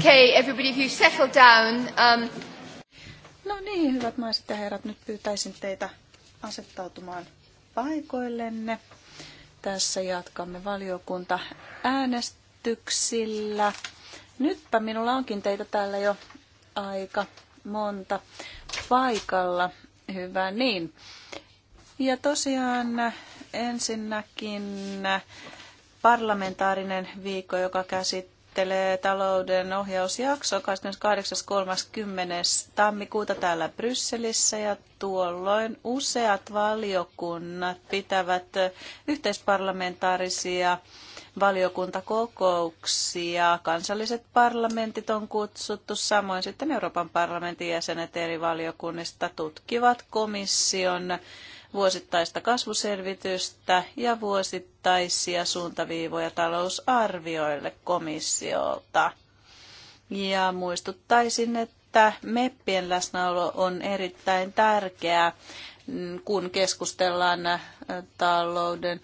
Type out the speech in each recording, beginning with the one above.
Okay, everybody, if you settle down. Um... No niin, hyvät naiset ja herrat, nyt pyytäisin teitä asettautumaan paikoillenne. Tässä jatkamme valiokunta äänestyksillä. Nytpä minulla onkin teitä täällä jo aika monta paikalla. Hyvä niin. Ja tosiaan ensinnäkin parlamentaarinen viikko, joka käsittää esittelee talouden ohjausjakso 28.30. tammikuuta täällä Brysselissä ja tuolloin useat valiokunnat pitävät yhteisparlamentaarisia valiokuntakokouksia. Kansalliset parlamentit on kutsuttu, samoin sitten Euroopan parlamentin jäsenet eri valiokunnista tutkivat komission vuosittaista kasvuselvitystä ja vuosittaisia suuntaviivoja talousarvioille komissiolta. Ja muistuttaisin, että meppien läsnäolo on erittäin tärkeää, mm, kun keskustellaan äh, talouden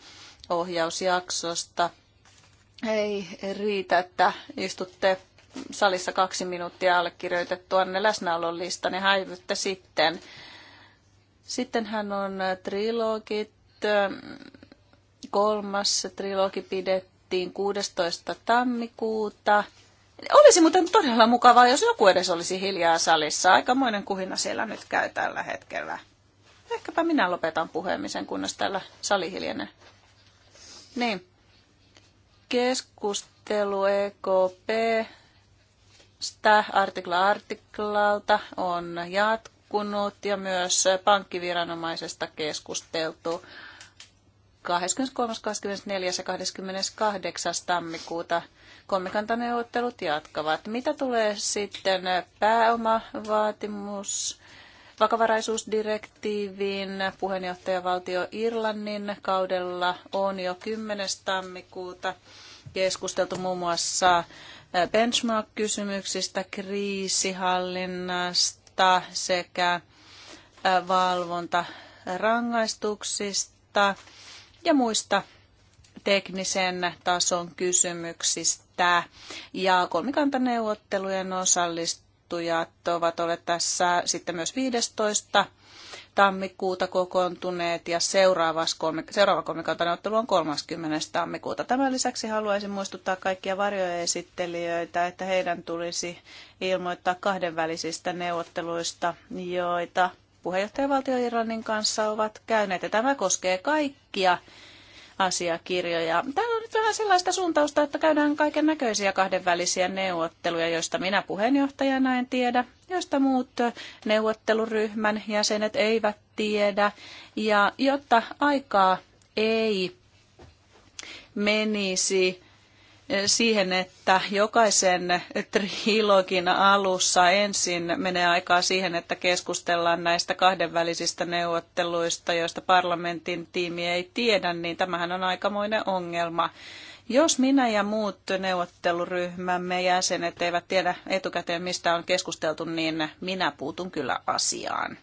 ohjausjaksosta. Ei riitä, että istutte salissa kaksi minuuttia allekirjoitettua ne läsnäolon listan ja häivytte sitten. Sitten hän on äh, trilogit. Ähm, kolmas trilogi pidettiin 16. tammikuuta. Olisi muuten todella mukavaa, jos joku edes olisi hiljaa salissa. Aikamoinen kuhina siellä nyt käy tällä hetkellä. Ehkäpä minä lopetan puhemisen, kunnes täällä sali hiljenee. Niin. Keskustelu EKP. Sitä artikla artiklalta on jatkuu liikkunut ja myös pankkiviranomaisesta keskusteltu. 23., 24. ja 28. tammikuuta kolmikantaneuvottelut jatkavat. Mitä tulee sitten pääomavaatimus vakavaraisuusdirektiiviin puheenjohtajavaltio Irlannin kaudella on jo 10. tammikuuta keskusteltu muun muassa benchmark-kysymyksistä, kriisihallinnasta, valvontaa sekä valvonta rangaistuksista ja muista teknisen tason kysymyksistä. Ja kolmikantaneuvottelujen osallistujat ovat olleet tässä sitten myös 15 tammikuuta kokoontuneet ja seuraavas kolme, seuraava kolmikantaneuvottelu on 30. tammikuuta. Tämän lisäksi haluaisin muistuttaa kaikkia varjoesittelijöitä, että heidän tulisi ilmoittaa kahdenvälisistä neuvotteluista, joita puheenjohtajavaltio Irlannin kanssa ovat käyneet. Ja tämä koskee kaikkia asiakirjoja. Täällä on nyt vähän sellaista suuntausta, että käydään kaiken näköisiä kahdenvälisiä neuvotteluja, joista minä puheenjohtajana en tiedä, joista muut neuvotteluryhmän jäsenet eivät tiedä. Ja jotta aikaa ei menisi siihen, että jokaisen trilogin alussa ensin menee aikaa siihen, että keskustellaan näistä kahdenvälisistä neuvotteluista, joista parlamentin tiimi ei tiedä, niin tämähän on aikamoinen ongelma. Jos minä ja muut neuvotteluryhmämme jäsenet eivät tiedä etukäteen, mistä on keskusteltu, niin minä puutun kyllä asiaan.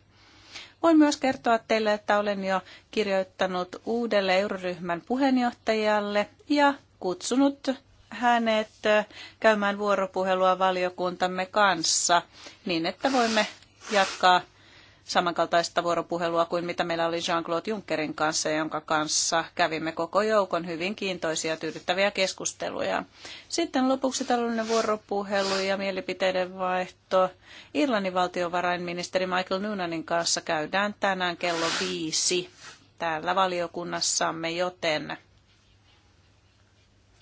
Voin myös kertoa teille, että olen jo kirjoittanut uudelle euroryhmän puheenjohtajalle ja kutsunut hänet äh, käymään vuoropuhelua valiokuntamme kanssa niin, että voimme jatkaa samankaltaista vuoropuhelua kuin mitä meillä oli Jean-Claude Junckerin kanssa, jonka kanssa kävimme koko joukon hyvin kiintoisia ja tyydyttäviä keskusteluja. Sitten lopuksi taloudellinen vuoropuhelu ja mielipiteiden vaihto. Irlannin valtiovarainministeri Michael Noonanin kanssa käydään tänään kello viisi täällä valiokunnassamme, joten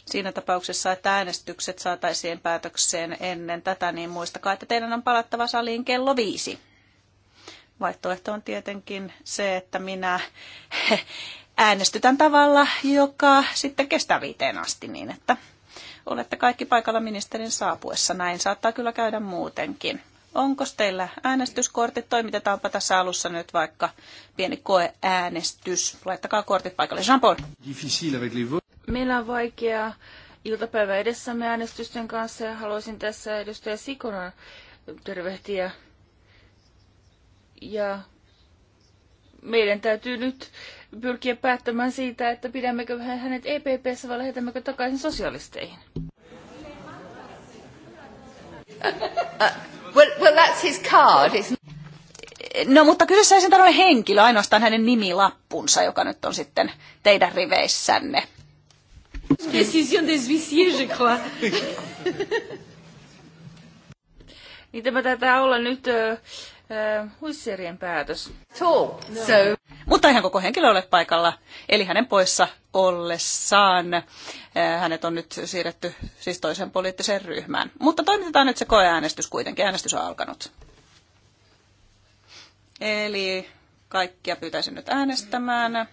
siinä tapauksessa, että äänestykset saataisiin päätökseen ennen tätä, niin muistakaa, että teidän on palattava saliin kello viisi. Vaihtoehto on tietenkin se, että minä äänestytän tavalla, joka sitten kestää viiteen asti niin, että olette kaikki paikalla ministerin saapuessa. Näin saattaa kyllä käydä muutenkin. Onko teillä äänestyskortit? Toimitetaanpa tässä alussa nyt vaikka pieni koeäänestys. Laittakaa kortit paikalle. Jean-Paul. Meillä on vaikea iltapäivä edessämme äänestysten kanssa ja haluaisin tässä edustaja Sikonan tervehtiä. Ja meidän täytyy nyt pyrkiä päättämään siitä, että pidämmekö hänet EPPssä vai lähetämmekö takaisin sosialisteihin. Uh, well, well, that's his card. It's... No, mutta kyseessä ei sen ole henkilö, ainoastaan hänen nimilappunsa, joka nyt on sitten teidän riveissänne. Décision des huissiers, je crois. Niitä tämä taitaa olla nyt äh, huissierien päätös. No. so. Mutta ihan koko henkilö ole paikalla, eli hänen poissa ollessaan. Äh, hänet on nyt siirretty siis toiseen poliittiseen ryhmään. Mutta toimitetaan nyt se koeäänestys kuitenkin. Äänestys on alkanut. Eli kaikkia pyytäisin nyt äänestämään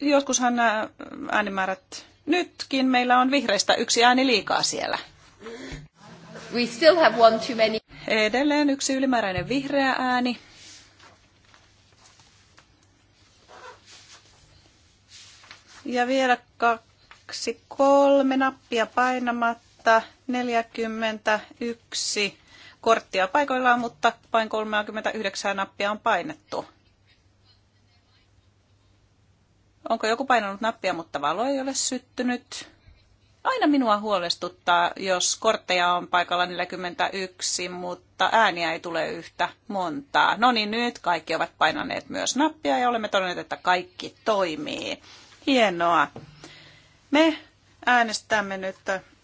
joskushan nämä äh, äänimäärät nytkin meillä on vihreistä yksi ääni liikaa siellä. We still have one too many. Edelleen yksi ylimääräinen vihreä ääni. Ja vielä kaksi, kolme nappia painamatta, 41 korttia paikoillaan, mutta vain 39 nappia on painettu. Onko joku painanut nappia, mutta valo ei ole syttynyt? Aina minua huolestuttaa, jos kortteja on paikalla 41, mutta ääniä ei tule yhtä montaa. No niin, nyt kaikki ovat painaneet myös nappia ja olemme todenneet, että kaikki toimii. Hienoa. Me äänestämme nyt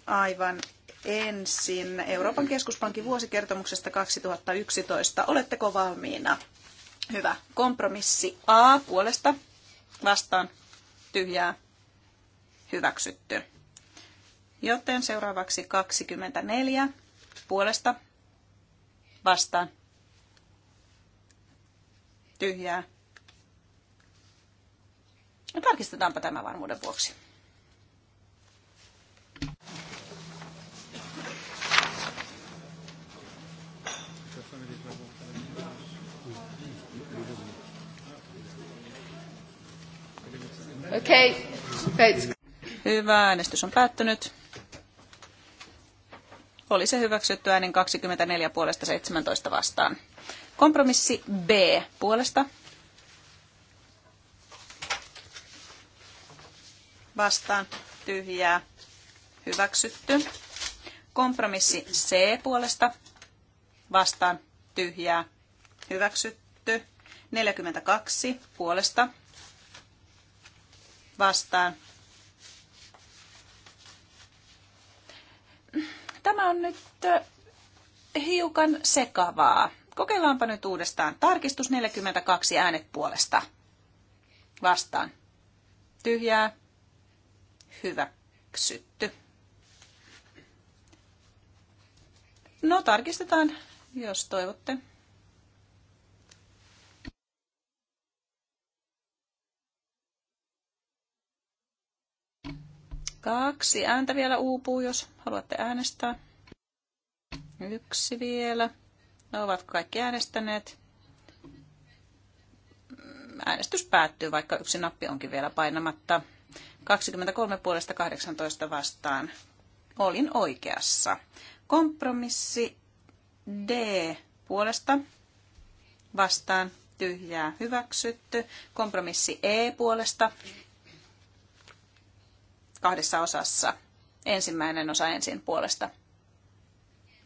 aivan ensin Euroopan keskuspankin vuosikertomuksesta 2011. Oletteko valmiina? Hyvä. Kompromissi A puolesta vastaan tyhjää hyväksytty. Joten seuraavaksi 24 puolesta vastaan tyhjää. No tarkistetaanpa tämä varmuuden vuoksi. Okay. Hyvä, äänestys on päättynyt. Oli se hyväksytty äänen 24 puolesta 17 vastaan. Kompromissi B puolesta. Vastaan tyhjää. Hyväksytty. Kompromissi C puolesta. Vastaan tyhjää. Hyväksytty. 42 puolesta vastaan. Tämä on nyt hiukan sekavaa. Kokeillaanpa nyt uudestaan. Tarkistus 42 äänet puolesta. Vastaan. Tyhjää. Hyväksytty. No tarkistetaan, jos toivotte. Kaksi ääntä vielä uupuu, jos haluatte äänestää. Yksi vielä. No, ovatko kaikki äänestäneet? Äänestys päättyy, vaikka yksi nappi onkin vielä painamatta. 23 puolesta 18 vastaan. Olin oikeassa. Kompromissi D puolesta vastaan tyhjää hyväksytty. Kompromissi E puolesta kahdessa osassa. Ensimmäinen osa ensin puolesta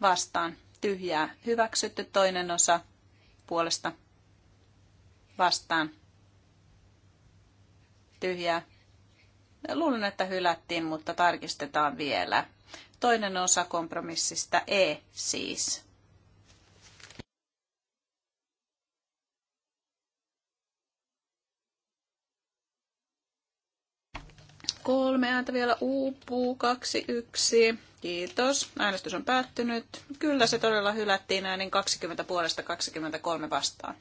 vastaan. Tyhjää hyväksytty toinen osa puolesta vastaan. Tyhjää. Luulen, että hylättiin, mutta tarkistetaan vielä. Toinen osa kompromissista E siis. Kolme ääntä vielä uupuu, kaksi, yksi. Kiitos. Äänestys on päättynyt. Kyllä se todella hylättiin äänin 20 puolesta 23 vastaan.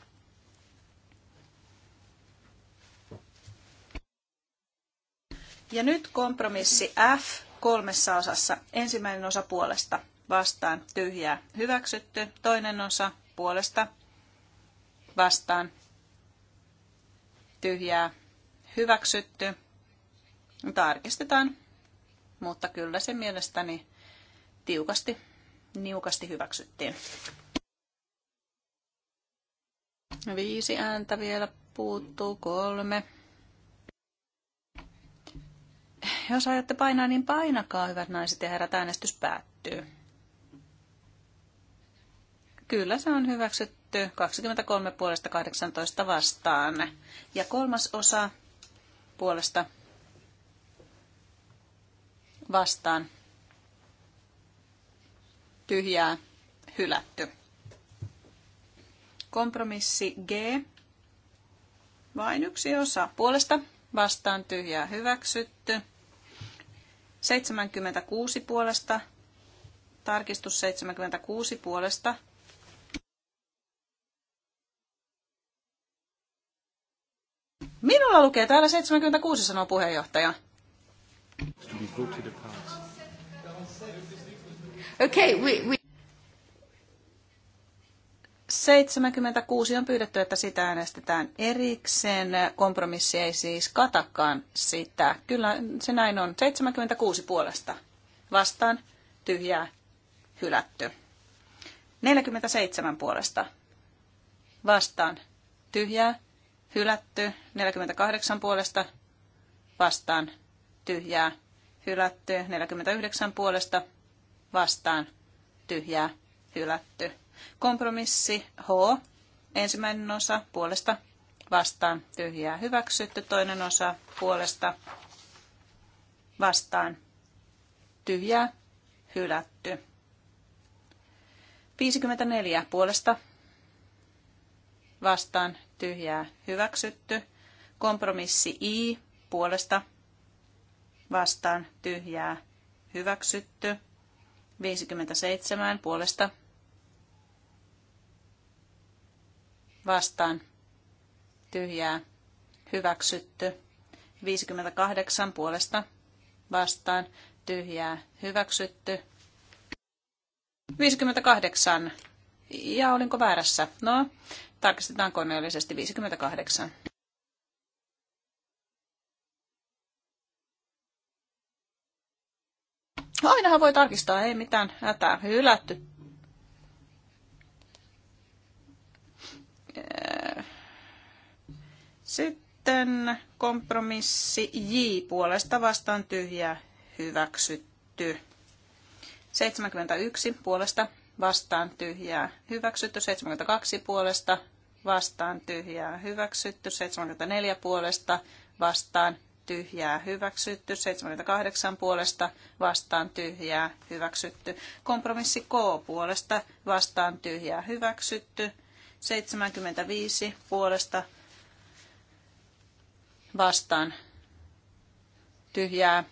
Ja nyt kompromissi F kolmessa osassa. Ensimmäinen osa puolesta vastaan tyhjää hyväksytty. Toinen osa puolesta vastaan tyhjää hyväksytty tarkistetaan, mutta kyllä se mielestäni tiukasti, niukasti hyväksyttiin. Viisi ääntä vielä puuttuu, kolme. Jos aiotte painaa, niin painakaa, hyvät naiset ja herrat, äänestys päättyy. Kyllä se on hyväksytty 23 puolesta 18 vastaan. Ja kolmas osa puolesta vastaan tyhjää hylätty. Kompromissi G. Vain yksi osa puolesta vastaan tyhjää hyväksytty. 76 puolesta. Tarkistus 76 puolesta. Minulla lukee täällä 76, sanoo puheenjohtaja. Okay, we, we... 76 on pyydetty, että sitä äänestetään erikseen. Kompromissi ei siis katakaan sitä. Kyllä se näin on. 76 puolesta vastaan tyhjää hylätty. 47 puolesta vastaan tyhjää hylätty. 48 puolesta vastaan tyhjää, hylätty. 49 puolesta vastaan, tyhjää, hylätty. Kompromissi H, ensimmäinen osa puolesta vastaan, tyhjää, hyväksytty. Toinen osa puolesta vastaan, tyhjää, hylätty. 54 puolesta vastaan tyhjää hyväksytty. Kompromissi I puolesta vastaan tyhjää hyväksytty. 57 puolesta vastaan tyhjää hyväksytty. 58 puolesta vastaan tyhjää hyväksytty. 58. Ja olinko väärässä? No, tarkistetaan koneellisesti 58. Ainahan voi tarkistaa, ei mitään hätää, hylätty. Sitten kompromissi J puolesta vastaan tyhjä hyväksytty. 71 puolesta vastaan tyhjää hyväksytty, 72 puolesta vastaan tyhjää hyväksytty, 74 puolesta vastaan tyhjää hyväksytty, 78 puolesta vastaan tyhjää hyväksytty, kompromissi K puolesta vastaan tyhjää hyväksytty, 75 puolesta vastaan tyhjää.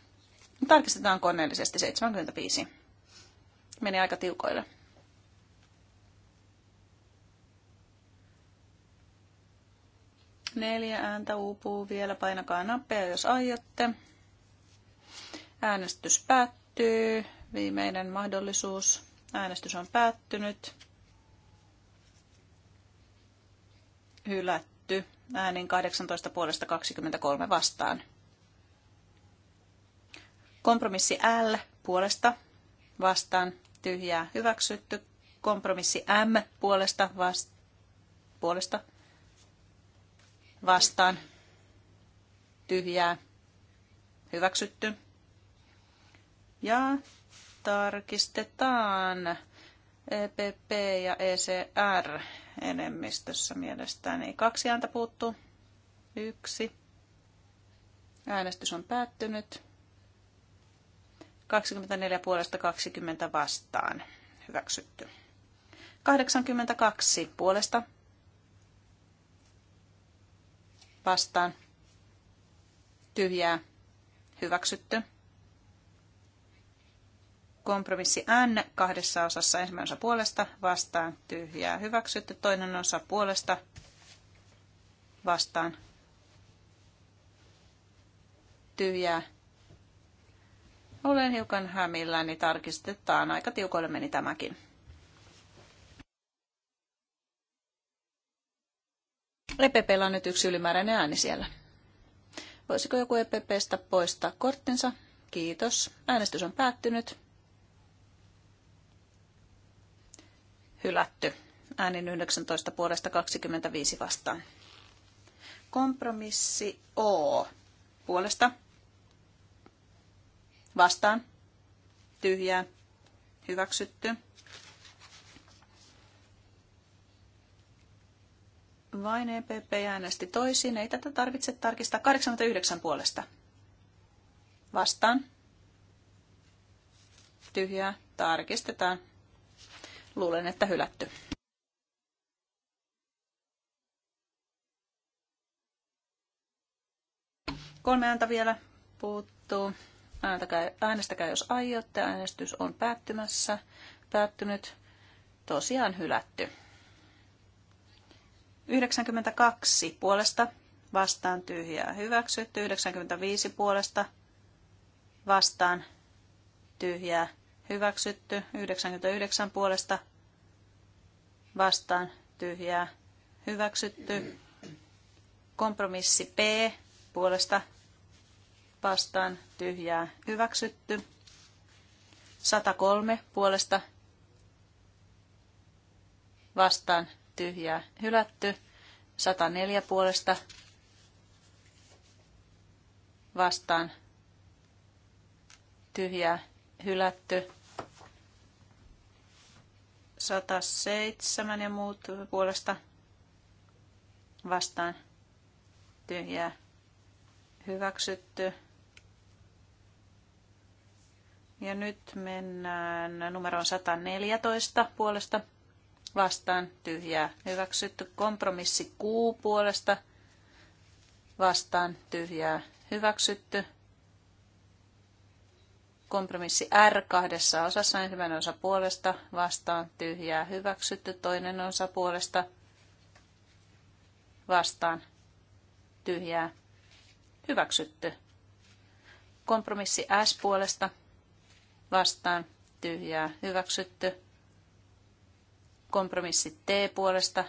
Tarkistetaan koneellisesti 75. Meni aika tiukoille. neljä ääntä uupuu vielä. Painakaa nappia, jos aiotte. Äänestys päättyy. Viimeinen mahdollisuus. Äänestys on päättynyt. Hylätty. Äänin 18 puolesta 23 vastaan. Kompromissi L puolesta vastaan tyhjää hyväksytty. Kompromissi M puolesta vastaan puolesta vastaan tyhjää hyväksytty. Ja tarkistetaan EPP ja ECR enemmistössä mielestäni. Kaksi ääntä puuttuu. Yksi. Äänestys on päättynyt. 24 puolesta 20 vastaan. Hyväksytty. 82 puolesta vastaan tyhjää hyväksytty. Kompromissi N kahdessa osassa ensimmäinen osa puolesta vastaan tyhjää hyväksytty, toinen osa puolesta vastaan tyhjää. Olen hiukan hämilläni, niin tarkistetaan. Aika tiukoille meni tämäkin. EPPllä on nyt yksi ylimääräinen ääni siellä. Voisiko joku EPPstä poistaa korttinsa? Kiitos. Äänestys on päättynyt. Hylätty. Äänin 19 puolesta 25 vastaan. Kompromissi O. Puolesta. Vastaan. Tyhjää. Hyväksytty. Vain EPP äänesti toisin. Ei tätä tarvitse tarkistaa. 89 puolesta. Vastaan. Tyhjää. Tarkistetaan. Luulen, että hylätty. Kolme ääntä vielä puuttuu. Äänestäkää, äänestäkää jos aiotte. Äänestys on päättymässä. Päättynyt. Tosiaan hylätty. 92 puolesta vastaan tyhjää hyväksytty. 95 puolesta vastaan tyhjää hyväksytty. 99 puolesta vastaan tyhjää hyväksytty. Kompromissi P puolesta vastaan tyhjää hyväksytty. 103 puolesta vastaan tyhjää hylätty. 104 puolesta vastaan tyhjää hylätty. 107 ja muut puolesta vastaan tyhjää hyväksytty. Ja nyt mennään numeroon 114 puolesta vastaan tyhjää. Hyväksytty kompromissi Q puolesta vastaan tyhjää. Hyväksytty kompromissi R kahdessa osassa. Ensimmäinen osa puolesta vastaan tyhjää. Hyväksytty toinen osa puolesta vastaan tyhjää. Hyväksytty. Kompromissi S puolesta vastaan tyhjää. Hyväksytty Kompromissi T puolesta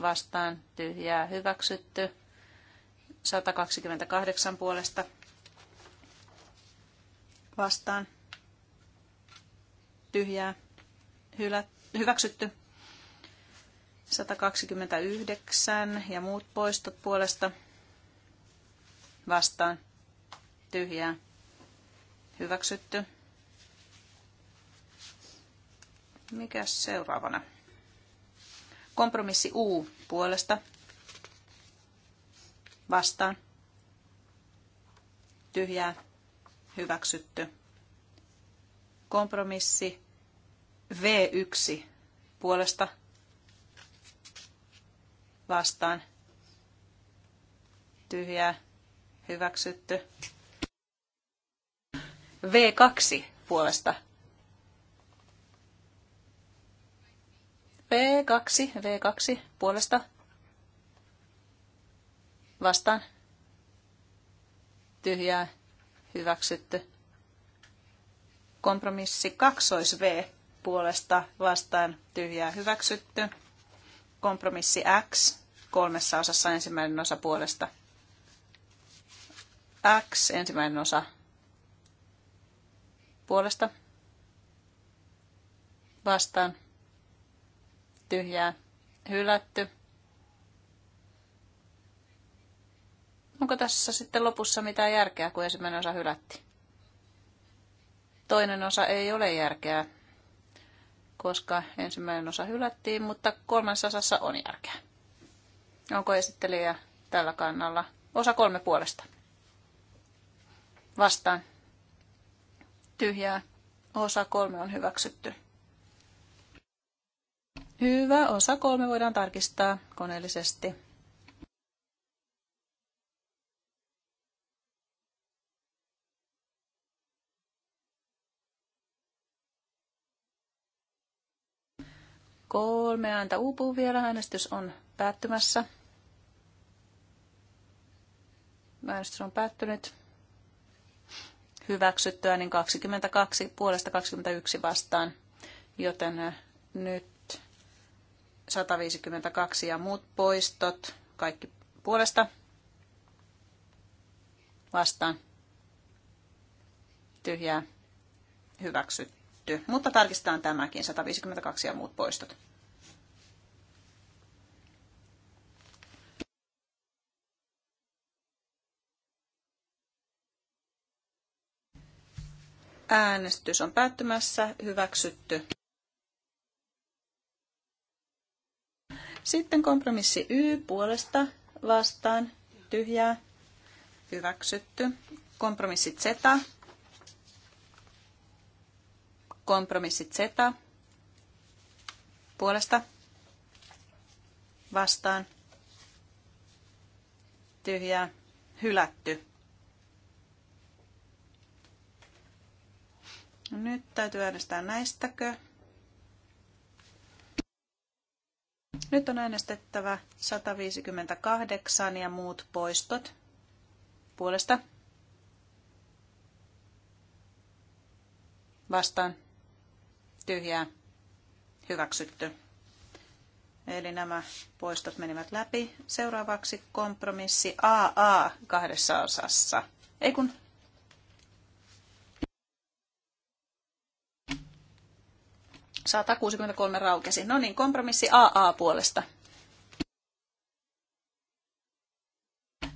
vastaan tyhjää hyväksytty. 128 puolesta vastaan tyhjää hylä, hyväksytty. 129 ja muut poistot puolesta vastaan tyhjää hyväksytty. mikä seuraavana? Kompromissi U puolesta vastaan. Tyhjää hyväksytty. Kompromissi V1 puolesta vastaan. Tyhjää hyväksytty. V2 puolesta V 2 V2 puolesta vastaan. Tyhjää hyväksytty. Kompromissi 2 V puolesta vastaan tyhjää hyväksytty. Kompromissi X kolmessa osassa ensimmäinen osa puolesta. X ensimmäinen osa puolesta vastaan tyhjää hylätty. Onko tässä sitten lopussa mitään järkeä, kun ensimmäinen osa hylätti? Toinen osa ei ole järkeä, koska ensimmäinen osa hylättiin, mutta kolmas osassa on järkeä. Onko esittelijä tällä kannalla? Osa kolme puolesta. Vastaan. Tyhjää. Osa kolme on hyväksytty. Hyvä, osa kolme voidaan tarkistaa koneellisesti. Kolme ääntä uupuu vielä. Äänestys on päättymässä. Äänestys on päättynyt. Hyväksyttyä niin 22 puolesta 21 vastaan. Joten äh, nyt 152 ja muut poistot. Kaikki puolesta. Vastaan. Tyhjää. Hyväksytty. Mutta tarkistetaan tämäkin. 152 ja muut poistot. Äänestys on päättymässä. Hyväksytty. Sitten kompromissi Y puolesta vastaan tyhjää hyväksytty. Kompromissi Z. Kompromissi Z puolesta vastaan tyhjää hylätty. No nyt täytyy äänestää näistäkö. Nyt on äänestettävä 158 ja muut poistot puolesta. Vastaan. Tyhjää. Hyväksytty. Eli nämä poistot menivät läpi. Seuraavaksi kompromissi AA kahdessa osassa. Ei kun 163 raukesi. No niin, kompromissi AA puolesta.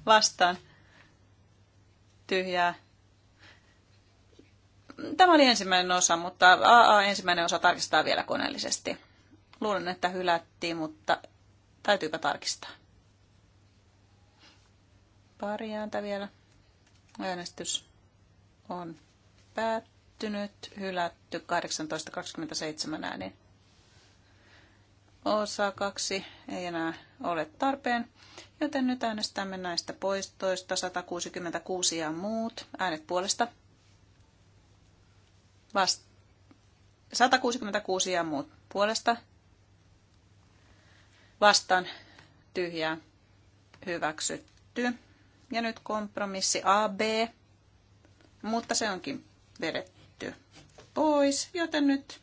Vastaan. Tyhjää. Tämä oli ensimmäinen osa, mutta AA ensimmäinen osa tarkistetaan vielä koneellisesti. Luulen, että hylättiin, mutta täytyypä tarkistaa. Pari ääntä vielä. Äänestys on päättynyt päättynyt, hylätty 18.27 äänin. Osa 2 ei enää ole tarpeen, joten nyt äänestämme näistä poistoista 166 ja muut. Äänet puolesta. Vast- 166 ja muut puolesta. Vastaan tyhjää hyväksytty. Ja nyt kompromissi AB, mutta se onkin vedetty vedetty pois, joten nyt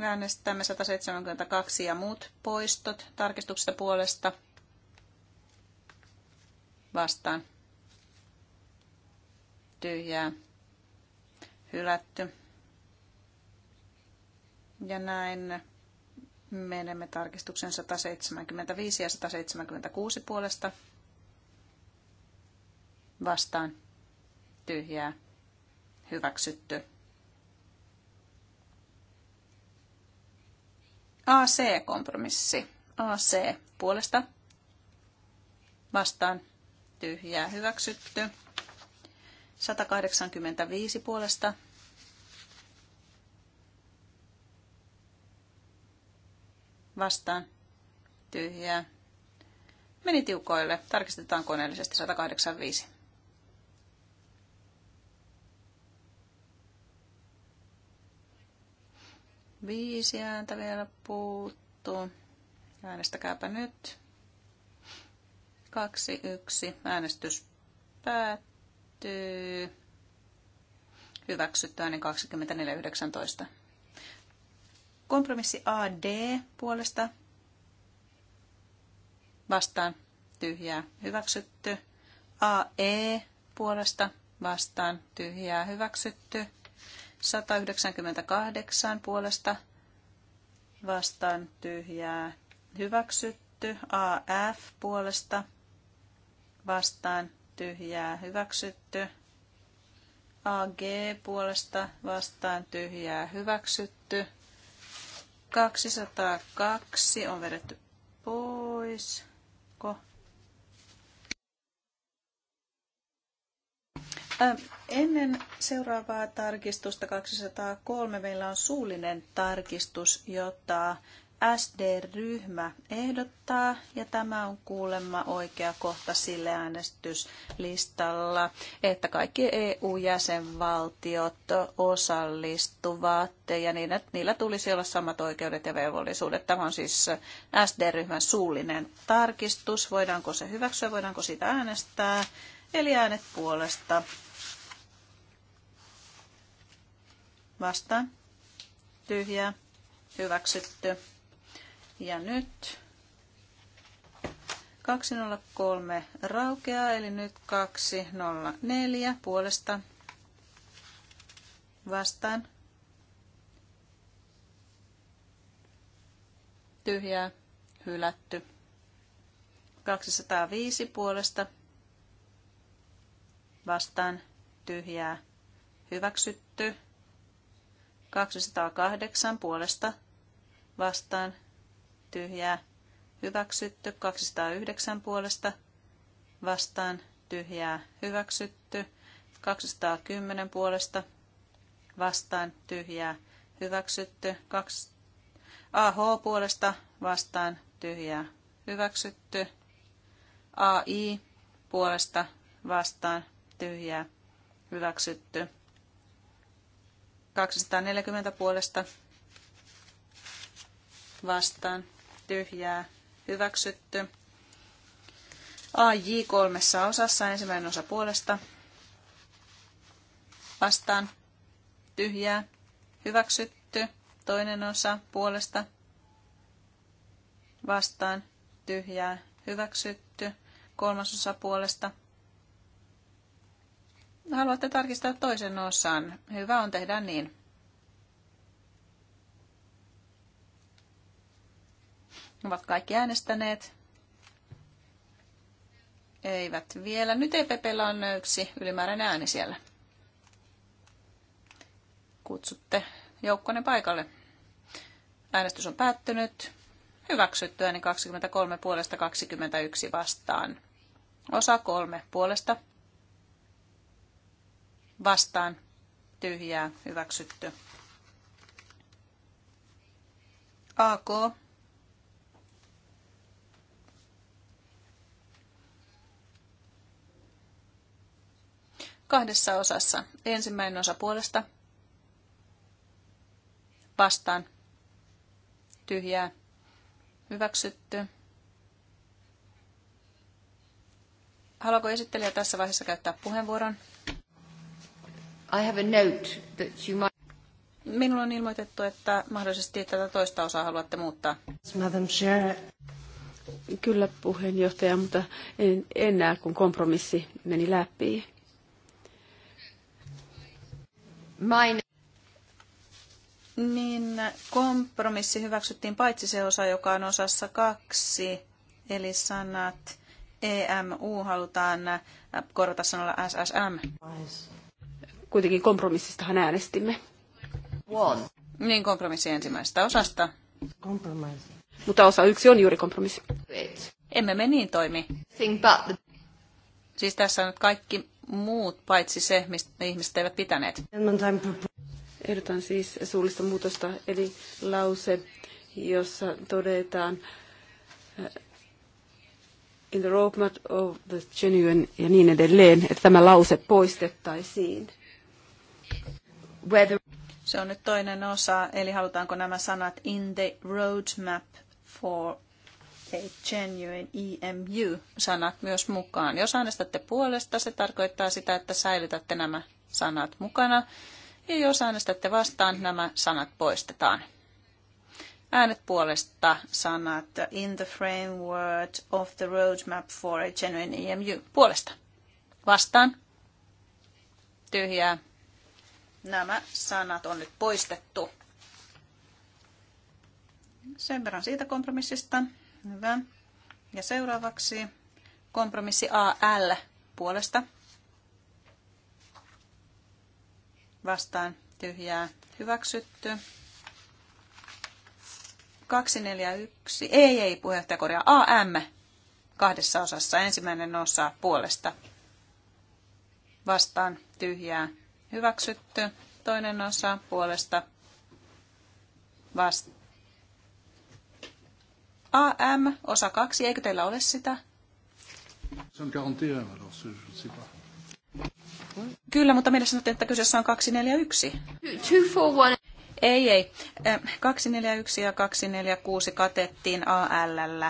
äänestämme 172 ja muut poistot tarkistuksesta puolesta vastaan. Tyhjää. Hylätty. Ja näin menemme tarkistuksen 175 ja 176 puolesta vastaan. Tyhjää. Hyväksytty. AC-kompromissi. AC puolesta vastaan tyhjää hyväksytty. 185 puolesta vastaan tyhjää. Meni tiukoille. Tarkistetaan koneellisesti 185. Viisi ääntä vielä puuttuu. Äänestäkääpä nyt. Kaksi, yksi. Äänestys päättyy. Hyväksytty äänen 24.19. Kompromissi AD puolesta vastaan tyhjää hyväksytty. AE puolesta vastaan tyhjää hyväksytty. 198 puolesta vastaan tyhjää hyväksytty. AF puolesta vastaan tyhjää hyväksytty. AG puolesta vastaan tyhjää hyväksytty. 202 on vedetty pois. Ko? Ähm, Ennen seuraavaa tarkistusta 203 meillä on suullinen tarkistus, jota SD-ryhmä ehdottaa, ja tämä on kuulemma oikea kohta sille äänestyslistalla, että kaikki EU-jäsenvaltiot osallistuvat, ja niillä, niillä tulisi olla samat oikeudet ja velvollisuudet. Tämä on siis SD-ryhmän suullinen tarkistus. Voidaanko se hyväksyä, voidaanko sitä äänestää? Eli äänet puolesta Vastaan. Tyhjää. Hyväksytty. Ja nyt 203 raukeaa, eli nyt 204 puolesta vastaan. Tyhjää, hylätty. 205 puolesta vastaan, tyhjää, hyväksytty. 208 puolesta vastaan tyhjää hyväksytty. 209 puolesta vastaan tyhjää hyväksytty. 210 puolesta vastaan tyhjää hyväksytty. 2 AH puolesta vastaan tyhjää hyväksytty. AI puolesta vastaan tyhjää hyväksytty. 240 puolesta vastaan tyhjää hyväksytty. AJ kolmessa osassa ensimmäinen osa puolesta vastaan tyhjää hyväksytty. Toinen osa puolesta vastaan tyhjää hyväksytty. Kolmas osa puolesta haluatte tarkistaa toisen osan. Hyvä on tehdä niin. Ovat kaikki äänestäneet. Eivät vielä. Nyt EPPllä on yksi ylimääräinen ääni siellä. Kutsutte joukkonen paikalle. Äänestys on päättynyt. Hyväksytty ääni 23 puolesta 21 vastaan. Osa 3 puolesta vastaan tyhjää hyväksytty. AK kahdessa osassa. Ensimmäinen osa puolesta vastaan tyhjää hyväksytty. Haluaako esittelijä tässä vaiheessa käyttää puheenvuoron? I have a note that you might... Minulla on ilmoitettu, että mahdollisesti tätä toista osaa haluatte muuttaa. Madam Chair. Kyllä puheenjohtaja, mutta en näe, kun kompromissi meni läpi. Mine. Niin kompromissi hyväksyttiin paitsi se osa, joka on osassa kaksi, eli sanat EMU halutaan korvata sanalla SSM. Nice kuitenkin kompromissistahan äänestimme. One. Niin, kompromissi ensimmäisestä osasta. Kompromissi. Mutta osa yksi on juuri kompromissi. Great. Emme me niin toimi. Think about the... Siis tässä on nyt kaikki muut, paitsi se, mistä ihmiset eivät pitäneet. Ehdotan siis suullista muutosta, eli lause, jossa todetaan in the roadmap of the genuine ja niin edelleen, että tämä lause poistettaisiin whether... Se on nyt toinen osa, eli halutaanko nämä sanat in the roadmap for a genuine EMU-sanat myös mukaan. Jos äänestätte puolesta, se tarkoittaa sitä, että säilytätte nämä sanat mukana. Ja jos äänestätte vastaan, nämä sanat poistetaan. Äänet puolesta sanat in the framework of the roadmap for a genuine EMU. Puolesta. Vastaan. Tyhjää. Nämä sanat on nyt poistettu. Sen verran siitä kompromissista. Hyvä. Ja seuraavaksi kompromissi AL puolesta. Vastaan tyhjää hyväksytty. 241, ei, ei, puheenjohtaja korjaa, AM kahdessa osassa. Ensimmäinen osa puolesta vastaan tyhjää Hyväksytty. Toinen osa puolesta vasta. AM, osa kaksi, eikö teillä ole sitä? Kyllä, mutta meillä sanottiin, että kyseessä on 241. 241. Ei, ei. 241 ja 246 katettiin AL.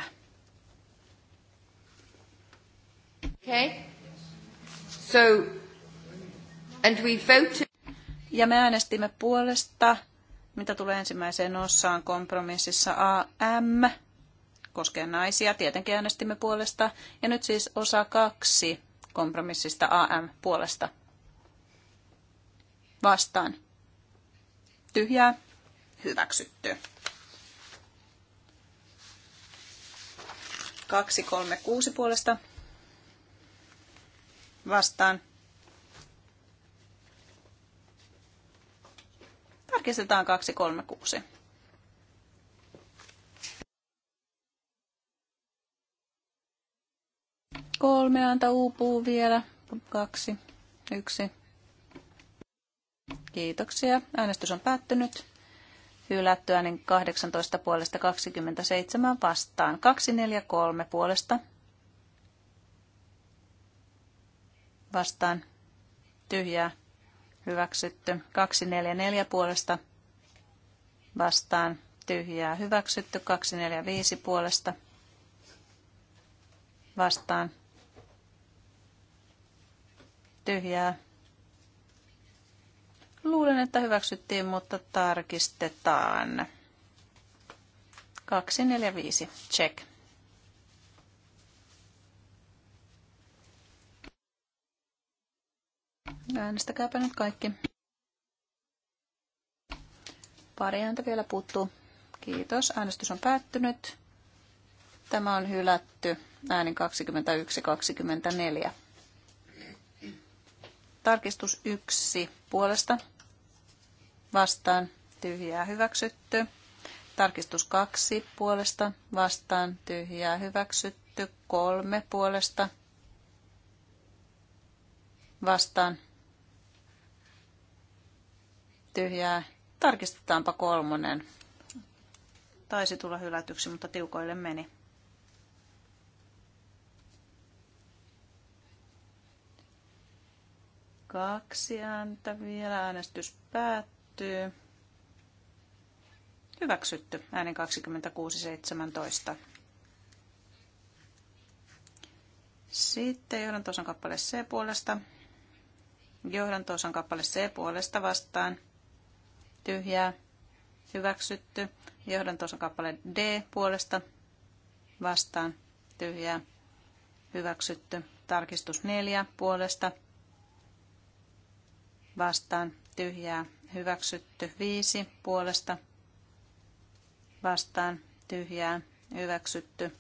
Okay. So And we voted. Ja me äänestimme puolesta, mitä tulee ensimmäiseen osaan kompromississa AM, koskee naisia, tietenkin äänestimme puolesta. Ja nyt siis osa kaksi kompromissista AM puolesta. Vastaan. Tyhjää. Hyväksytty. 236 puolesta. Vastaan. Tarkistetaan 236. Kolme ääntä uupuu vielä. Kaksi, yksi. Kiitoksia. Äänestys on päättynyt. Hylättyä niin 18 puolesta 27 vastaan. 243 puolesta. Vastaan. Tyhjää hyväksytty. 244 puolesta vastaan tyhjää hyväksytty. 245 puolesta vastaan tyhjää. Luulen, että hyväksyttiin, mutta tarkistetaan. 245. Check. Äänestäkääpä nyt kaikki. Pari ääntä vielä puuttuu. Kiitos. Äänestys on päättynyt. Tämä on hylätty äänin 21-24. Tarkistus 1 puolesta. Vastaan tyhjää hyväksytty. Tarkistus 2 puolesta. Vastaan tyhjää hyväksytty. 3 puolesta. Vastaan tyhjää. Tarkistetaanpa kolmonen. Taisi tulla hylätyksi, mutta tiukoille meni. Kaksi ääntä vielä. Äänestys päättyy. Hyväksytty. Äänen 26.17. Sitten johdantosan kappale C puolesta. Johdantosan kappale C puolesta vastaan tyhjää, hyväksytty. Johdantosan kappale D puolesta vastaan, tyhjää, hyväksytty. Tarkistus 4 puolesta vastaan, tyhjää, hyväksytty. 5 puolesta vastaan, tyhjää, hyväksytty.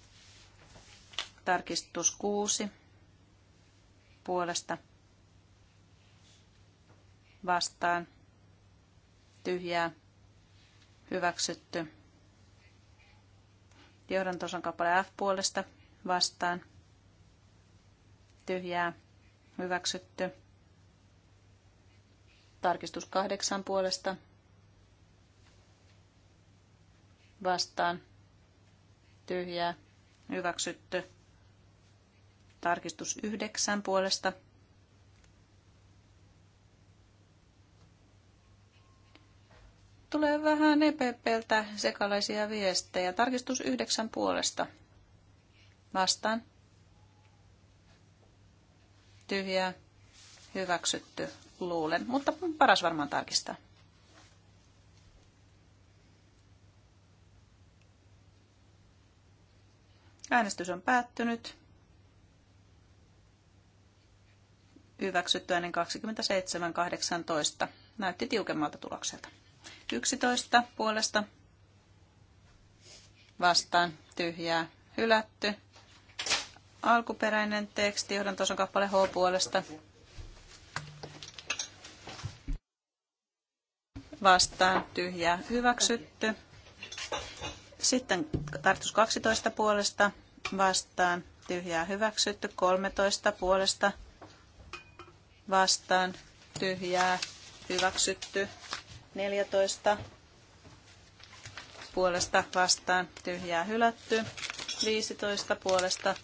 Tarkistus 6 puolesta vastaan, tyhjää, hyväksytty. Johdantosan kappale F puolesta vastaan, tyhjää, hyväksytty. Tarkistus kahdeksan puolesta vastaan, tyhjää, hyväksytty. Tarkistus yhdeksän puolesta vastaan tulee vähän EPPltä sekalaisia viestejä. Tarkistus yhdeksän puolesta. Vastaan. Tyhjää. Hyväksytty. Luulen. Mutta paras varmaan tarkistaa. Äänestys on päättynyt. Hyväksytty ennen 27.18. Näytti tiukemmalta tulokselta. 11 puolesta vastaan tyhjää hylätty. Alkuperäinen teksti johdan tuossa kappale H puolesta vastaan tyhjää hyväksytty. Sitten tarkoitus 12 puolesta vastaan tyhjää hyväksytty. 13 puolesta vastaan tyhjää hyväksytty. 14 puolesta vastaan tyhjää hylätty. 15 puolesta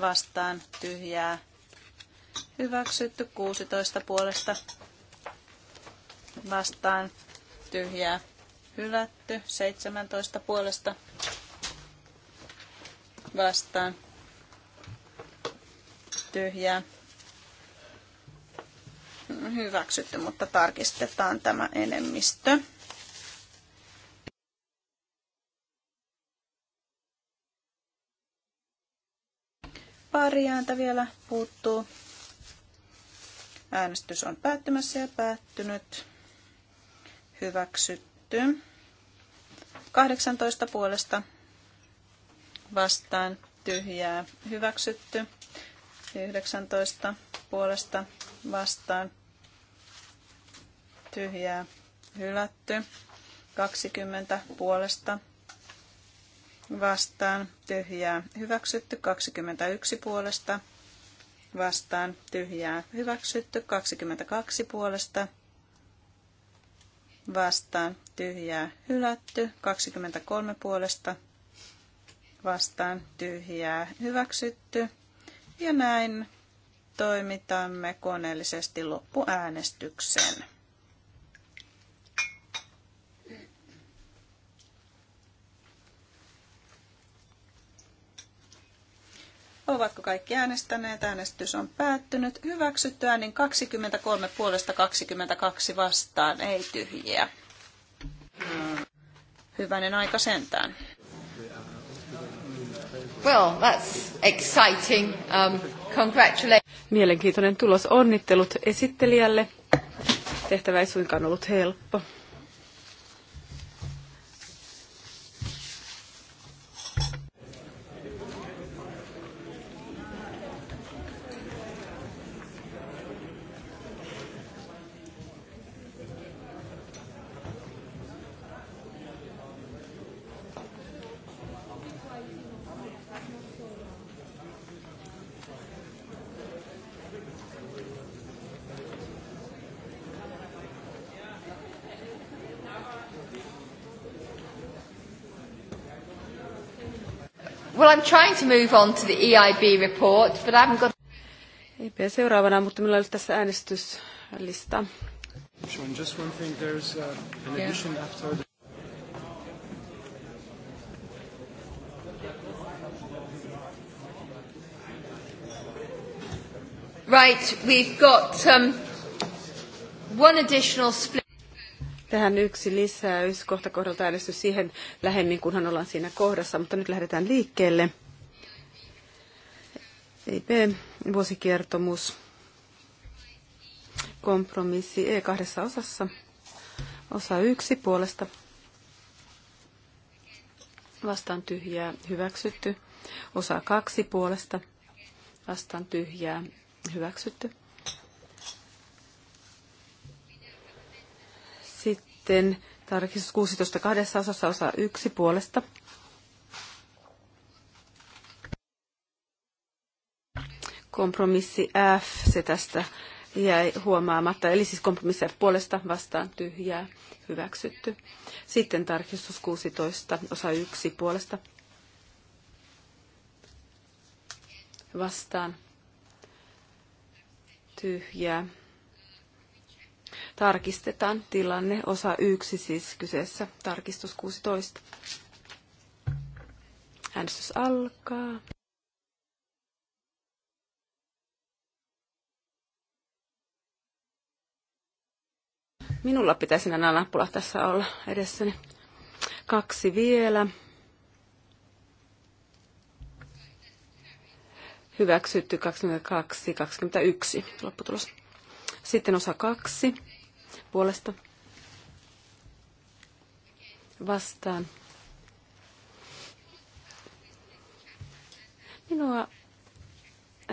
vastaan tyhjää hyväksytty. 16 puolesta vastaan tyhjää hylätty. 17 puolesta vastaan tyhjää hyväksytty, mutta tarkistetaan tämä enemmistö. Pari ääntä vielä puuttuu. Äänestys on päättymässä ja päättynyt. Hyväksytty. 18 puolesta vastaan tyhjää hyväksytty. 19 puolesta vastaan tyhjää hylätty. 20 puolesta vastaan tyhjää hyväksytty. 21 puolesta vastaan tyhjää hyväksytty. 22 puolesta vastaan tyhjää hylätty. 23 puolesta vastaan tyhjää hyväksytty. Ja näin toimitamme koneellisesti loppuäänestyksen. Ovatko kaikki äänestäneet? Äänestys on päättynyt. Hyväksytty niin 23 puolesta 22 vastaan, ei tyhjiä. Hyvänen aika sentään. Well, that's exciting. Um, congratulations. Mielenkiintoinen tulos. Onnittelut esittelijälle. Tehtävä ei suinkaan ollut helppo. Well, I'm trying to move on to the EIB report, but I haven't got... EIB seuraavana, mutta meillä olisi tässä äänestyslista. Sean, just one thing, there's uh, an yeah. addition after the... Right, we've got um, one additional split. Tähän yksi lisäys, kohta kohdalta äänestys siihen lähemmin, kunhan ollaan siinä kohdassa, mutta nyt lähdetään liikkeelle. EIP, vuosikertomus, kompromissi E kahdessa osassa, osa yksi puolesta, vastaan tyhjää, hyväksytty, osa kaksi puolesta, vastaan tyhjää, hyväksytty Sitten tarkistus 16 kahdessa osassa osa yksi puolesta. Kompromissi F, se tästä jäi huomaamatta. Eli siis kompromissi F puolesta vastaan tyhjää hyväksytty. Sitten tarkistus 16 osa yksi puolesta vastaan tyhjää tarkistetaan tilanne, osa 1 siis kyseessä, tarkistus 16. Äänestys alkaa. Minulla pitäisi nämä nappula tässä olla edessäni. Kaksi vielä. Hyväksytty 22, 21 lopputulos. Sitten osa kaksi puolesta vastaan. Minua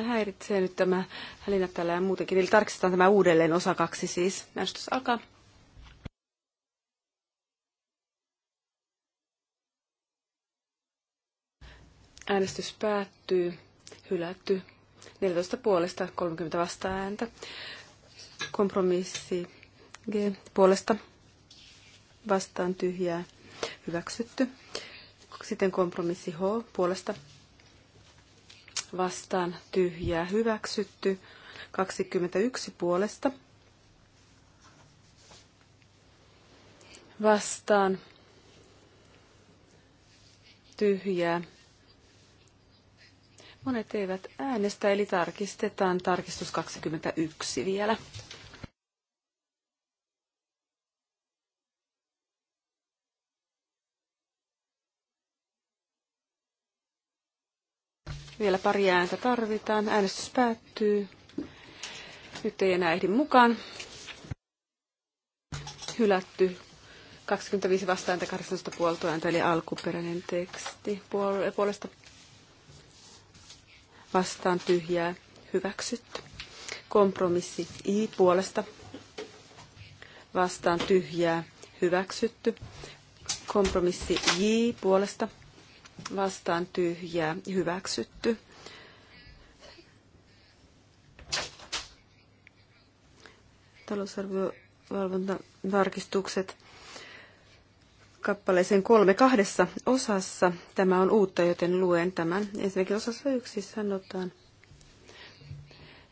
häiritsee nyt tämä hälinä täällä ja muutenkin. Eli tarkistetaan tämä uudelleen osa kaksi siis. Äänestys alkaa. Äänestys päättyy. Hylätty. 14 puolesta 30 vasta ääntä. Kompromissi G puolesta vastaan tyhjää hyväksytty. Sitten kompromissi H puolesta vastaan tyhjää hyväksytty. 21 puolesta vastaan tyhjää. Monet eivät äänestä, eli tarkistetaan tarkistus 21 vielä. Vielä pari ääntä tarvitaan. Äänestys päättyy. Nyt ei enää ehdi mukaan. Hylätty 25 vastaääntä, 18 puolta ääntä, eli alkuperäinen teksti. Puolesta vastaan tyhjää hyväksytty. Kompromissi I puolesta vastaan tyhjää hyväksytty. Kompromissi J puolesta vastaan tyhjää hyväksytty. Talousarviovalvontatarkistukset kappaleeseen kolme kahdessa osassa. Tämä on uutta, joten luen tämän. Ensinnäkin osassa yksi sanotaan.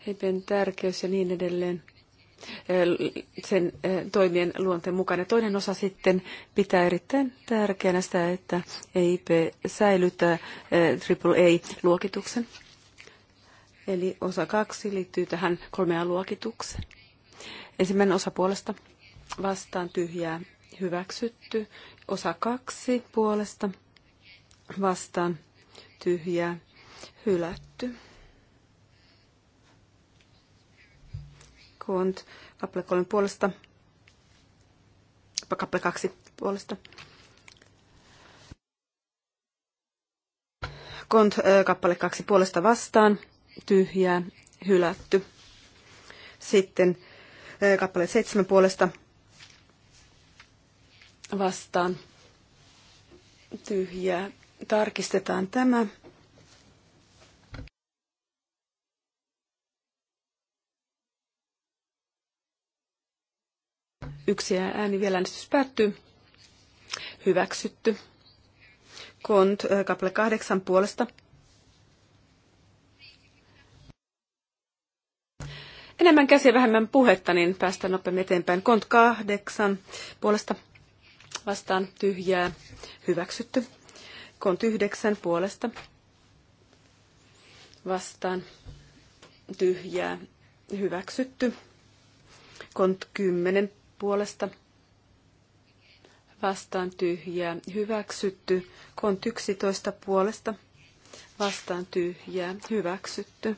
Heidän tärkeys ja niin edelleen sen toimien luonteen mukainen. Toinen osa sitten pitää erittäin tärkeänä sitä, että EIP säilyttää AAA-luokituksen. Eli osa kaksi liittyy tähän kolmea luokitukseen. Ensimmäinen osa puolesta vastaan tyhjää hyväksytty. Osa kaksi puolesta vastaan tyhjää hylätty. Kuunt kappale 3 puolesta, kappale 2 puolesta. Kont, kappale kaksi puolesta vastaan, tyhjää, hylätty. Sitten kappale seitsemän puolesta vastaan, tyhjää. Tarkistetaan tämä. Yksi ääni vielä äänestys päättyy. Hyväksytty. Kont kaple kahdeksan puolesta. Enemmän käsiä, vähemmän puhetta, niin päästään nopeammin eteenpäin. Kont kahdeksan puolesta vastaan tyhjää hyväksytty. Kont yhdeksän puolesta vastaan tyhjää hyväksytty. Kont kymmenen puolesta vastaan tyhjää, hyväksytty. Kont 11 puolesta vastaan tyhjää, hyväksytty.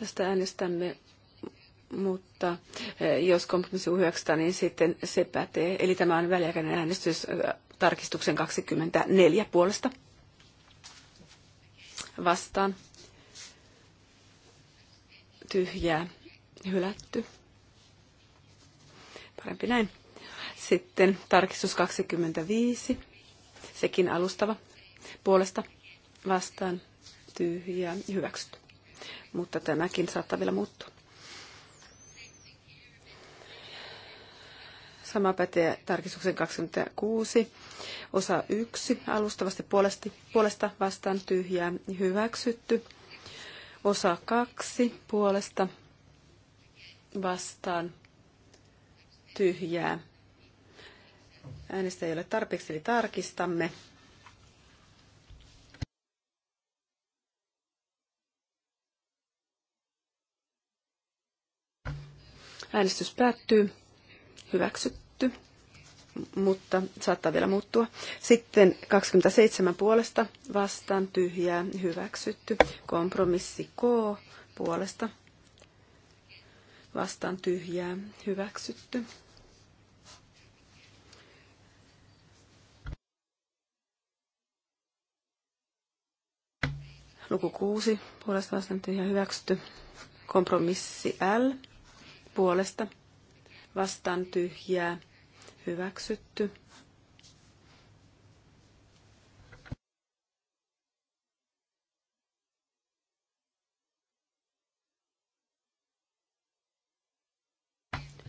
Tästä äänestämme, mutta e, jos kompromissi hyväksytään, niin sitten se pätee. Eli tämä on väliaikainen äänestys tarkistuksen 24 puolesta. Vastaan. Tyhjää. Hylätty. Parempi näin. Sitten tarkistus 25. Sekin alustava. Puolesta vastaan tyhjää. Hyväksytty mutta tämäkin saattaa vielä muuttua. Sama pätee tarkistuksen 26, osa 1, alustavasti puolesti, puolesta vastaan tyhjää hyväksytty. Osa 2, puolesta vastaan tyhjää. Äänestä ei ole tarpeeksi, eli tarkistamme. Äänestys päättyy. Hyväksytty, mutta saattaa vielä muuttua. Sitten 27 puolesta vastaan tyhjää. Hyväksytty. Kompromissi K puolesta vastaan tyhjää. Hyväksytty. luku 6, puolesta vastaan tyhjää, hyväksytty. Kompromissi L, puolesta vastaan tyhjää hyväksytty.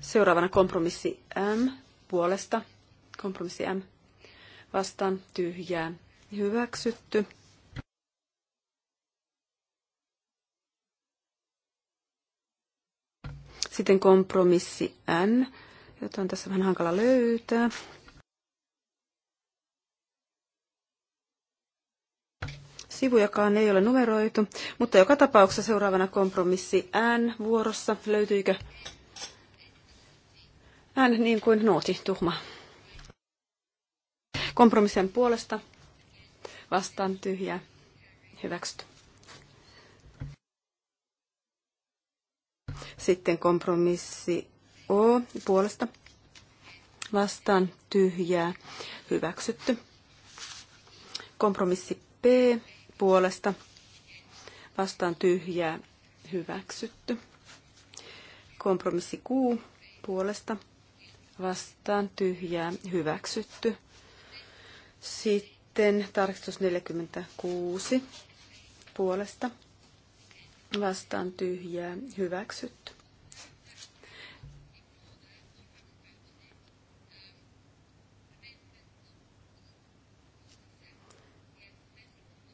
Seuraavana kompromissi M puolesta. Kompromissi M vastaan tyhjää hyväksytty. Sitten kompromissi N, jota on tässä vähän hankala löytää. Sivujakaan ei ole numeroitu, mutta joka tapauksessa seuraavana kompromissi N vuorossa. Löytyykö N niin kuin nooti, tuhma. Kompromissien puolesta vastaan tyhjä, Hyväksytty. Sitten kompromissi O puolesta vastaan tyhjää hyväksytty. Kompromissi P puolesta vastaan tyhjää hyväksytty. Kompromissi Q puolesta vastaan tyhjää hyväksytty. Sitten tarkistus 46 puolesta vastaan tyhjää hyväksytty.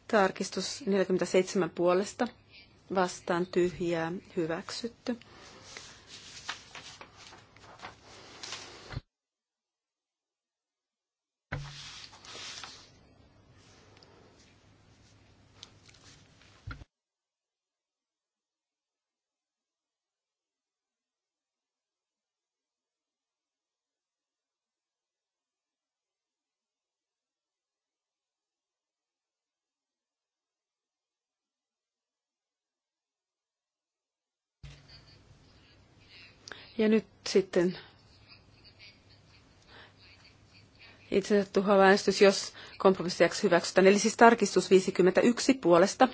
Tarkistus 47 puolesta vastaan tyhjää hyväksytty. Ja nyt sitten itse tuhoava äänestys, jos kompromissiaksi hyväksytään. Eli siis tarkistus 51 puolesta.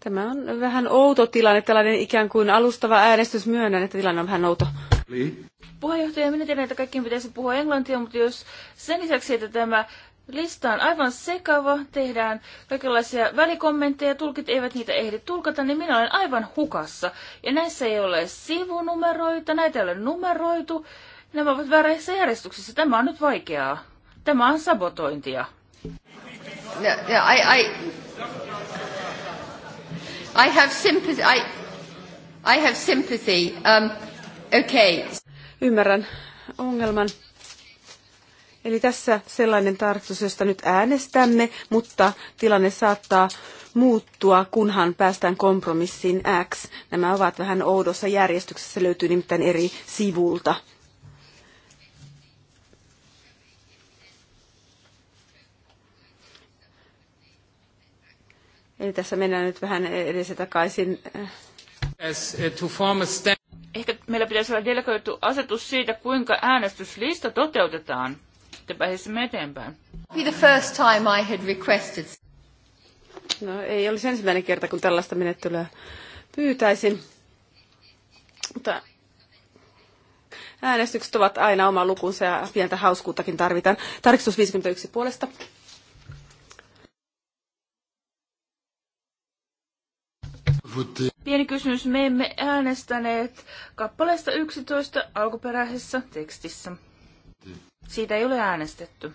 Tämä on vähän outo tilanne, tällainen ikään kuin alustava äänestys. Myönnän, että tilanne on vähän outo. Niin. Puheenjohtaja, minä tiedän, että kaikkien pitäisi puhua englantia, mutta jos sen lisäksi, että tämä Lista on aivan sekava, tehdään kaikenlaisia välikommentteja, tulkit eivät niitä ehdi tulkata, niin minä olen aivan hukassa. Ja näissä ei ole sivunumeroita, näitä ei ole numeroitu, nämä ovat väärässä järjestyksessä. Tämä on nyt vaikeaa. Tämä on sabotointia. Yeah, no, yeah, no, I, I, I have sympathy. I, I have sympathy. Um, okay. Ymmärrän ongelman. Eli tässä sellainen tarkoitus, josta nyt äänestämme, mutta tilanne saattaa muuttua, kunhan päästään kompromissiin X. Nämä ovat vähän oudossa järjestyksessä, löytyy nimittäin eri sivulta. Eli tässä mennään nyt vähän edes takaisin. Ehkä meillä pitäisi olla delegoitu asetus siitä, kuinka äänestyslista toteutetaan sitten pääsisimme eteenpäin. Be the first time I had requested. No ei olisi ensimmäinen kerta, kun tällaista menettelyä pyytäisin. Mutta äänestykset ovat aina oma lukunsa ja pientä hauskuuttakin tarvitaan. Tarkistus 51 puolesta. Pieni kysymys. Me emme äänestäneet kappaleesta 11 alkuperäisessä tekstissä. Siitä ei ole äänestetty.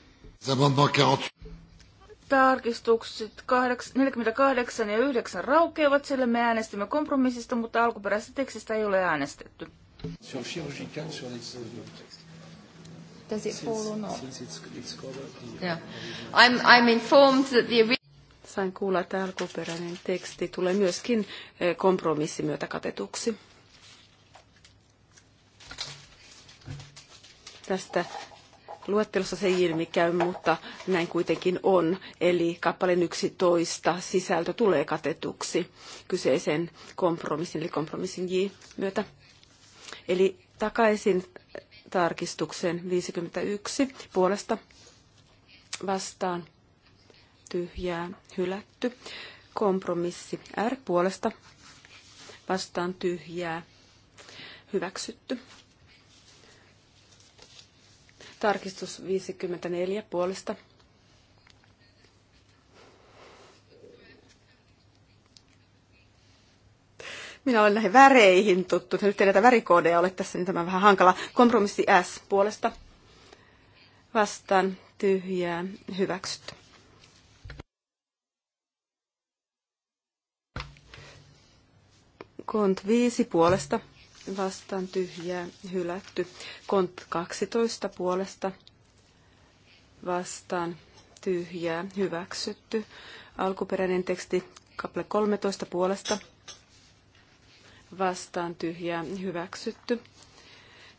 Tarkistukset 48 ja 9 raukeavat, sillä me äänestimme kompromissista, mutta alkuperäisestä tekstistä ei ole äänestetty. Sain kuulla, että alkuperäinen teksti tulee myöskin eh, kompromissin myötä katetuksi. Tästä luettelossa se ilmi käy, mutta näin kuitenkin on. Eli kappaleen 11 sisältö tulee katetuksi kyseisen kompromissin, eli kompromissin J myötä. Eli takaisin tarkistuksen 51 puolesta vastaan tyhjää hylätty. Kompromissi R puolesta vastaan tyhjää hyväksytty. Tarkistus 54 puolesta. Minä olen näihin väreihin tuttu. Nyt ei näitä värikoodeja ole tässä, niin tämä on vähän hankala. Kompromissi S puolesta. Vastaan tyhjää hyväksytty. Kont 5 puolesta vastaan tyhjää hylätty. Kont 12 puolesta vastaan tyhjää hyväksytty. Alkuperäinen teksti kaple 13 puolesta vastaan tyhjää hyväksytty.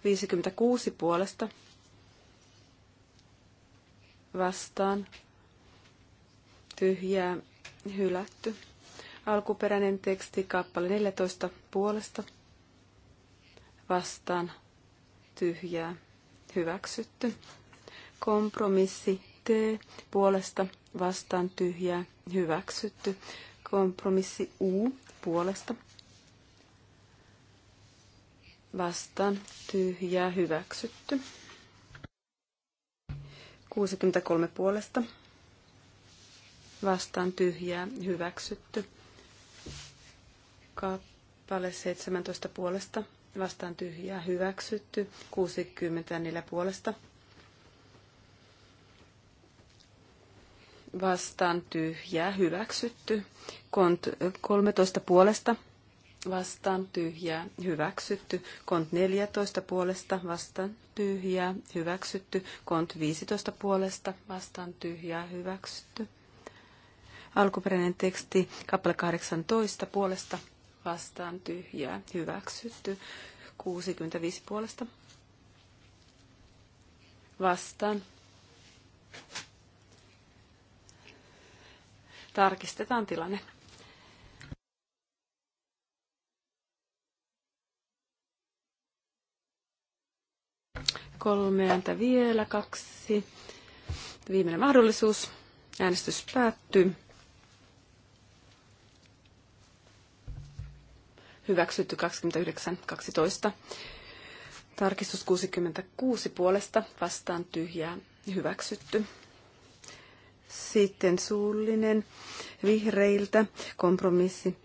56 puolesta vastaan tyhjää hylätty. Alkuperäinen teksti kappale 14 puolesta vastaan tyhjää hyväksytty. Kompromissi T puolesta vastaan tyhjää hyväksytty. Kompromissi U puolesta vastaan tyhjää hyväksytty. 63 puolesta vastaan tyhjää hyväksytty. Kappale 17 puolesta vastaan tyhjää hyväksytty. 64 puolesta vastaan tyhjää hyväksytty. Kont 13 puolesta vastaan tyhjää hyväksytty. Kont 14 puolesta vastaan tyhjää hyväksytty. Kont 15 puolesta vastaan tyhjää hyväksytty. Alkuperäinen teksti kappale 18 puolesta vastaan tyhjää hyväksytty. 65 puolesta vastaan. Tarkistetaan tilanne. Kolme ääntä vielä, kaksi. Viimeinen mahdollisuus. Äänestys päättyy. hyväksytty 29.12. Tarkistus 66 puolesta vastaan tyhjää hyväksytty. Sitten suullinen vihreiltä kompromissi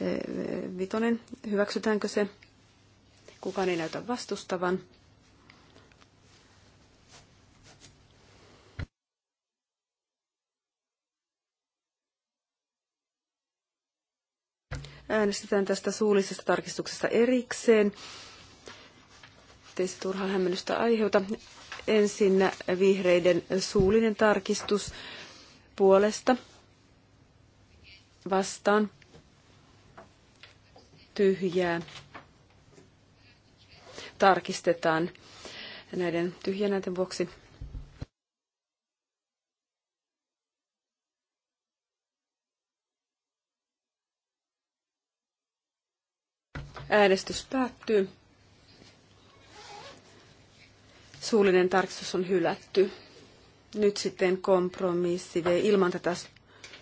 eh, eh, vitonen. Hyväksytäänkö se? Kukaan ei näytä vastustavan. Äänestetään tästä suullisesta tarkistuksesta erikseen. Teistä turhaa hämmennystä aiheuta. Ensin vihreiden suullinen tarkistus puolesta vastaan tyhjää. Tarkistetaan näiden tyhjänäiden vuoksi. Äänestys päättyy. Suullinen tarkistus on hylätty. Nyt sitten kompromissi vei ilman tätä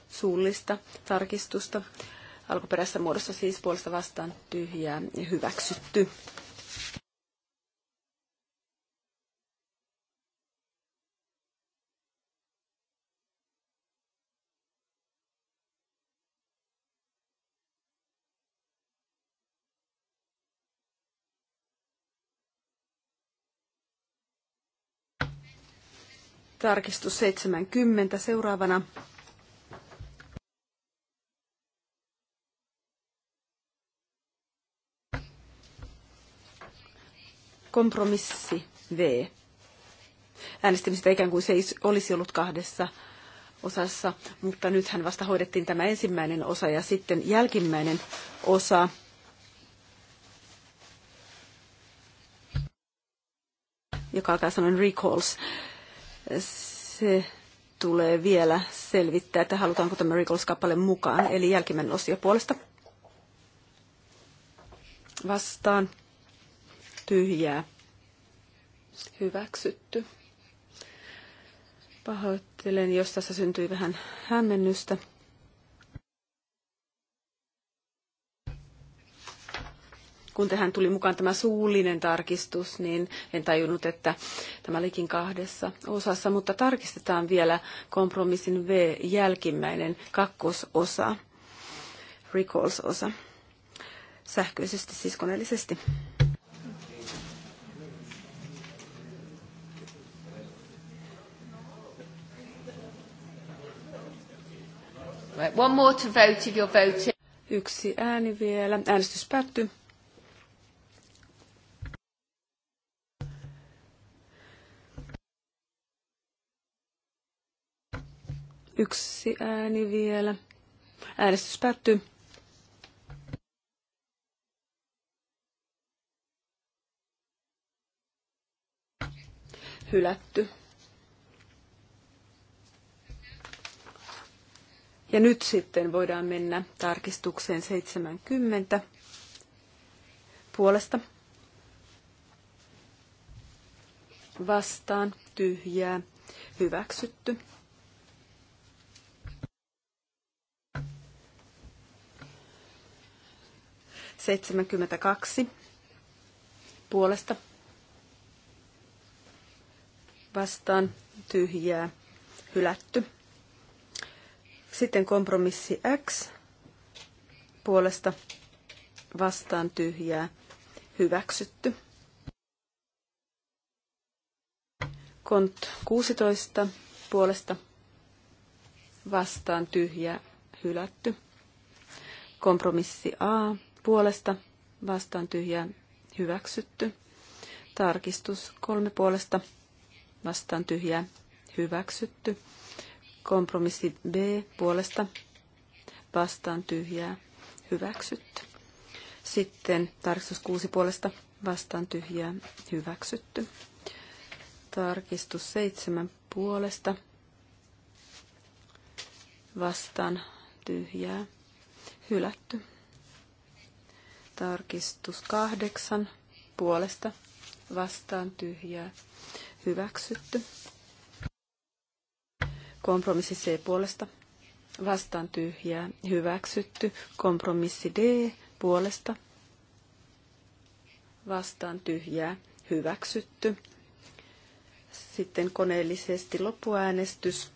suullista tarkistusta. Alkuperäisessä muodossa siis puolesta vastaan tyhjää ja hyväksytty. Tarkistus 70 seuraavana. Kompromissi V. Äänestämistä ikään kuin se olisi ollut kahdessa osassa, mutta nythän vasta hoidettiin tämä ensimmäinen osa ja sitten jälkimmäinen osa. joka alkaa sanoen recalls se tulee vielä selvittää, että halutaanko tämä Rickles-kappale mukaan, eli jälkimmäinen osio puolesta. Vastaan. Tyhjää. Hyväksytty. Pahoittelen, jos tässä syntyi vähän hämmennystä. kun tähän tuli mukaan tämä suullinen tarkistus, niin en tajunnut, että tämä olikin kahdessa osassa, mutta tarkistetaan vielä kompromissin V jälkimmäinen kakkososa, recalls-osa, sähköisesti siis koneellisesti. Right, one more to vote if you're voting. Yksi ääni vielä. Äänestys päättyy. Yksi ääni vielä. Äänestys päättyy. Hylätty. Ja nyt sitten voidaan mennä tarkistukseen 70 puolesta. Vastaan tyhjää hyväksytty. 72 puolesta vastaan tyhjää hylätty. Sitten kompromissi X puolesta vastaan tyhjää hyväksytty. Kont 16 puolesta vastaan tyhjää hylätty. Kompromissi A puolesta vastaan tyhjää hyväksytty. Tarkistus kolme puolesta vastaan tyhjää hyväksytty. Kompromissi B puolesta vastaan tyhjää hyväksytty. Sitten tarkistus kuusi puolesta vastaan tyhjää hyväksytty. Tarkistus seitsemän puolesta vastaan tyhjää hylätty. Tarkistus kahdeksan puolesta vastaan tyhjää hyväksytty. Kompromissi C puolesta vastaan tyhjää hyväksytty. Kompromissi D puolesta vastaan tyhjää hyväksytty. Sitten koneellisesti loppuäänestys.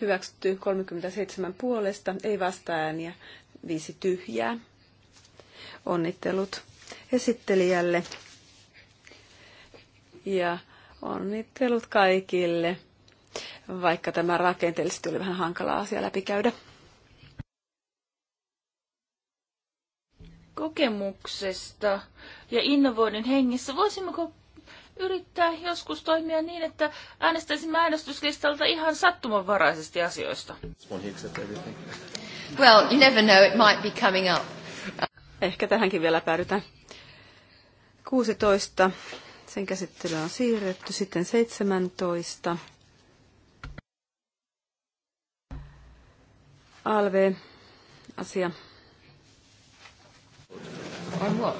hyväksytty 37 puolesta, ei vastaääniä, viisi tyhjää. Onnittelut esittelijälle ja onnittelut kaikille, vaikka tämä rakenteellisesti oli vähän hankala asia läpikäydä. kokemuksesta ja innovoinnin hengessä voisimmeko yrittää joskus toimia niin, että äänestäisimme äänestyslistalta ihan sattumanvaraisesti asioista. Well, you never know, it might be coming up. Ehkä tähänkin vielä päädytään. 16. Sen käsittely on siirretty. Sitten 17. Alve, asia. On what?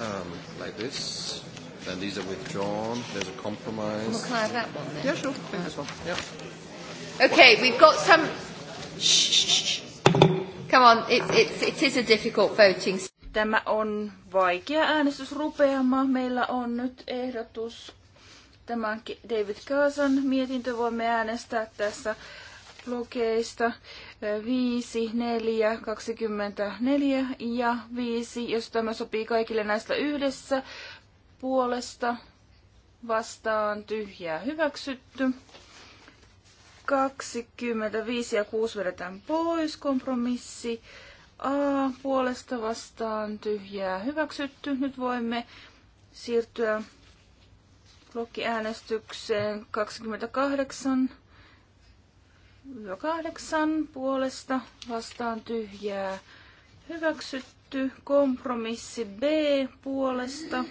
Um, like this. Then these are withdrawn. There's a compromise. Well, can I have that one then? Yeah, sure. Take this one. Yeah. Okay, we've got some. Come on, it, it, it is a difficult voting. Tämä on vaikea äänestys rupeama. Meillä on nyt ehdotus. Tämä on David Kaasan mietintö. Voimme äänestää tässä blogeista 5, 4, 24 ja 5, jos tämä sopii kaikille näistä yhdessä puolesta vastaan tyhjää hyväksytty. 25 ja 6 vedetään pois. Kompromissi A puolesta vastaan tyhjää hyväksytty. Nyt voimme siirtyä blokkiäänestykseen 28 8 puolesta vastaan tyhjää hyväksytty. Kompromissi B puolesta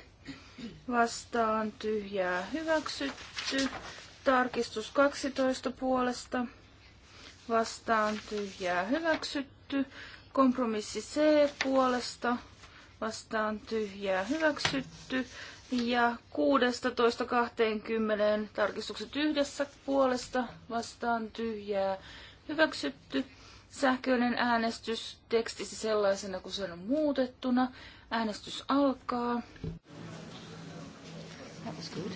vastaan tyhjää hyväksytty. Tarkistus 12 puolesta vastaan tyhjää hyväksytty. Kompromissi C puolesta vastaan tyhjää hyväksytty. Ja 16.20 tarkistukset yhdessä puolesta vastaan tyhjää hyväksytty. Sähköinen äänestys tekstisi sellaisena kuin se on muutettuna. Äänestys alkaa. That was good.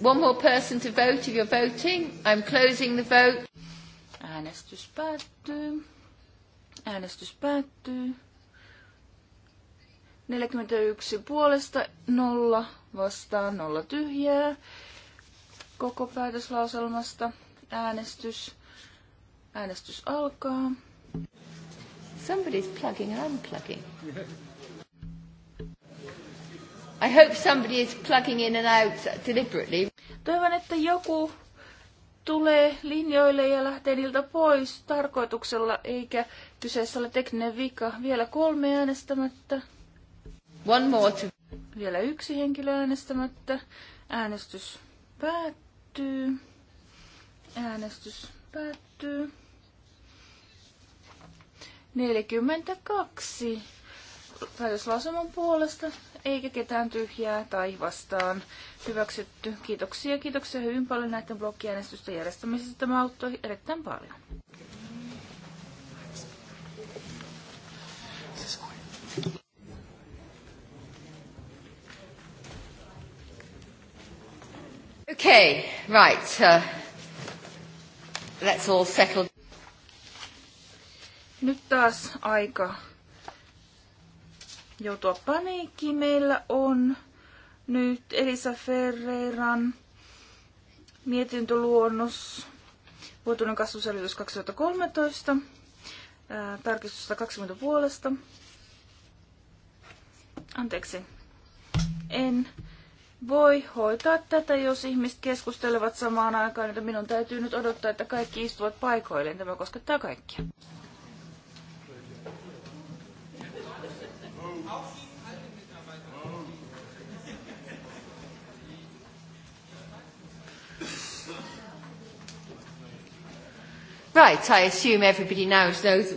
One more person to vote if you're voting. I'm closing the vote. Äänestys päättyy. Äänestys päättyy. 41 puolesta, 0 vastaan, 0 tyhjää. Koko päätöslauselmasta äänestys. Äänestys alkaa. Somebody's plugging and unplugging. I hope somebody is plugging in and out deliberately. Toivon, että joku tulee linjoille ja lähtee niiltä pois tarkoituksella, eikä kyseessä ole tekninen vika. Vielä kolme äänestämättä. One more to... Vielä yksi henkilö äänestämättä. Äänestys päättyy. Äänestys päättyy. 42. Päätöslausuman puolesta eikä ketään tyhjää tai vastaan. Hyväksytty. Kiitoksia, kiitoksia hyvin paljon näiden blokkiäänestysten järjestämisestä. Tämä auttoi erittäin paljon. Okay, right. Uh, let's all settle. Nyt taas aika joutua paniikkiin. Meillä on nyt Elisa Ferreiran mietintöluonnos vuotuinen kasvuselvitys 2013, Tarkistusta 20 puolesta. Anteeksi, en voi hoitaa tätä, jos ihmiset keskustelevat samaan aikaan, että minun täytyy nyt odottaa, että kaikki istuvat paikoilleen. Tämä koskettaa kaikkia. Right, I assume everybody now knows.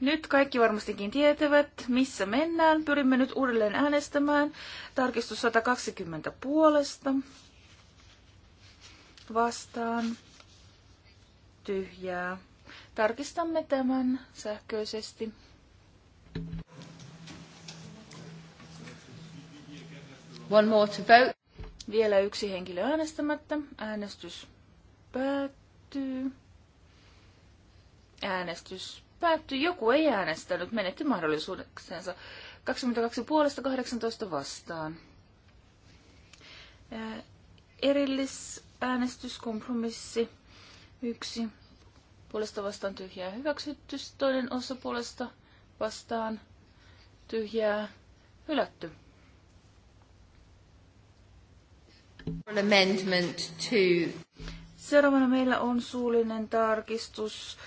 Nyt kaikki varmastikin tietävät, missä mennään. Pyrimme nyt uudelleen äänestämään. Tarkistus 120 puolesta. Vastaan. Tyhjää. Tarkistamme tämän sähköisesti. One more to vote. Vielä yksi henkilö äänestämättä. Äänestys päättyy. Äänestys päättyi. Joku ei äänestänyt, menetti mahdollisuudensa. 22 puolesta 18 vastaan. Erillisäänestyskompromissi. Yksi puolesta vastaan tyhjää hyväksytty, toinen osa puolesta vastaan tyhjää hylätty. Amendment to... Seuraavana meillä on suullinen tarkistus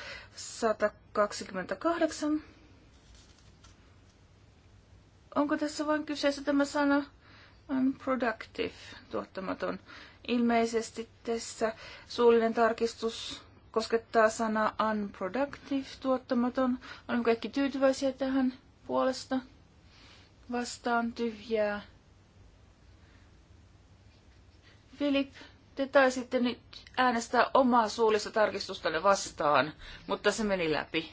128. Onko tässä vain kyseessä tämä sana unproductive, tuottamaton? Ilmeisesti tässä suullinen tarkistus koskettaa sanaa unproductive, tuottamaton. Olemme kaikki tyytyväisiä tähän puolesta. Vastaan tyhjää. Philip te taisitte nyt äänestää omaa suullista tarkistustanne vastaan, mutta se meni läpi.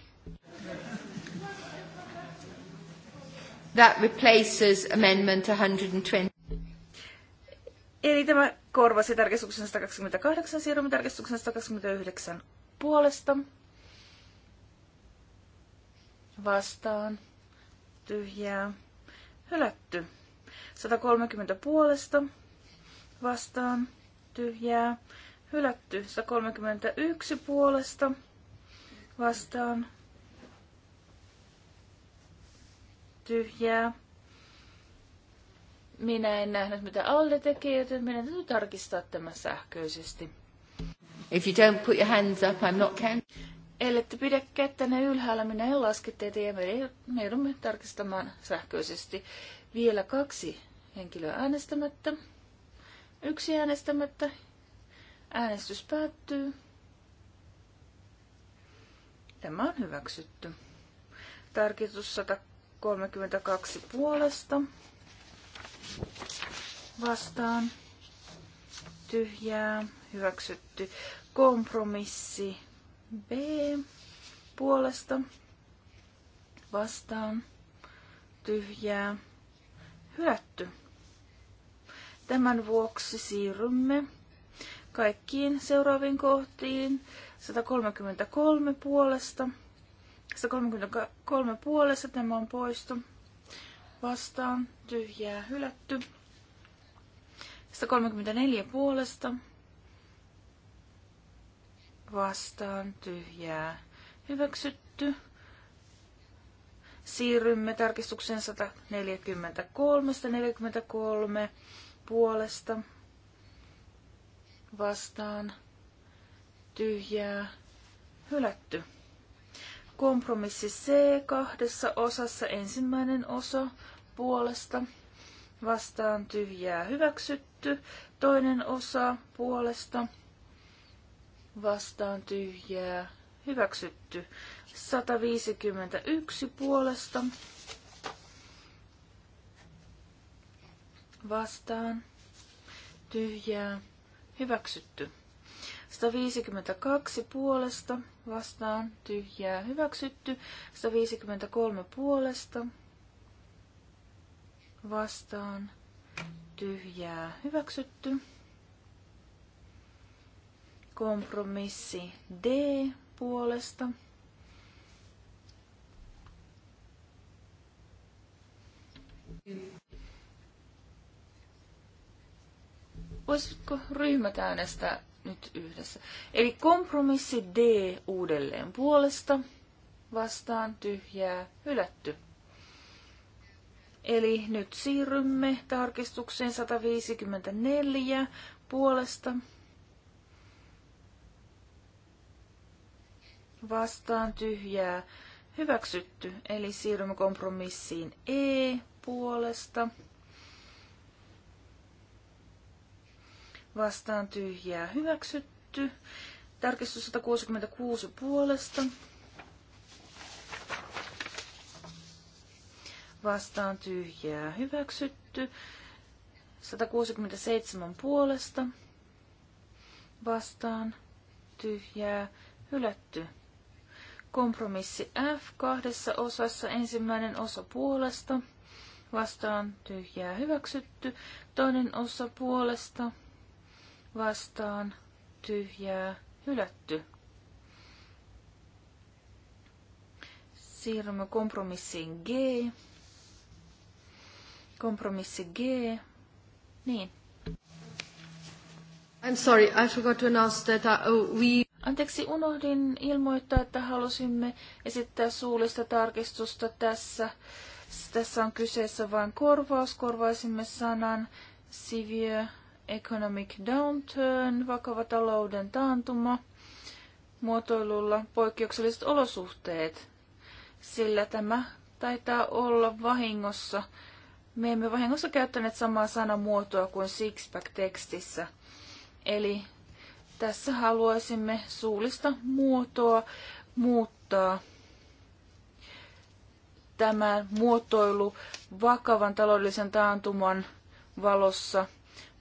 That replaces amendment 120. Eli tämä korvasi tarkistuksen 128, siirrymme tarkistuksen 129 puolesta. Vastaan. Tyhjää. Hylätty. 130 puolesta. Vastaan tyhjää, hylätty. 131 puolesta vastaan, tyhjää. Minä en nähnyt, mitä Alde teki, joten minä täytyy tarkistaa tämä sähköisesti. If you don't put your hands up, I'm not counting. Ellette pidä ne ylhäällä, minä en laske teitä ja me joudumme tarkistamaan sähköisesti. Vielä kaksi henkilöä äänestämättä. Yksi äänestämättä. Äänestys päättyy. Tämä on hyväksytty. Tarkistus 132 puolesta. Vastaan. Tyhjää. Hyväksytty. Kompromissi B puolesta. Vastaan. Tyhjää. Hylätty. Tämän vuoksi siirrymme kaikkiin seuraaviin kohtiin. 133 puolesta. 133 puolesta tämä on poisto. Vastaan tyhjää hylätty. 134 puolesta. Vastaan tyhjää hyväksytty. Siirrymme tarkistukseen 143, 143 puolesta vastaan tyhjää hylätty. Kompromissi C kahdessa osassa ensimmäinen osa puolesta vastaan tyhjää hyväksytty, toinen osa puolesta vastaan tyhjää hyväksytty, 151 puolesta vastaan, tyhjää, hyväksytty. 152 puolesta vastaan, tyhjää, hyväksytty. 153 puolesta vastaan, tyhjää, hyväksytty. Kompromissi D puolesta Voisitko ryhmät äänestää nyt yhdessä? Eli kompromissi D uudelleen puolesta, vastaan tyhjää, hylätty. Eli nyt siirrymme tarkistukseen 154 puolesta vastaan tyhjää hyväksytty. Eli siirrymme kompromissiin E puolesta vastaan tyhjää hyväksytty. Tarkistus 166 puolesta. Vastaan tyhjää hyväksytty. 167 puolesta. Vastaan tyhjää hylätty. Kompromissi F kahdessa osassa ensimmäinen osa puolesta. Vastaan tyhjää hyväksytty. Toinen osa puolesta vastaan tyhjää hylätty. Siirrymme kompromissiin G. Kompromissi G. Niin. I'm sorry, I forgot to announce that uh, oh, we... Anteeksi, unohdin ilmoittaa, että halusimme esittää suullista tarkistusta tässä. Tässä on kyseessä vain korvaus. Korvaisimme sanan siviö Economic Downturn, vakava talouden taantuma, muotoilulla poikkeukselliset olosuhteet, sillä tämä taitaa olla vahingossa. Me emme vahingossa käyttäneet samaa sanamuotoa kuin Sixpack-tekstissä. Eli tässä haluaisimme suullista muotoa muuttaa tämä muotoilu vakavan taloudellisen taantuman valossa –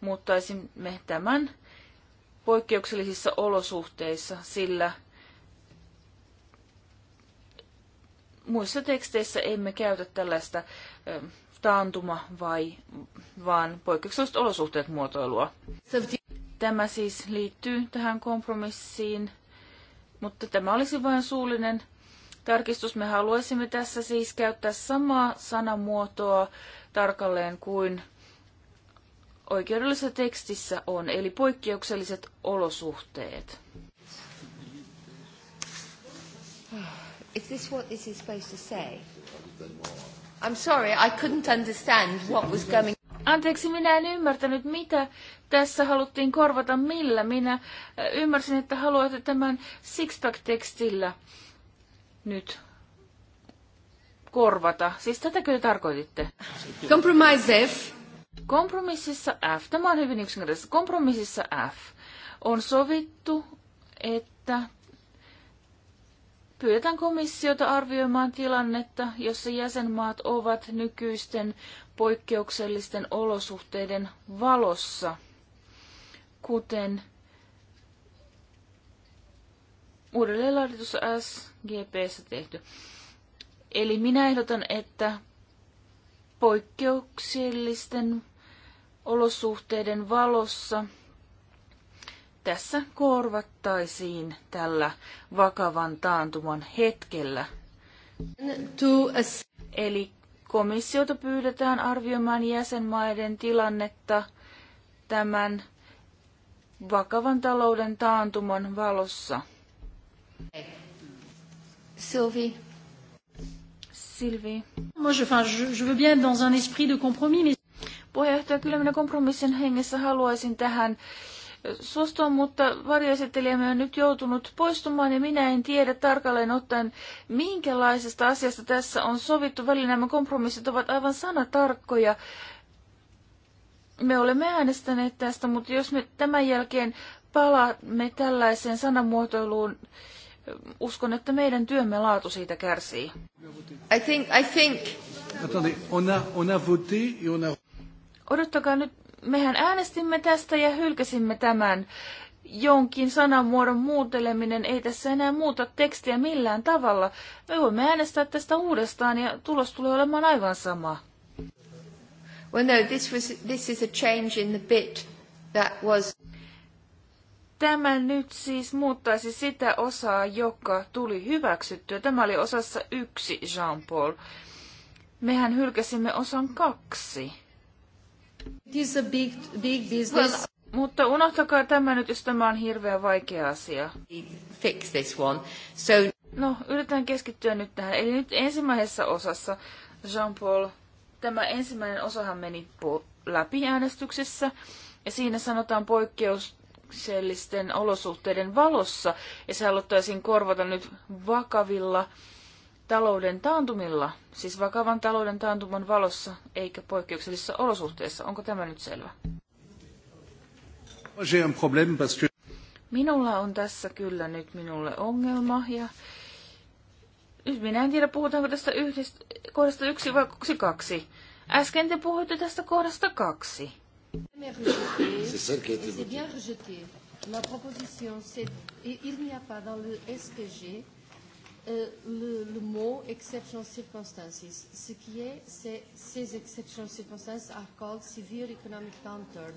muuttaisimme tämän poikkeuksellisissa olosuhteissa, sillä muissa teksteissä emme käytä tällaista taantuma vai vaan poikkeukselliset olosuhteet muotoilua. Tämä siis liittyy tähän kompromissiin, mutta tämä olisi vain suullinen tarkistus. Me haluaisimme tässä siis käyttää samaa sanamuotoa tarkalleen kuin oikeudellisessa tekstissä on, eli poikkeukselliset olosuhteet. Is this what this is supposed to say? I'm sorry, I couldn't understand what was going Anteeksi, minä en ymmärtänyt, mitä tässä haluttiin korvata millä. Minä äh, ymmärsin, että haluatte tämän Sixpack-tekstillä nyt korvata. Siis tätäkö te tarkoititte? Compromise F Kompromississa F, tämä on hyvin yksinkertaisesti, kompromississa F on sovittu, että pyydetään komissiota arvioimaan tilannetta, jossa jäsenmaat ovat nykyisten poikkeuksellisten olosuhteiden valossa, kuten uudelleenlaaditussa SGPssä tehty. Eli minä ehdotan, että poikkeuksellisten olosuhteiden valossa tässä korvattaisiin tällä vakavan taantuman hetkellä. Eli komissiota pyydetään arvioimaan jäsenmaiden tilannetta tämän vakavan talouden taantuman valossa. Sylvie. Sylvie. Moi, je, enfin, je, je veux bien être dans un esprit de compromis, mais... Puheenjohtaja, kyllä minä kompromissin hengessä haluaisin tähän suostua, mutta varjoesittelijämme on nyt joutunut poistumaan ja minä en tiedä tarkalleen ottaen, minkälaisesta asiasta tässä on sovittu. Välillä nämä kompromissit ovat aivan sanatarkkoja. Me olemme äänestäneet tästä, mutta jos me tämän jälkeen palaamme tällaiseen sanamuotoiluun, uskon, että meidän työmme laatu siitä kärsii. I think, I think... Attendez, on a, on a voté et on a... Odottakaa nyt, mehän äänestimme tästä ja hylkäsimme tämän. Jonkin sanamuodon muuteleminen ei tässä enää muuta tekstiä millään tavalla. Me voimme äänestää tästä uudestaan ja tulos tulee olemaan aivan sama. Well, no, this, was, this is a change in the bit that was... Tämä nyt siis muuttaisi sitä osaa, joka tuli hyväksyttyä. Tämä oli osassa yksi, Jean-Paul. Mehän hylkäsimme osan kaksi. It is a big, big business. Well, mutta unohtakaa tämä nyt, jos tämä on hirveän vaikea asia. Fix this one. So... No, yritetään keskittyä nyt tähän. Eli nyt ensimmäisessä osassa, Jean-Paul, tämä ensimmäinen osahan meni läpi äänestyksessä. Ja siinä sanotaan poikkeus poikkeuksellisten olosuhteiden valossa, ja se haluttaisiin korvata nyt vakavilla talouden taantumilla, siis vakavan talouden taantuman valossa, eikä poikkeuksellisissa olosuhteissa. Onko tämä nyt selvä? Minulla on tässä kyllä nyt minulle ongelma, ja nyt minä en tiedä, puhutaanko tästä yhdestä, kohdasta yksi vai kaksi. Äsken te puhuitte tästä kohdasta kaksi. C'est celle qui a été votée. bien rejetée. La proposition, c'est il n'y a pas dans le SPG euh, le, le mot exception circumstances. Ce qui est, c'est ces exceptions circumstances are called severe economic downturn.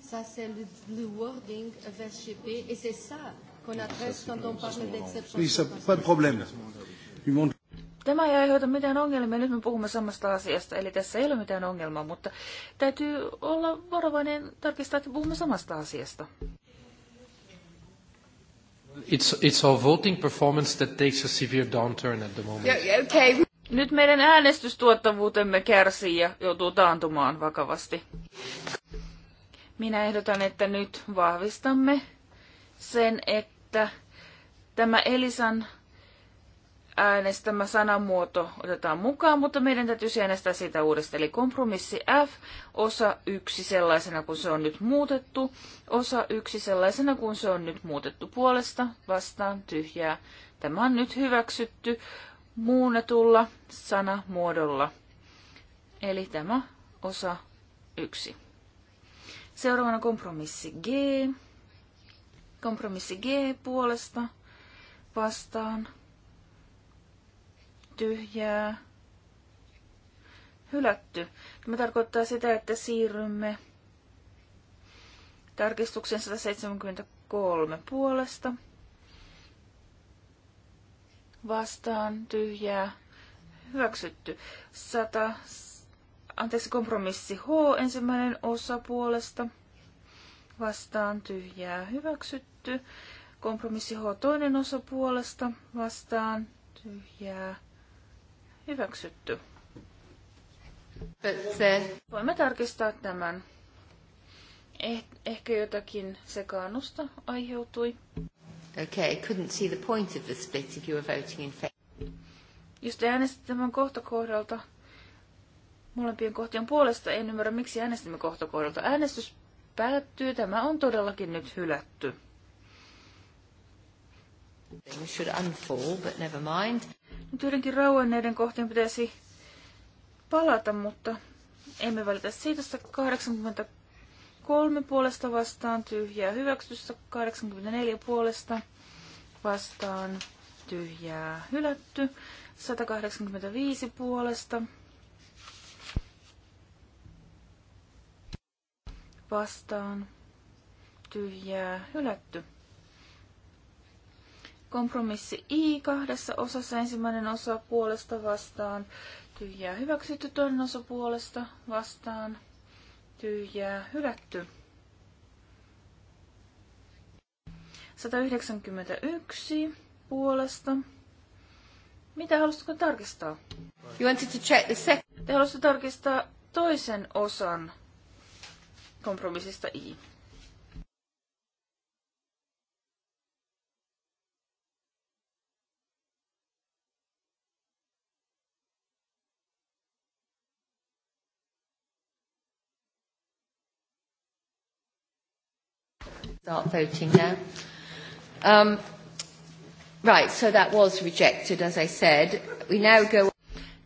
Ça, c'est le, le wording of SGP. et c'est ça qu'on adresse quand on parle d'exception. Oui, ça, pas de problème. Du monde. Tämä ei aiheuta mitään ongelmia, nyt me puhumme samasta asiasta, eli tässä ei ole mitään ongelmaa, mutta täytyy olla varovainen tarkistaa, että puhumme samasta asiasta. It's, it's our voting performance that takes a severe downturn at the moment. Yeah, okay. Nyt meidän äänestystuottavuutemme kärsii ja joutuu taantumaan vakavasti. Minä ehdotan, että nyt vahvistamme sen, että tämä Elisan äänestämä sanamuoto otetaan mukaan, mutta meidän täytyy äänestää siitä uudestaan. Eli kompromissi F, osa 1 sellaisena kuin se on nyt muutettu, osa 1 sellaisena kuin se on nyt muutettu puolesta, vastaan, tyhjää. Tämä on nyt hyväksytty muunnetulla sanamuodolla. Eli tämä osa 1. Seuraavana kompromissi G. Kompromissi G puolesta vastaan tyhjää hylätty. Tämä tarkoittaa sitä, että siirrymme tarkistuksen 173 puolesta vastaan tyhjää hyväksytty. 100, anteeksi, kompromissi H ensimmäinen osa puolesta vastaan tyhjää hyväksytty. Kompromissi H toinen osa puolesta vastaan tyhjää Hyväksytty. Se. Uh, Voimme tarkistaa tämän. Eh, ehkä jotakin sekaannusta aiheutui. Okay, couldn't see the point of the split if you were voting in favor. Jos te äänestitte tämän kohtakohdalta, molempien kohtien puolesta, en ymmärrä miksi äänestimme kohtakohdalta. Äänestys päättyy, tämä on todellakin nyt hylätty. Things Should unfall, but never mind. Nyt joidenkin rauenneiden kohteen pitäisi palata, mutta emme välitä siitä. 83 puolesta vastaan tyhjää hyväksytystä, 84 puolesta vastaan tyhjää hylätty, 185 puolesta vastaan tyhjää hylätty. Kompromissi I kahdessa osassa. Ensimmäinen osa puolesta vastaan. Tyhjää hyväksytty. Toinen osa puolesta vastaan. Tyhjää hylätty. 191 puolesta. Mitä halusitko tarkistaa? You wanted to check the second. Te halusitte tarkistaa toisen osan kompromissista I. Start voting now. Um, right, so that was rejected, as I said. We now go...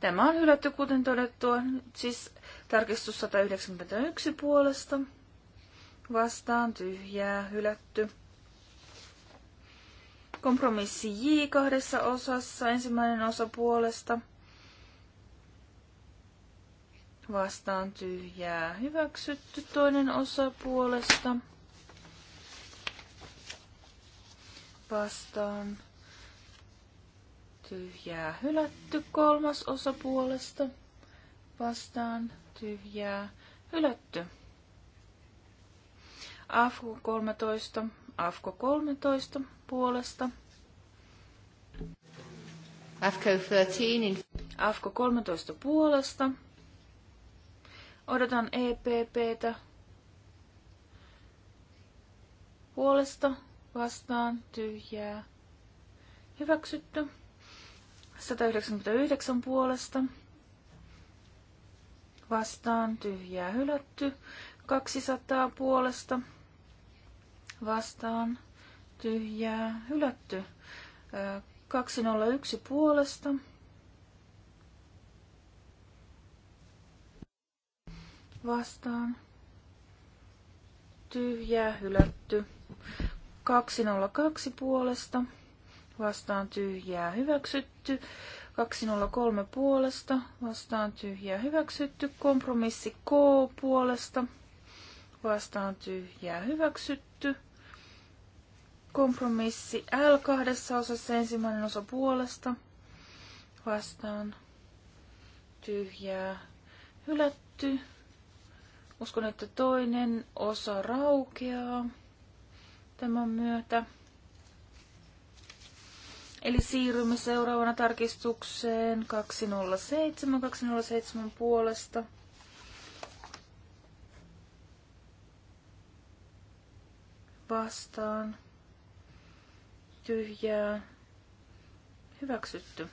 Tämä on hylätty, kuten todettua. Siis tarkistus 191 puolesta. Vastaan tyhjää, hylätty. Kompromissi J kahdessa osassa, ensimmäinen osa puolesta. Vastaan tyhjää, hyväksytty toinen osa puolesta vastaan. Tyhjää hylätty. Kolmas osa puolesta vastaan. Tyhjää hylätty. Afko 13. Afko 13 puolesta. Afko 13. Afko 13 puolesta. Odotan EPPtä puolesta vastaan tyhjää hyväksytty. 199 puolesta vastaan tyhjää hylätty. 200 puolesta vastaan tyhjää hylätty. 201 puolesta vastaan tyhjää hylätty. 202 puolesta vastaan tyhjää hyväksytty. 203 puolesta vastaan tyhjää hyväksytty. Kompromissi K puolesta vastaan tyhjää hyväksytty. Kompromissi L kahdessa osassa ensimmäinen osa puolesta vastaan tyhjää hylätty. Uskon, että toinen osa raukeaa tämän myötä. Eli siirrymme seuraavana tarkistukseen 207, 207 puolesta. Vastaan. Tyhjää. Hyväksytty.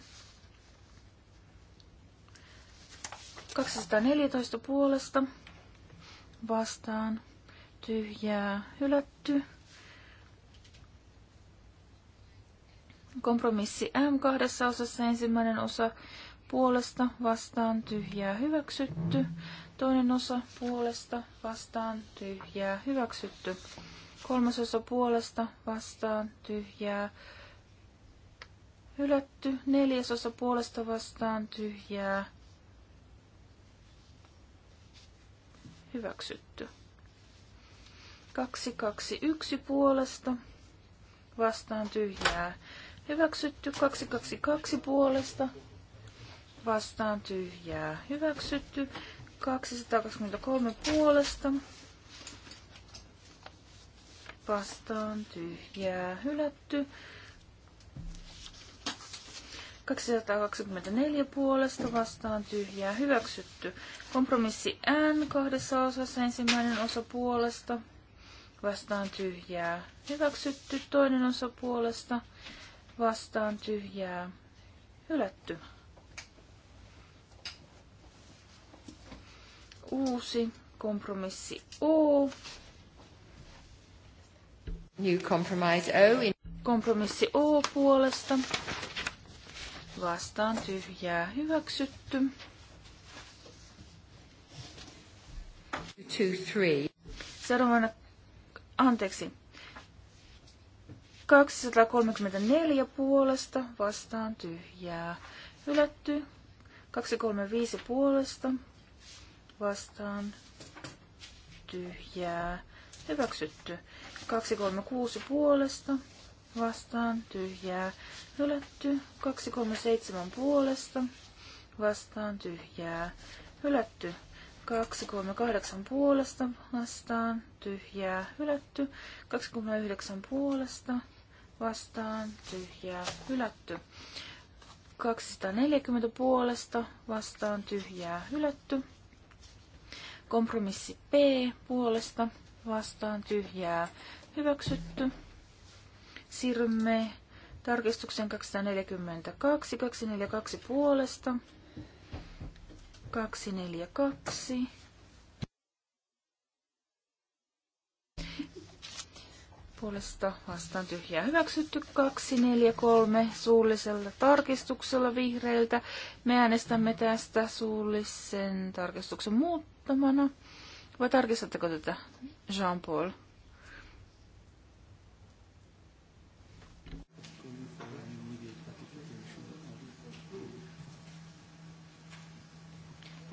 214 puolesta. Vastaan. Tyhjää. Hylätty. Kompromissi M kahdessa osassa ensimmäinen osa puolesta vastaan tyhjää hyväksytty. Toinen osa puolesta vastaan tyhjää hyväksytty. Kolmas osa puolesta vastaan tyhjää hylätty. Neljäs osa puolesta vastaan tyhjää hyväksytty. yksi puolesta vastaan tyhjää Hyväksytty 222 puolesta. Vastaan tyhjää. Hyväksytty 223 puolesta. Vastaan tyhjää. Hylätty. 224 puolesta vastaan tyhjää hyväksytty. Kompromissi N kahdessa osassa ensimmäinen osa puolesta vastaan tyhjää hyväksytty. Toinen osa puolesta vastaan tyhjää hylätty. Uusi kompromissi O. New compromise O. In... Kompromissi O puolesta vastaan tyhjää hyväksytty. Two, three. Seuraavana, anteeksi, 234 puolesta vastaan tyhjää. Hylätty. 235 puolesta vastaan tyhjää. Hyväksytty. 236 puolesta vastaan tyhjää. Hylätty. 237 puolesta vastaan tyhjää. Hylätty. 238 puolesta vastaan tyhjää. Hylätty. 29 puolesta vastaan tyhjää hylätty. 240 puolesta vastaan tyhjää hylätty. Kompromissi P puolesta vastaan tyhjää hyväksytty. Siirrymme tarkistuksen 242, 242 puolesta, 242 puolesta vastaan tyhjää hyväksytty 243 suullisella tarkistuksella vihreiltä. Me äänestämme tästä suullisen tarkistuksen muuttamana. Vai tarkistatteko tätä, Jean-Paul?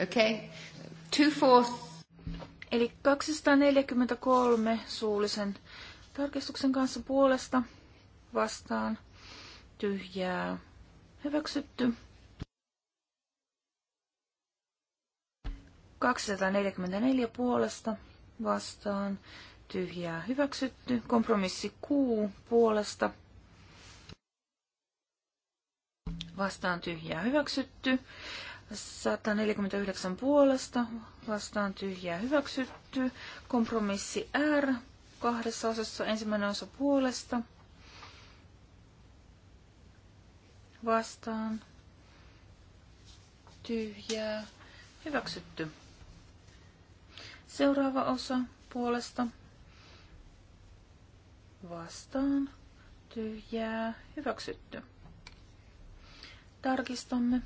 Okay. Two fourth. Eli 243 suullisen tarkistuksen kanssa puolesta vastaan tyhjää hyväksytty. 244 puolesta vastaan tyhjää hyväksytty. Kompromissi Q puolesta vastaan tyhjää hyväksytty. 149 puolesta vastaan tyhjää hyväksytty. Kompromissi R kahdessa osassa. Ensimmäinen osa puolesta. Vastaan. Tyhjää. Hyväksytty. Seuraava osa puolesta. Vastaan. Tyhjää. Hyväksytty. Tarkistamme.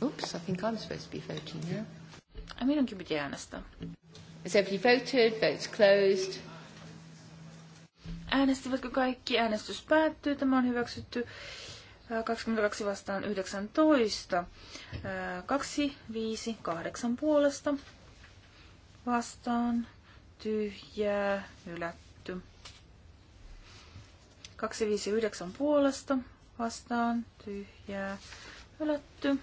Oops, I think I'm supposed to be voting now. Yeah? Minunkin piti äänestää. Has everybody voted? Votes closed. Äänestivätkö kaikki? Äänestys päättyy. Tämä on hyväksytty 22 vastaan 19. 2, 5, 8 puolesta vastaan tyhjää hylätty. 259 puolesta vastaan tyhjää hylätty.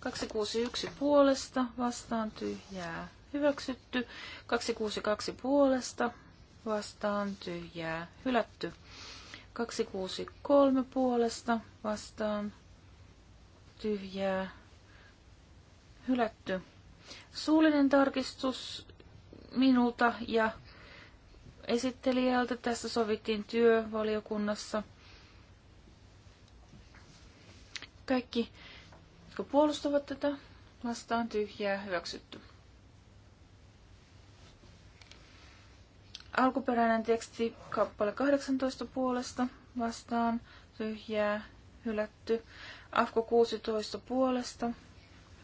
261 puolesta vastaan tyhjää hyväksytty. 262 puolesta vastaan tyhjää hylätty. 263 puolesta vastaan tyhjää hylätty. Suullinen tarkistus minulta ja esittelijältä. Tässä sovittiin työvaliokunnassa. Kaikki jotka puolustavat tätä vastaan tyhjää hyväksytty. Alkuperäinen teksti kappale 18 puolesta vastaan tyhjää hylätty. Afko 16 puolesta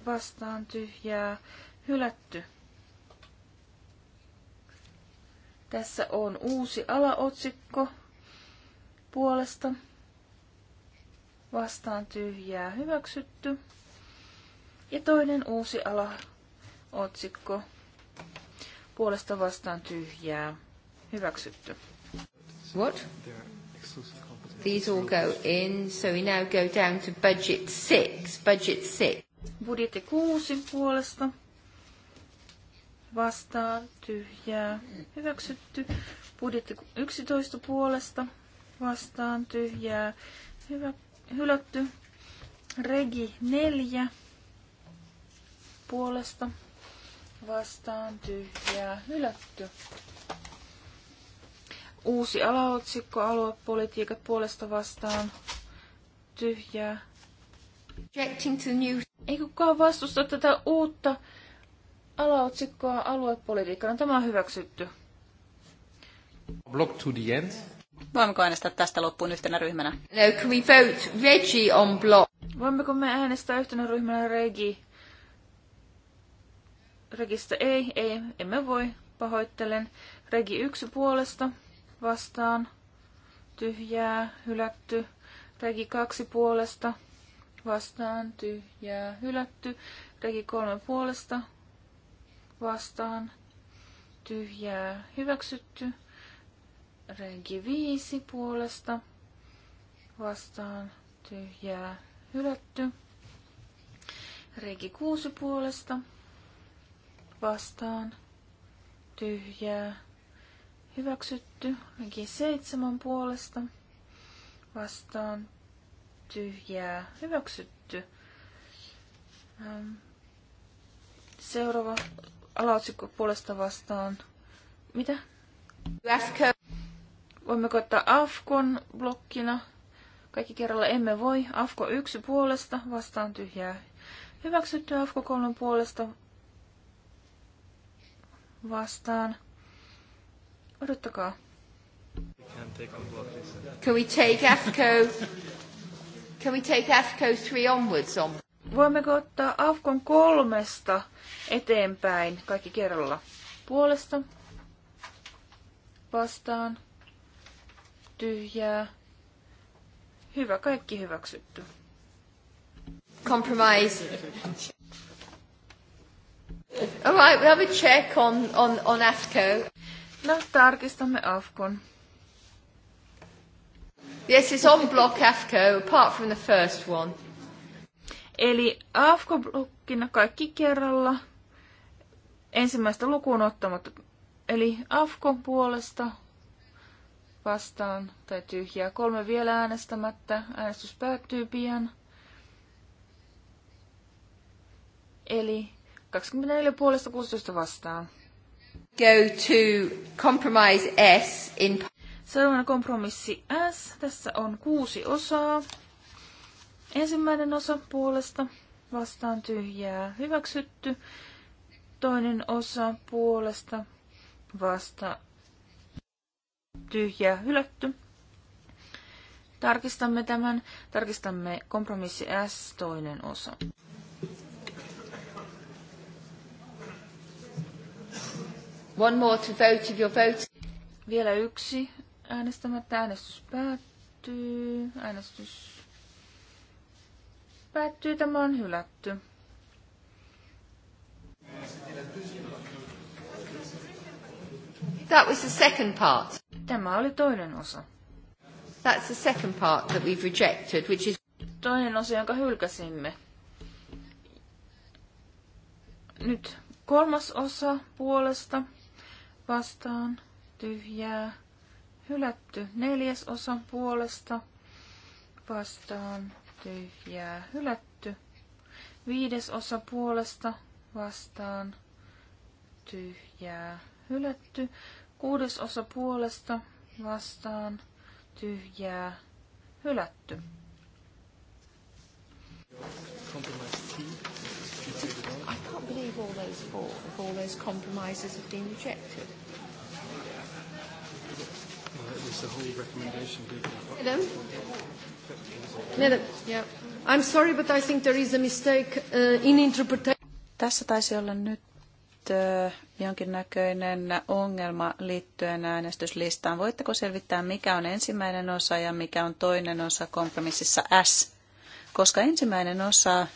vastaan tyhjää hylätty. Tässä on uusi alaotsikko puolesta vastaan tyhjää hyväksytty. Ja toinen uusi ala, otsikko, puolesta vastaan tyhjää, hyväksytty. What? These all go in, so we now go down to budget six. Budget six. Budjetti kuusi puolesta. Vastaan tyhjää. Hyväksytty. Budjetti 11 puolesta. Vastaan tyhjää. Hyvä, hylätty. Regi 4 puolesta vastaan tyhjää hylätty. Uusi alaotsikko aluepolitiikat puolesta vastaan tyhjää. to new. Ei kukaan vastusta tätä uutta alaotsikkoa aluepolitiikkana. Tämä on hyväksytty. Block to the end. Voimmeko äänestää tästä loppuun yhtenä ryhmänä? No, can we vote Reggie on block? Voimmeko me äänestää yhtenä ryhmänä Reggie? Registä ei, ei, emme voi, pahoittelen. Regi 1 puolesta vastaan, tyhjää, hylätty. Regi 2 puolesta vastaan, tyhjää, hylätty. Regi 3 puolesta vastaan, tyhjää, hyväksytty. Regi 5 puolesta vastaan, tyhjää, hylätty. Regi 6 puolesta vastaan, vastaan tyhjää hyväksytty. Laki seitsemän puolesta vastaan tyhjää hyväksytty. Seuraava alaotsikko puolesta vastaan. Mitä? Läskö. Voimmeko ottaa Afkon blokkina? Kaikki kerralla emme voi. Afko 1 puolesta vastaan tyhjää. Hyväksytty Afko 3 puolesta vastaan. Odottakaa. Can we take AFCO? Can we take AFCO 3 onwards on? Voimmeko ottaa AFCON kolmesta eteenpäin kaikki kerralla? Puolesta vastaan tyhjää. Hyvä, kaikki hyväksytty. Compromise All right, we'll have a check on, on, on AFCO. No, tarkistamme AFCON. Yes, it's on block AFCO, apart from the first one. Eli AFCO-blokkina kaikki kerralla, ensimmäistä lukuun ottamatta. Eli AFCO puolesta vastaan tai tyhjää. Kolme vielä äänestämättä. Äänestys päättyy pian. Eli 24 16 vastaan. Go to compromise S in... Seuraavana kompromissi S. Tässä on kuusi osaa. Ensimmäinen osa puolesta vastaan tyhjää hyväksytty. Toinen osa puolesta vasta tyhjää hylätty. Tarkistamme tämän. Tarkistamme kompromissi S toinen osa. One more to vote if you're voting. Vielä yksi äänestämättä. Äänestys päättyy. Äänestys päättyy. Tämä on hylätty. That was the second part. Tämä oli toinen osa. That's the second part that we've rejected, which is... Toinen osa, jonka hylkäsimme. Nyt kolmas osa puolesta vastaan, tyhjää, hylätty. Neljäs osan puolesta vastaan, tyhjää, hylätty. Viides osa puolesta vastaan, tyhjää, hylätty. Kuudes osa puolesta vastaan, tyhjää, hylätty. Kompromissi of all those four, if all those compromises have been rejected? Well, it was the whole recommendation. Madam? Madam, no, no, yeah. I'm sorry, but I think there is a mistake uh, in interpretation. Tässä taisi olla nyt uh, jonkinnäköinen ongelma liittyen äänestyslistaan. Voitteko selvittää, mikä on ensimmäinen osa ja mikä on toinen osa kompromississa S? Koska ensimmäinen osa...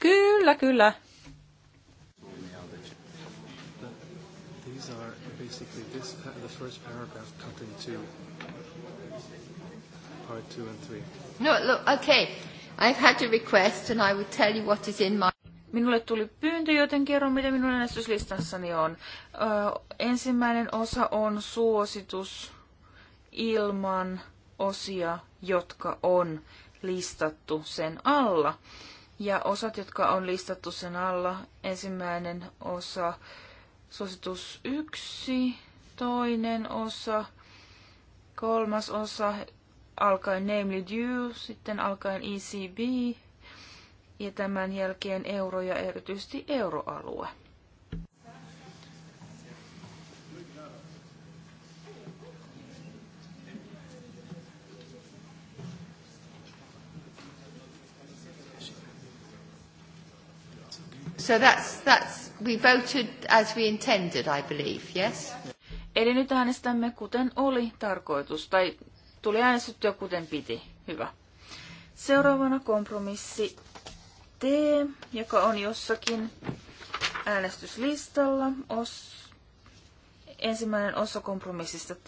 Kyllä, kyllä. this, the first paragraph cut into part two and three. No, look, okay. I've had a request and I will tell you what is in my... Minulle tuli pyyntö, joten kerron, mitä minun äänestyslistassani on. Ö, ensimmäinen osa on suositus ilman osia, jotka on listattu sen alla. Ja osat, jotka on listattu sen alla, ensimmäinen osa, suositus yksi, toinen osa, kolmas osa, alkaen Namely Due, sitten alkaen ECB ja tämän jälkeen euro ja erityisesti euroalue. So that's, that's, we voted as we intended, I believe, yes? Eli nyt äänestämme kuten oli tarkoitus, tai tuli äänestettyä kuten piti. Hyvä. Seuraavana kompromissi T, joka on jossakin äänestyslistalla. Os, ensimmäinen osa kompromissista T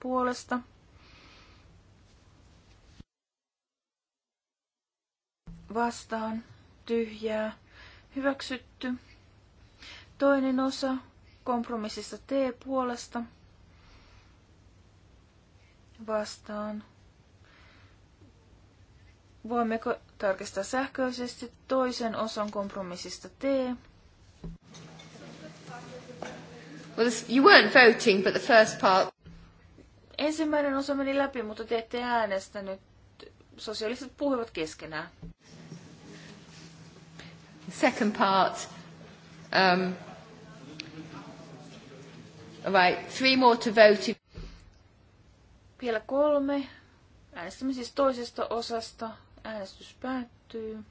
puolesta. Vastaan tyhjää hyväksytty. Toinen osa Kompromississa T puolesta vastaan. Voimmeko tarkistaa sähköisesti toisen osan kompromissista T? Well, you weren't voting, but the first part... Ensimmäinen osa meni läpi, mutta te ette äänestänyt. Sosiaaliset puhuivat keskenään. The second part, um, Right, three more to vote. Vielä kolme. Äänestämme siis toisesta osasta. Äänestys päättyy.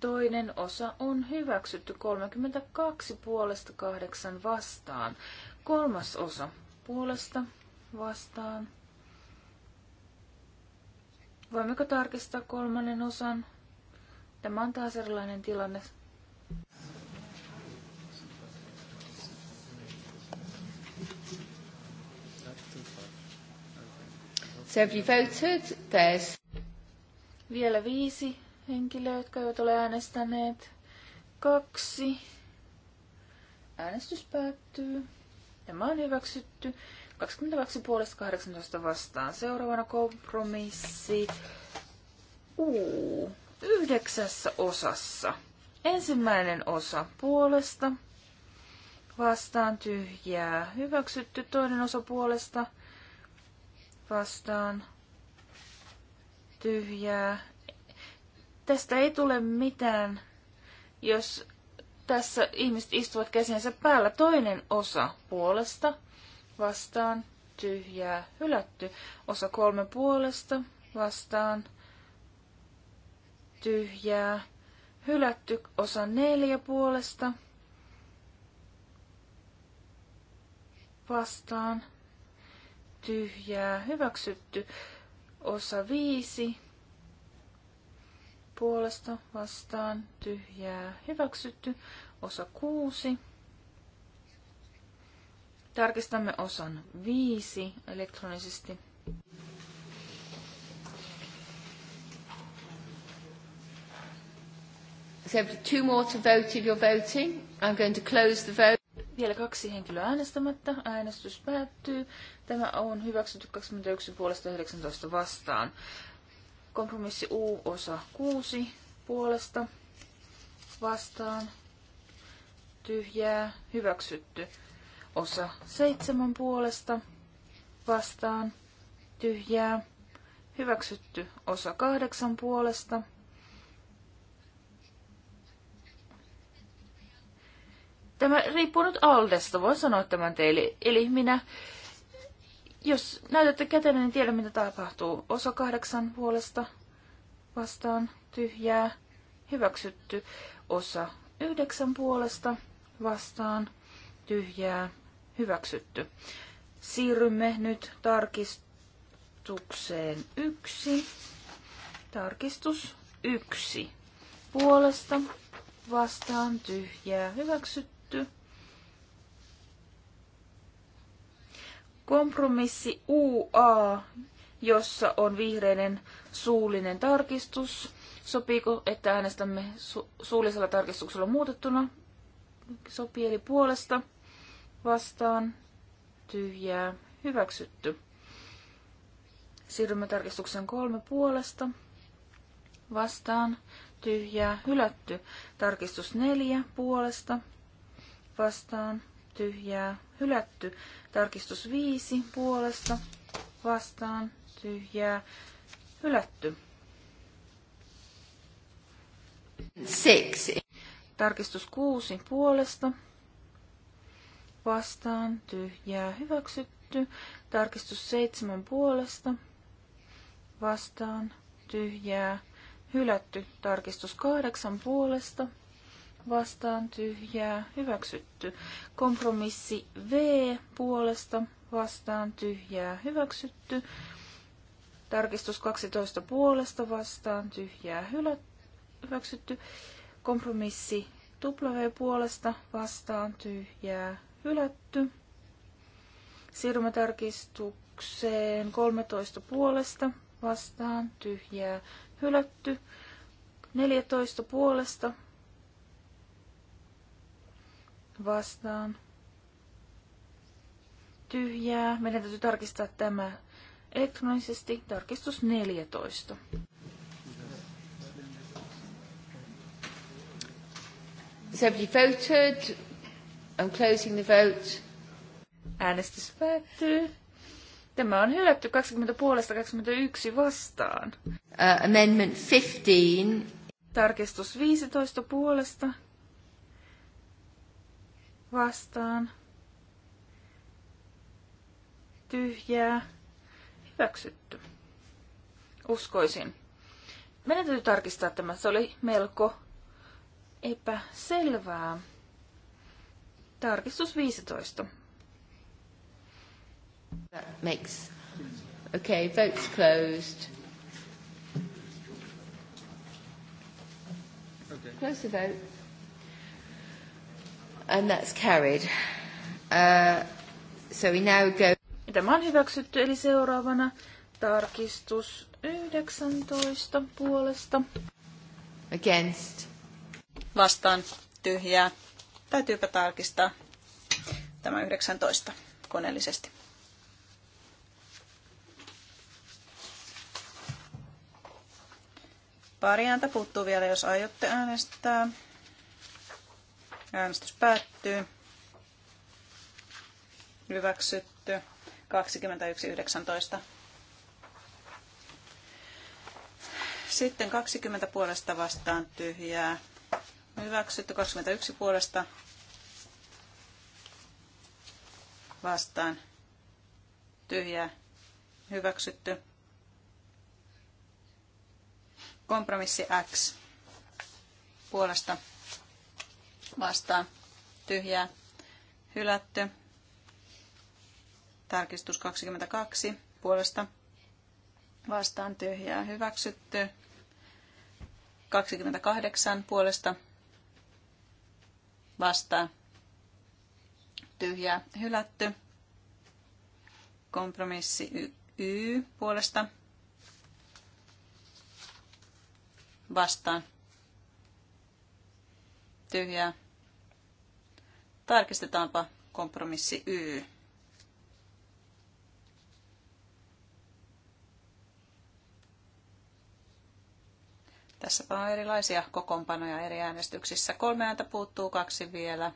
Toinen osa on hyväksytty 32 puolesta 8 vastaan. Kolmas osa puolesta vastaan. Voimmeko tarkistaa kolmannen osan? Tämä on taas erilainen tilanne So have you voted? There's... Vielä viisi henkilöä, jotka eivät ole äänestäneet. Kaksi. Äänestys päättyy. Tämä on hyväksytty. 22 puolesta 18 vastaan. Seuraavana kompromissi. Uu. Yhdeksässä osassa. Ensimmäinen osa puolesta. Vastaan tyhjää. Hyväksytty toinen osa puolesta vastaan tyhjää. Tästä ei tule mitään, jos tässä ihmiset istuvat käsiensä päällä. Toinen osa puolesta vastaan tyhjää hylätty. Osa kolme puolesta vastaan tyhjää hylätty. Osa neljä puolesta vastaan tyhjää hyväksytty. Osa viisi puolesta vastaan tyhjää hyväksytty. Osa kuusi. Tarkistamme osan viisi elektronisesti. So two more to vote if you're voting. I'm going to close the vote. Vielä kaksi henkilöä äänestämättä. Äänestys päättyy. Tämä on hyväksytty 21 puolesta 19 vastaan. Kompromissi U osa 6 puolesta vastaan. Tyhjää hyväksytty. Osa 7 puolesta vastaan. Tyhjää hyväksytty. Osa 8 puolesta Tämä riippuu nyt Aldesta, voin sanoa tämän teille. Eli minä, jos näytätte kätenä, niin tiedän mitä tapahtuu. Osa kahdeksan puolesta vastaan tyhjää, hyväksytty. Osa yhdeksän puolesta vastaan tyhjää, hyväksytty. Siirrymme nyt tarkistukseen yksi. Tarkistus yksi. Puolesta vastaan tyhjää, hyväksytty Kompromissi UA, jossa on vihreiden suullinen tarkistus. Sopiiko, että äänestämme su- suullisella tarkistuksella muutettuna? Sopii eli puolesta. Vastaan. Tyhjää. Hyväksytty. Siirrymme tarkistuksen kolme puolesta. Vastaan. Tyhjää. Hylätty. Tarkistus neljä puolesta vastaan tyhjää hylätty. Tarkistus 5 puolesta vastaan tyhjää hylätty. 6. Tarkistus 6 puolesta vastaan tyhjää hyväksytty. Tarkistus 7 puolesta vastaan tyhjää hylätty. Tarkistus 8 puolesta vastaan tyhjää hyväksytty. Kompromissi V puolesta vastaan tyhjää hyväksytty. Tarkistus 12 puolesta vastaan tyhjää hylä, hyväksytty. Kompromissi W puolesta vastaan tyhjää hylätty. Siirrymme tarkistukseen 13 puolesta vastaan tyhjää hylätty. 14 puolesta vastaan. Tyhjää. Meidän täytyy tarkistaa tämä elektronisesti. Tarkistus 14. Has everybody voted? I'm closing the vote. Äänestys päättyy. Tämä on hylätty 20 puolesta 21 vastaan. Uh, amendment 15. Tarkistus 15 puolesta vastaan tyhjää hyväksytty. Uskoisin. Meidän täytyy tarkistaa tämä. Se oli melko epäselvää. Tarkistus 15. That makes... Okay, vote's closed. Okay. Close the vote. And that's carried. Uh, so we now go... Tämä on hyväksytty, eli seuraavana tarkistus 19 puolesta. Against. Vastaan tyhjää. Täytyypä tarkistaa tämä 19 koneellisesti. Pari ääntä puuttuu vielä, jos aiotte äänestää. Äänestys päättyy. Hyväksytty. 21.19. Sitten 20 puolesta vastaan tyhjää. Hyväksytty 21 puolesta vastaan tyhjää. Hyväksytty. Kompromissi X puolesta vastaan tyhjää hylätty. Tarkistus 22 puolesta vastaan tyhjää hyväksytty. 28 puolesta vastaan tyhjää hylätty. Kompromissi y, y puolesta vastaan tyhjää Tarkistetaanpa kompromissi Y. Tässäpä on erilaisia kokoonpanoja eri äänestyksissä. Kolme ääntä puuttuu, kaksi vielä.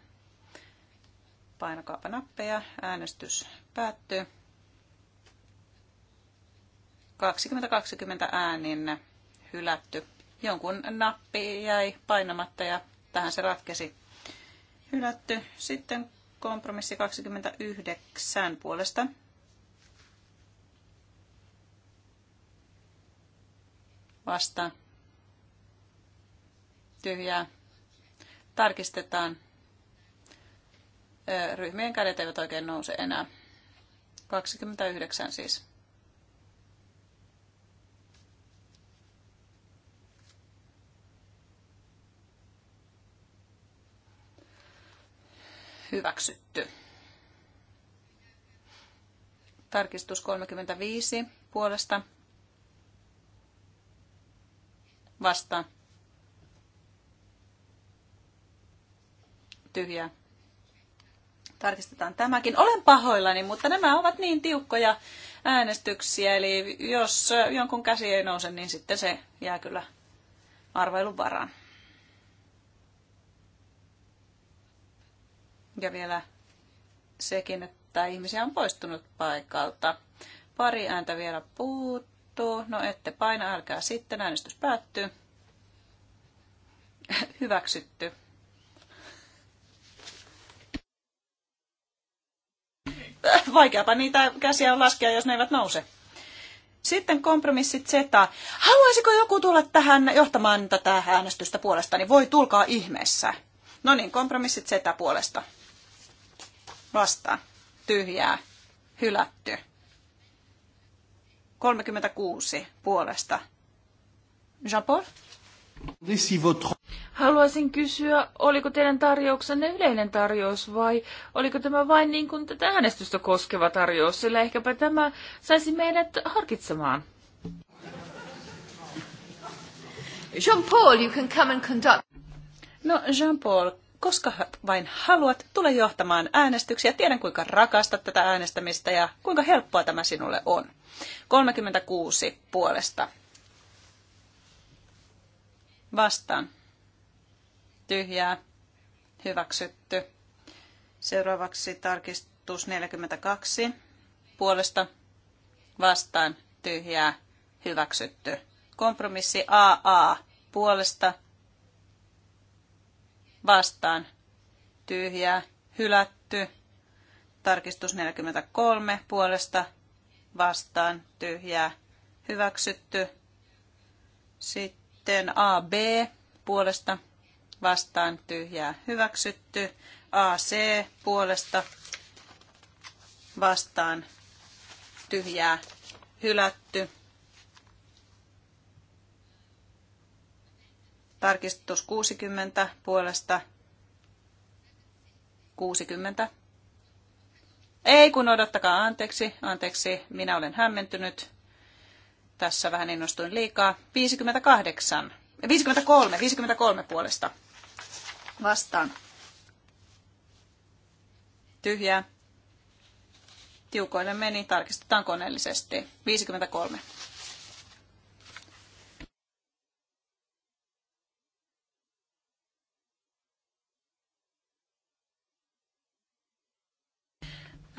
Painakaapa nappeja. Äänestys päättyy. 20-20 äänin hylätty. Jonkun nappi jäi painamatta ja tähän se ratkesi. Hylätty. Sitten kompromissi 29 puolesta. vasta Tyhjää. Tarkistetaan. Ryhmien kädet eivät oikein nouse enää. 29 siis. hyväksytty. Tarkistus 35 puolesta vasta tyhjä. Tarkistetaan tämäkin. Olen pahoillani, mutta nämä ovat niin tiukkoja äänestyksiä, eli jos jonkun käsi ei nouse, niin sitten se jää kyllä arvailun varaan. Ja vielä sekin, että ihmisiä on poistunut paikalta. Pari ääntä vielä puuttuu. No ette paina, älkää sitten. Äänestys päättyy. Hyväksytty. Vaikeapa niitä käsiä on laskea, jos ne eivät nouse. Sitten kompromissit Z. Haluaisiko joku tulla tähän johtamaan tätä äänestystä niin Voi, tulkaa ihmeessä. No niin, kompromissit Z puolesta vastaan, tyhjää, hylätty. 36 puolesta. Jean-Paul? Haluaisin kysyä, oliko teidän tarjouksenne yleinen tarjous vai oliko tämä vain niin kuin tätä äänestystä koskeva tarjous, sillä ehkäpä tämä saisi meidät harkitsemaan. Jean-Paul, you can come and conduct. No, Jean-Paul, koska vain haluat, tule johtamaan äänestyksiä. Tiedän, kuinka rakastat tätä äänestämistä ja kuinka helppoa tämä sinulle on. 36 puolesta. Vastaan. Tyhjää. Hyväksytty. Seuraavaksi tarkistus 42. Puolesta. Vastaan. Tyhjää. Hyväksytty. Kompromissi AA. Puolesta vastaan tyhjää hylätty. Tarkistus 43 puolesta vastaan tyhjää hyväksytty. Sitten AB puolesta vastaan tyhjää hyväksytty. AC puolesta vastaan tyhjää hylätty. Tarkistus 60 puolesta 60. Ei kun odottakaa, anteeksi, anteeksi, minä olen hämmentynyt. Tässä vähän innostuin liikaa. 58, 53, 53 puolesta vastaan. Tyhjää. Tiukoille meni, tarkistetaan koneellisesti. 53.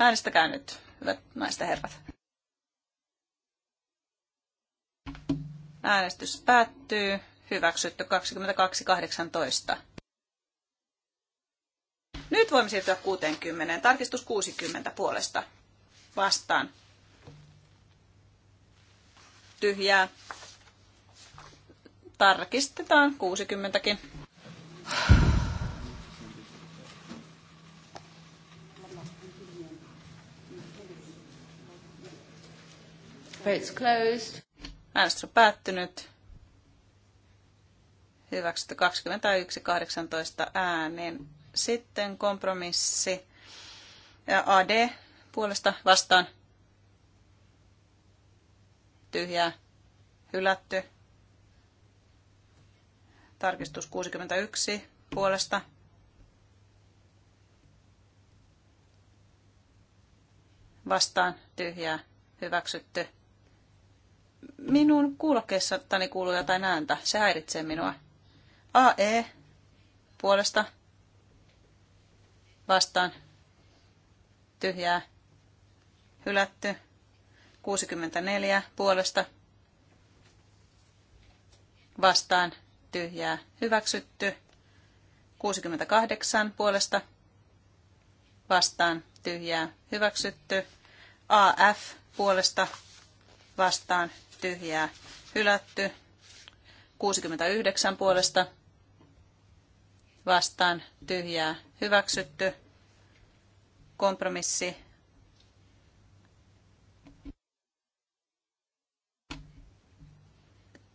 Äänestäkää nyt, hyvät naiset herrat. Äänestys päättyy. Hyväksytty 22.18. Nyt voimme siirtyä 60. Tarkistus 60 puolesta. Vastaan. Tyhjää. Tarkistetaan 60kin. Vote's closed. Äänestys on päättynyt. Hyväksytty 21, 18 äänen. Sitten kompromissi. AD puolesta vastaan. Tyhjää. Hylätty. Tarkistus 61 puolesta vastaan tyhjää hyväksytty minun kuulokkeessani kuuluu jotain ääntä. Se häiritsee minua. AE puolesta vastaan tyhjää hylätty. 64 puolesta vastaan tyhjää hyväksytty. 68 puolesta vastaan tyhjää hyväksytty. AF puolesta vastaan tyhjää hylätty. 69 puolesta vastaan tyhjää hyväksytty. Kompromissi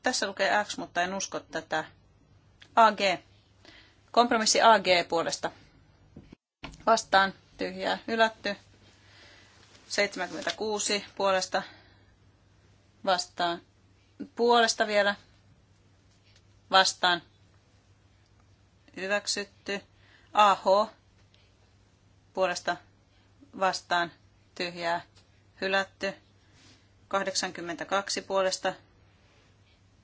Tässä lukee X, mutta en usko tätä. AG. Kompromissi AG puolesta. Vastaan tyhjää hylätty. 76 puolesta vastaan. Puolesta vielä vastaan. Hyväksytty. AH puolesta vastaan tyhjää hylätty. 82 puolesta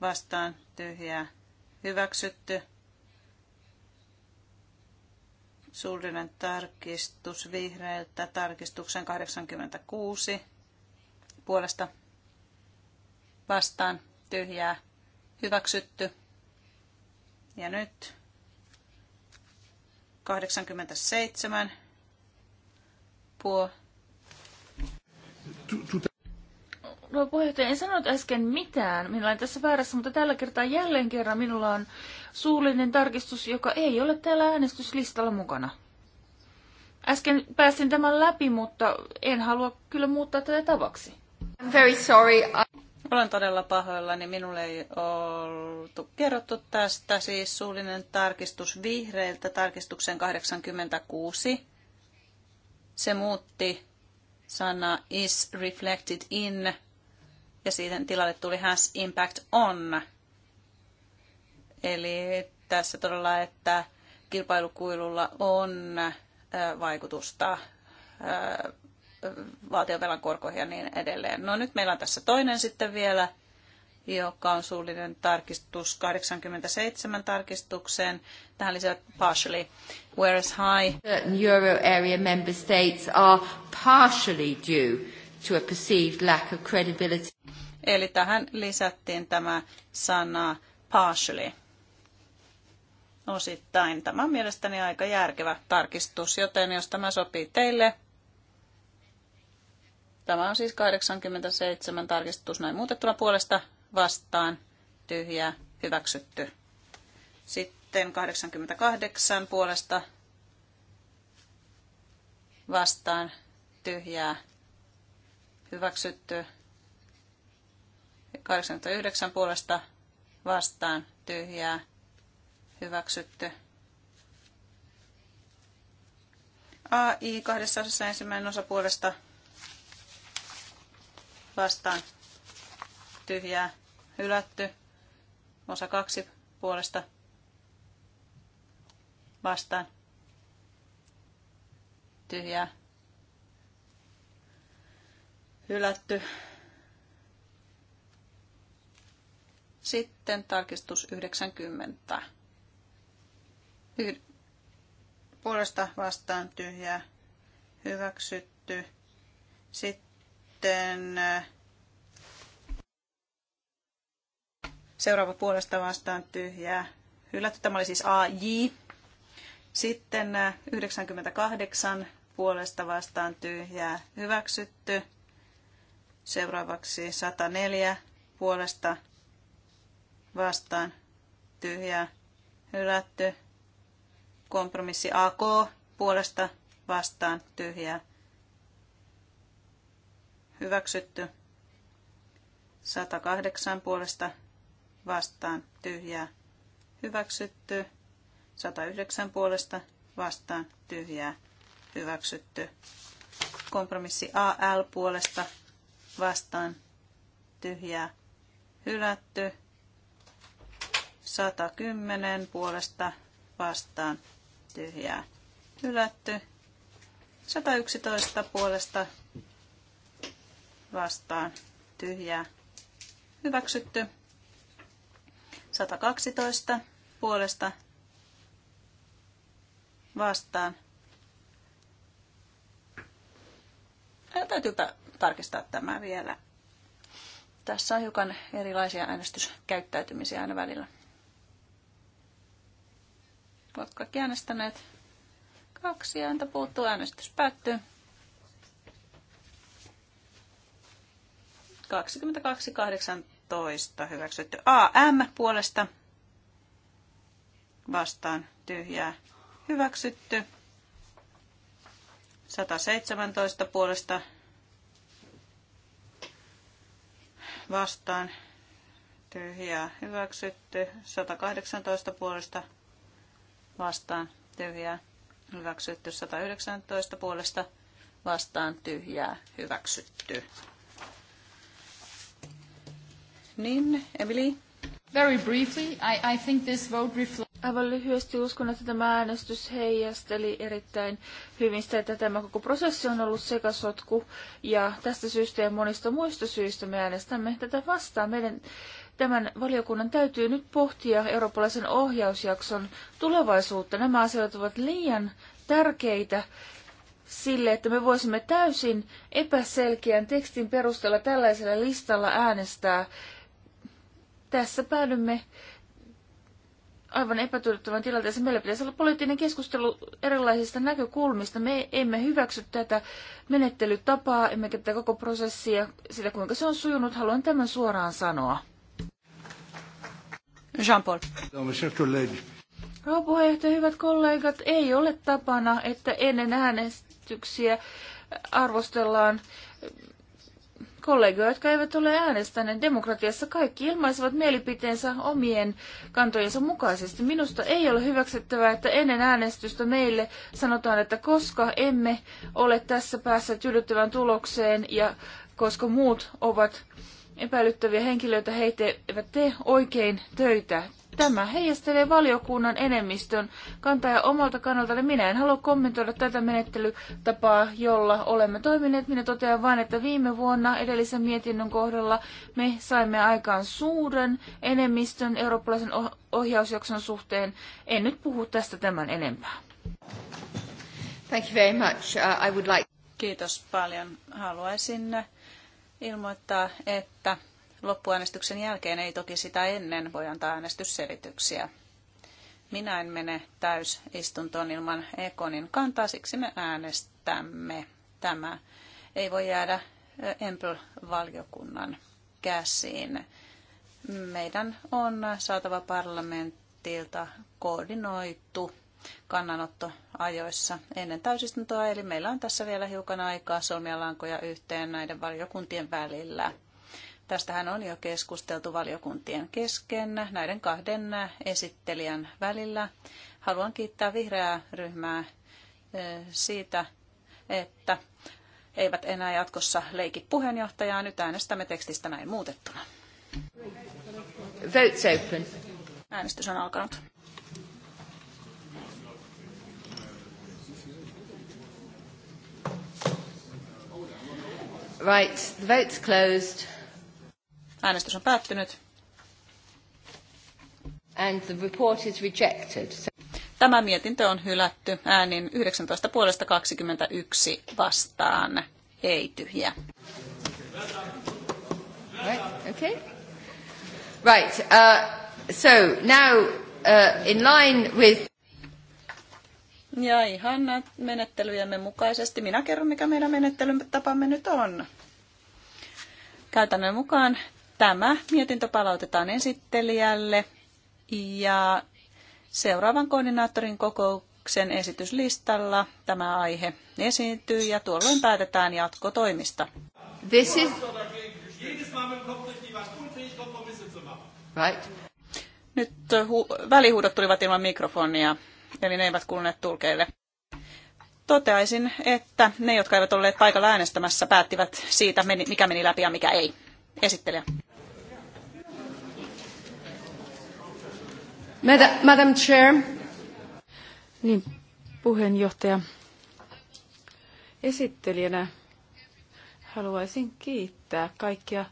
vastaan tyhjää hyväksytty. Suullinen tarkistus vihreiltä tarkistuksen 86 puolesta vastaan tyhjää hyväksytty. Ja nyt 87 puo. No puheenjohtaja, en sanonut äsken mitään. Minä olen tässä väärässä, mutta tällä kertaa jälleen kerran minulla on suullinen tarkistus, joka ei ole täällä äänestyslistalla mukana. Äsken pääsin tämän läpi, mutta en halua kyllä muuttaa tätä tavaksi. I'm very sorry. I... Olen todella pahoillani, minulle ei oltu kerrottu tästä, siis suullinen tarkistus vihreiltä, tarkistuksen 86. Se muutti sana is reflected in ja siitä tilalle tuli has impact on. Eli tässä todella, että kilpailukuilulla on äh, vaikutusta äh, valtionvelan korkoihin ja niin edelleen. No nyt meillä on tässä toinen sitten vielä, joka on suullinen tarkistus 87 tarkistukseen. Tähän lisää partially. Whereas high certain euro area member states are partially due to a perceived lack of credibility. Eli tähän lisättiin tämä sana partially osittain. Tämä on mielestäni aika järkevä tarkistus, joten jos tämä sopii teille, Tämä on siis 87 tarkistus näin muutettuna puolesta vastaan tyhjä hyväksytty. Sitten 88 puolesta vastaan tyhjää hyväksytty. 89 puolesta vastaan tyhjää hyväksytty. AI kahdessa osassa ensimmäinen osa puolesta vastaan tyhjää hylätty. Osa kaksi puolesta vastaan tyhjää hylätty. Sitten tarkistus 90. Y- puolesta vastaan tyhjää hyväksytty. Sitten sitten äh, seuraava puolesta vastaan tyhjää. Hylätty tämä oli siis AJ. Sitten 98 äh, puolesta vastaan tyhjää hyväksytty. Seuraavaksi 104 puolesta vastaan tyhjää hylätty. Kompromissi AK puolesta vastaan tyhjää hyväksytty. 108 puolesta vastaan tyhjää hyväksytty. 109 puolesta vastaan tyhjää hyväksytty. Kompromissi AL puolesta vastaan tyhjää hylätty. 110 puolesta vastaan tyhjää hylätty. 111 puolesta vastaan tyhjää hyväksytty. 112 puolesta vastaan. Ja täytyypä tarkistaa tämä vielä. Tässä on hiukan erilaisia äänestyskäyttäytymisiä aina välillä. Ovat kaikki äänestäneet. Kaksi ääntä puuttuu, äänestys päättyy. 22.18 hyväksytty. AM puolesta vastaan tyhjää hyväksytty. 117 puolesta vastaan tyhjää hyväksytty. 118 puolesta vastaan tyhjää hyväksytty. 119 puolesta vastaan tyhjää hyväksytty. Niin, Emily? Very briefly, I, I think this vote reflects... Aivan lyhyesti uskon, että tämä äänestys heijasteli erittäin hyvin sitä, että tämä koko prosessi on ollut sekasotku. Ja tästä syystä ja monista muista syistä me äänestämme tätä vastaan. Meidän tämän valiokunnan täytyy nyt pohtia eurooppalaisen ohjausjakson tulevaisuutta. Nämä asiat ovat liian tärkeitä sille, että me voisimme täysin epäselkeän tekstin perusteella tällaisella listalla äänestää tässä päädymme aivan epätyydyttävän tilanteeseen. Meillä pitäisi olla poliittinen keskustelu erilaisista näkökulmista. Me emme hyväksy tätä menettelytapaa, emmekä tätä koko prosessia, sitä kuinka se on sujunut. Haluan tämän suoraan sanoa. Jean-Paul. No, Rouva puheenjohtaja, hyvät kollegat, ei ole tapana, että ennen äänestyksiä arvostellaan kollegoja, jotka eivät ole äänestäneet demokratiassa. Kaikki ilmaisivat mielipiteensä omien kantojensa mukaisesti. Minusta ei ole hyväksyttävää, että ennen äänestystä meille sanotaan, että koska emme ole tässä päässä tyydyttävän tulokseen ja koska muut ovat epäilyttäviä henkilöitä, he eivät tee oikein töitä tämä heijastelee valiokunnan enemmistön kantaa omalta kannaltani minä en halua kommentoida tätä menettelytapaa, jolla olemme toimineet. Minä totean vain, että viime vuonna edellisen mietinnön kohdalla me saimme aikaan suuren enemmistön eurooppalaisen ohjausjakson suhteen. En nyt puhu tästä tämän enempää. Thank you very much. Uh, I would like... Kiitos paljon. Haluaisin ilmoittaa, että loppuäänestyksen jälkeen, ei toki sitä ennen voi antaa äänestysselityksiä. Minä en mene täysistuntoon ilman Ekonin kantaa, siksi me äänestämme. Tämä ei voi jäädä Empl-valiokunnan käsiin. Meidän on saatava parlamenttilta koordinoitu kannanotto ajoissa ennen täysistuntoa, eli meillä on tässä vielä hiukan aikaa solmia lankoja yhteen näiden valiokuntien välillä. Tästähän on jo keskusteltu valiokuntien kesken näiden kahden esittelijän välillä. Haluan kiittää vihreää ryhmää eh, siitä, että eivät enää jatkossa leiki puheenjohtajaa. Nyt äänestämme tekstistä näin muutettuna. Votes open. Äänestys on alkanut. Right, the vote's closed. Äänestys on päättynyt. And the report is rejected. Tämä mietintö on hylätty äänin 19 puolesta 21 vastaan. Ei tyhjä. Right, okay. Right, uh, so now uh, in line with... Ja ihan menettelyjemme mukaisesti. Minä kerron, mikä meidän menettelytapamme nyt on. Käytännön mukaan Tämä mietintö palautetaan esittelijälle ja seuraavan koordinaattorin kokouksen esityslistalla tämä aihe esiintyy ja tuolloin päätetään jatkotoimista. This is... Right. Nyt äh, hu- välihuudot tulivat ilman mikrofonia, eli ne eivät kuuluneet tulkeille. Toteaisin, että ne, jotka eivät olleet paikalla äänestämässä, päättivät siitä, mikä meni läpi ja mikä ei. Esittelijä. Madam Chair. Niin, puheenjohtaja. Esittelijänä haluaisin kiittää kaikkia,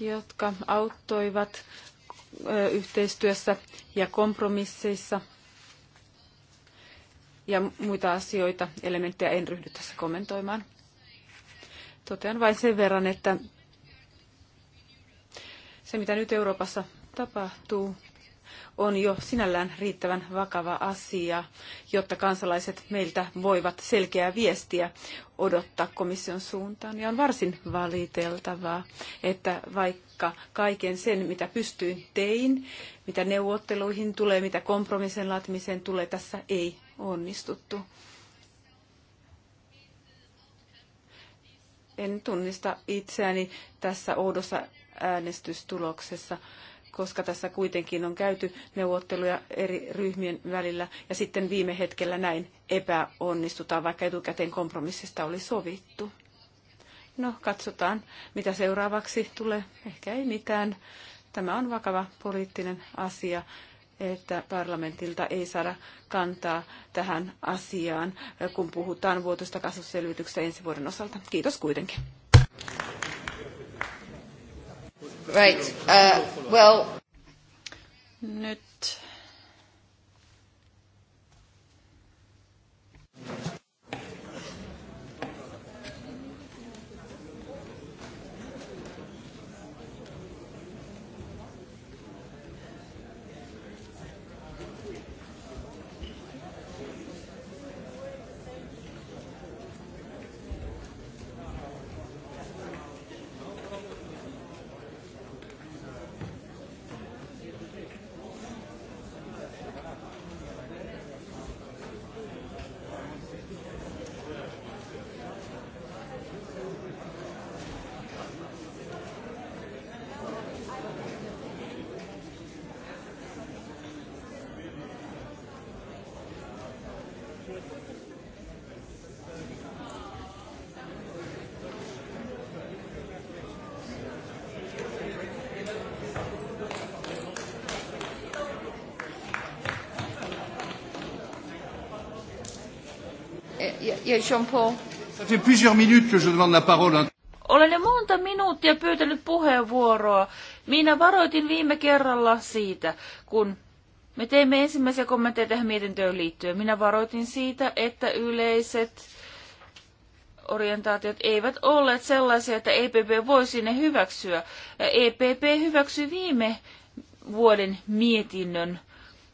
jotka auttoivat yhteistyössä ja kompromisseissa ja muita asioita, elementtejä en ryhdy tässä kommentoimaan. Totean vain sen verran, että se mitä nyt Euroopassa tapahtuu, on jo sinällään riittävän vakava asia, jotta kansalaiset meiltä voivat selkeää viestiä odottaa komission suuntaan. Ja on varsin valiteltavaa, että vaikka kaiken sen, mitä pystyin tein, mitä neuvotteluihin tulee, mitä kompromissin laatimiseen tulee, tässä ei onnistuttu. En tunnista itseäni tässä oudossa äänestystuloksessa koska tässä kuitenkin on käyty neuvotteluja eri ryhmien välillä ja sitten viime hetkellä näin epäonnistutaan, vaikka etukäteen kompromissista oli sovittu. No, katsotaan, mitä seuraavaksi tulee. Ehkä ei mitään. Tämä on vakava poliittinen asia, että parlamentilta ei saada kantaa tähän asiaan, kun puhutaan vuotuista kasvusselvityksestä ensi vuoden osalta. Kiitos kuitenkin. Right. Uh, well. Nyt Jean-Paul. Olen jo monta minuuttia pyytänyt puheenvuoroa. Minä varoitin viime kerralla siitä, kun me teimme ensimmäisiä kommentteja tähän mietintöön liittyen. Minä varoitin siitä, että yleiset orientaatiot eivät olleet sellaisia, että EPP voisi ne hyväksyä. EPP hyväksyi viime vuoden mietinnön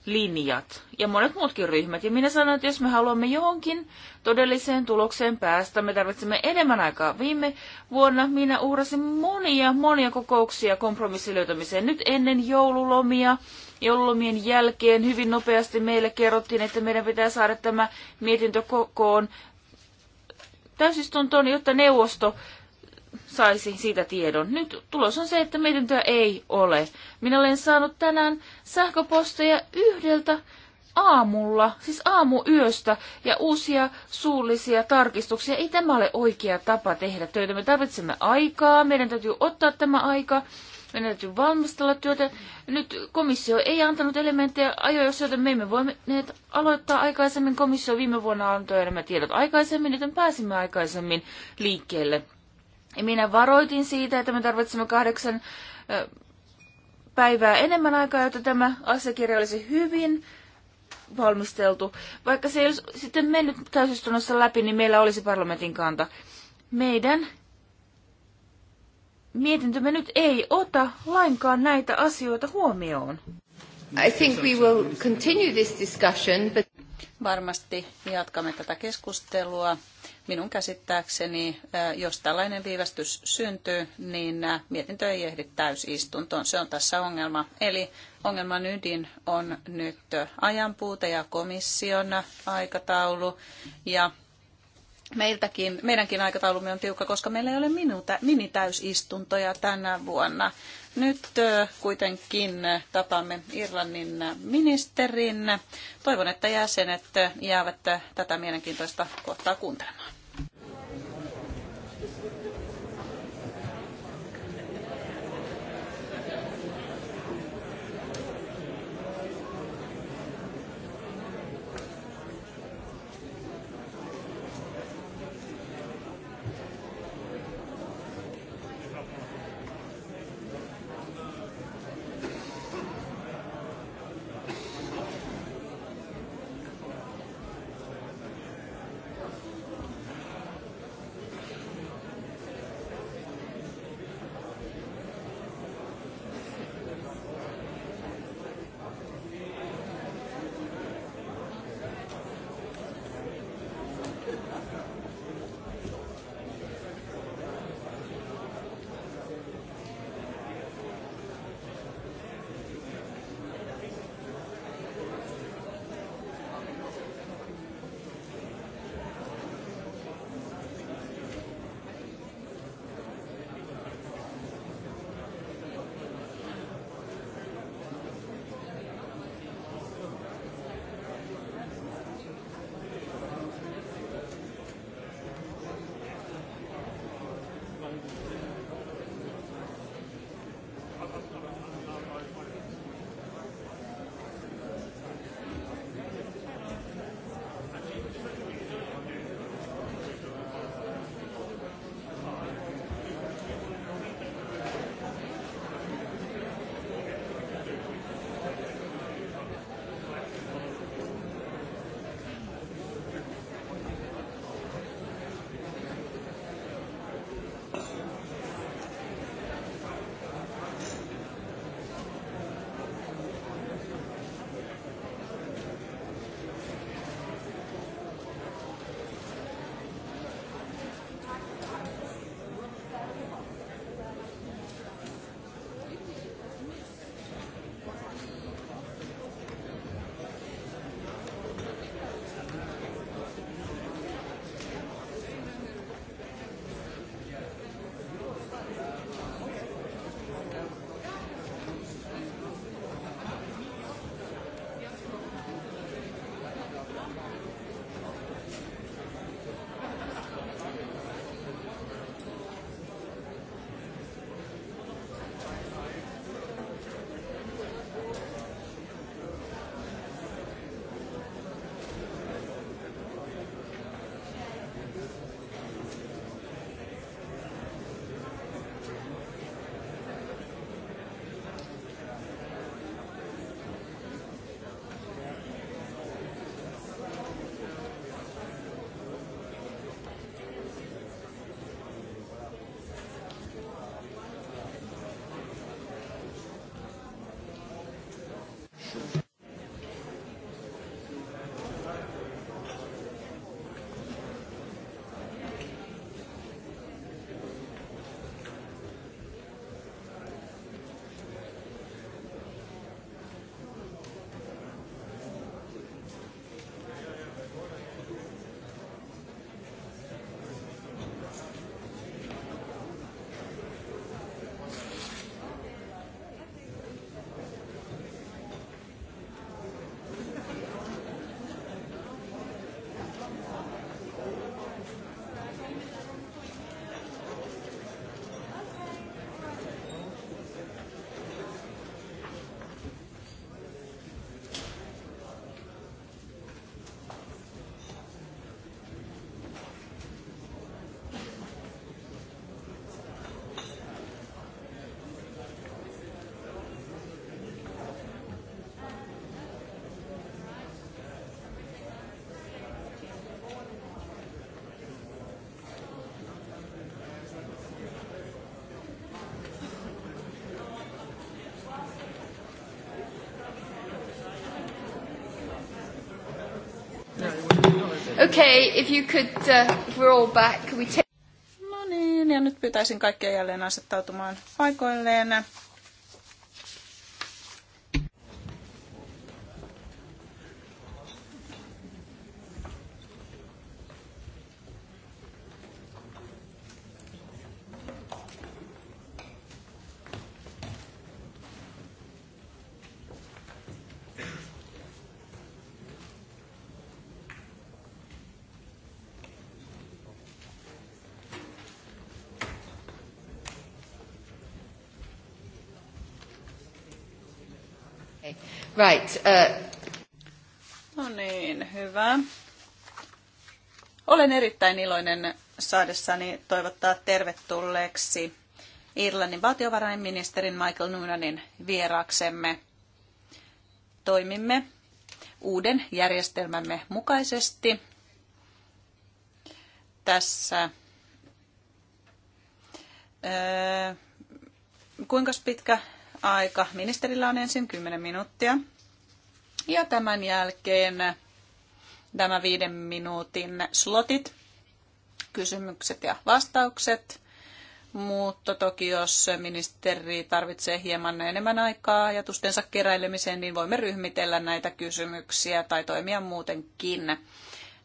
linjat ja monet muutkin ryhmät. Ja minä sanoin, että jos me haluamme johonkin todelliseen tulokseen päästä, me tarvitsemme enemmän aikaa. Viime vuonna minä uhrasin monia, monia kokouksia kompromissilöytämiseen. Nyt ennen joululomia, joululomien jälkeen hyvin nopeasti meille kerrottiin, että meidän pitää saada tämä mietintö kokoon täysistuntoon, jotta neuvosto saisi siitä tiedon. Nyt tulos on se, että mietintöä ei ole. Minä olen saanut tänään sähköposteja yhdeltä aamulla, siis aamuyöstä, ja uusia suullisia tarkistuksia. Ei tämä ole oikea tapa tehdä töitä. Me tarvitsemme aikaa, meidän täytyy ottaa tämä aika, meidän täytyy valmistella työtä. Nyt komissio ei antanut elementtejä ajoissa, joten me emme voineet aloittaa aikaisemmin. Komissio viime vuonna antoi nämä tiedot aikaisemmin, joten pääsimme aikaisemmin liikkeelle. Minä varoitin siitä, että me tarvitsemme kahdeksan päivää enemmän aikaa, jotta tämä asiakirja olisi hyvin valmisteltu. Vaikka se ei olisi sitten mennyt täysistunnossa läpi, niin meillä olisi parlamentin kanta. Meidän mietintömme nyt ei ota lainkaan näitä asioita huomioon. I think we will continue this discussion, but varmasti jatkamme tätä keskustelua. Minun käsittääkseni, jos tällainen viivästys syntyy, niin mietintö ei ehdi täysistuntoon. Se on tässä ongelma. Eli ongelman ydin on nyt ajanpuute ja komission aikataulu ja meiltäkin, meidänkin aikataulumme on tiukka, koska meillä ei ole minuta, minitäysistuntoja tänä vuonna. Nyt kuitenkin tapaamme Irlannin ministerin. Toivon, että jäsenet jäävät tätä mielenkiintoista kohtaa kuuntelemaan. Okay, if you could uh, roll back, we take... No niin, ja nyt pyytäisin kaikkia jälleen asettautumaan paikoilleen. Right. Uh... No niin, hyvä. Olen erittäin iloinen saadessani toivottaa tervetulleeksi Irlannin valtiovarainministerin Michael Noonanin vieraaksemme. Toimimme uuden järjestelmämme mukaisesti. Tässä öö, kuinka pitkä aika. Ministerillä on ensin 10 minuuttia. Ja tämän jälkeen nämä viiden minuutin slotit, kysymykset ja vastaukset. Mutta toki jos ministeri tarvitsee hieman enemmän aikaa ajatustensa keräilemiseen, niin voimme ryhmitellä näitä kysymyksiä tai toimia muutenkin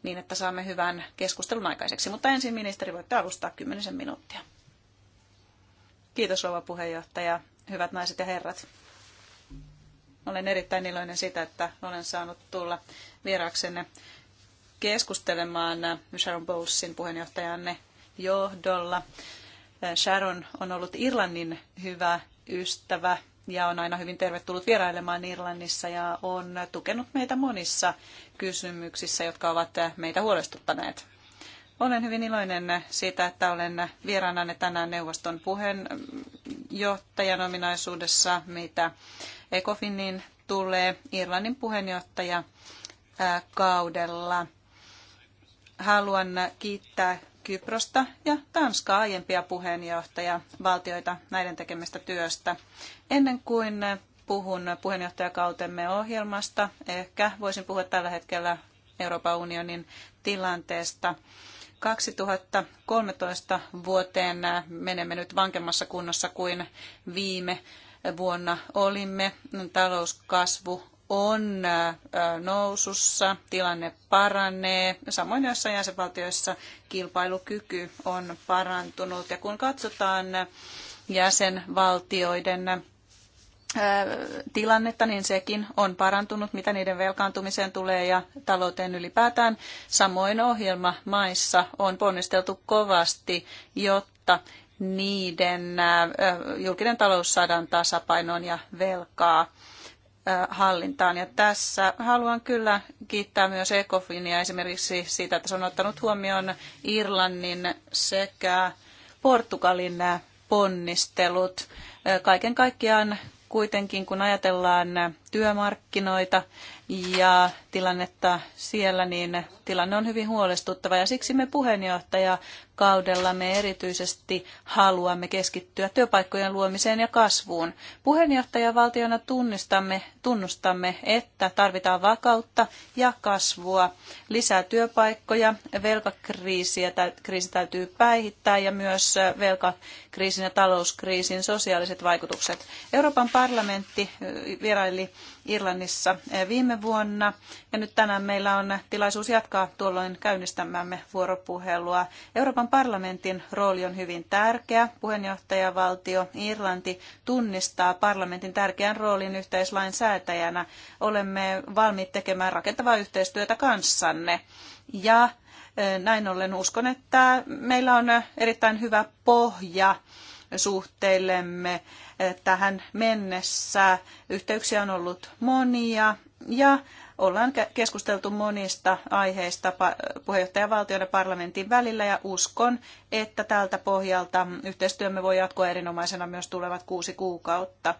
niin, että saamme hyvän keskustelun aikaiseksi. Mutta ensin ministeri voitte alustaa kymmenisen minuuttia. Kiitos rouva puheenjohtaja hyvät naiset ja herrat. Olen erittäin iloinen siitä, että olen saanut tulla vieraksenne keskustelemaan Sharon Bowlesin puheenjohtajanne johdolla. Sharon on ollut Irlannin hyvä ystävä ja on aina hyvin tervetullut vierailemaan Irlannissa ja on tukenut meitä monissa kysymyksissä, jotka ovat meitä huolestuttaneet. Olen hyvin iloinen siitä, että olen vieraananne tänään neuvoston puheen puheenjohtajan ominaisuudessa, mitä Ecofinin tulee Irlannin puheenjohtaja kaudella. Haluan kiittää Kyprosta ja Tanskaa aiempia puheenjohtaja valtioita näiden tekemistä työstä. Ennen kuin puhun puheenjohtajakautemme ohjelmasta, ehkä voisin puhua tällä hetkellä Euroopan unionin tilanteesta 2013 vuoteen menemme nyt vankemmassa kunnossa kuin viime vuonna olimme. Talouskasvu on nousussa, tilanne paranee, samoin joissain jäsenvaltioissa kilpailukyky on parantunut. Ja kun katsotaan jäsenvaltioiden tilannetta, niin sekin on parantunut, mitä niiden velkaantumiseen tulee ja talouteen ylipäätään. Samoin ohjelma maissa on ponnisteltu kovasti, jotta niiden julkinen talous saadaan tasapainoon ja velkaa hallintaan. Ja tässä haluan kyllä kiittää myös Ecofinia esimerkiksi siitä, että se on ottanut huomioon Irlannin sekä Portugalin ponnistelut. Kaiken kaikkiaan kuitenkin, kun ajatellaan työmarkkinoita ja tilannetta siellä, niin tilanne on hyvin huolestuttava ja siksi me puheenjohtajakaudellamme erityisesti haluamme keskittyä työpaikkojen luomiseen ja kasvuun. Puheenjohtajavaltiona tunnistamme, tunnustamme, että tarvitaan vakautta ja kasvua, lisää työpaikkoja, velkakriisiä, kriisi täytyy päihittää ja myös velkakriisin ja talouskriisin sosiaaliset vaikutukset. Euroopan parlamentti vieraili Irlannissa viime vuonna ja nyt tänään meillä on tilaisuus jatkaa jatkaa tuolloin käynnistämämme vuoropuhelua. Euroopan parlamentin rooli on hyvin tärkeä. Puheenjohtajavaltio Irlanti tunnistaa parlamentin tärkeän roolin yhteislainsäätäjänä. Olemme valmiit tekemään rakentavaa yhteistyötä kanssanne. Ja näin ollen uskon, että meillä on erittäin hyvä pohja suhteillemme tähän mennessä. Yhteyksiä on ollut monia ja Ollaan keskusteltu monista aiheista puheenjohtajavaltioiden parlamentin välillä ja uskon, että tältä pohjalta yhteistyömme voi jatkoa erinomaisena myös tulevat kuusi kuukautta.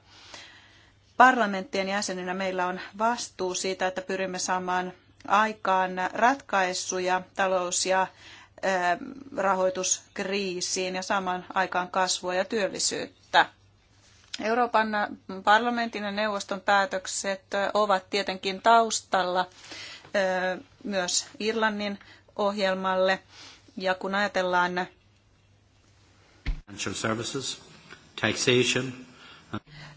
Parlamenttien jäseninä meillä on vastuu siitä, että pyrimme saamaan aikaan ratkaisuja talous- ja rahoituskriisiin ja saamaan aikaan kasvua ja työllisyyttä. Euroopan parlamentin ja neuvoston päätökset ovat tietenkin taustalla myös Irlannin ohjelmalle. Ja kun ajatellaan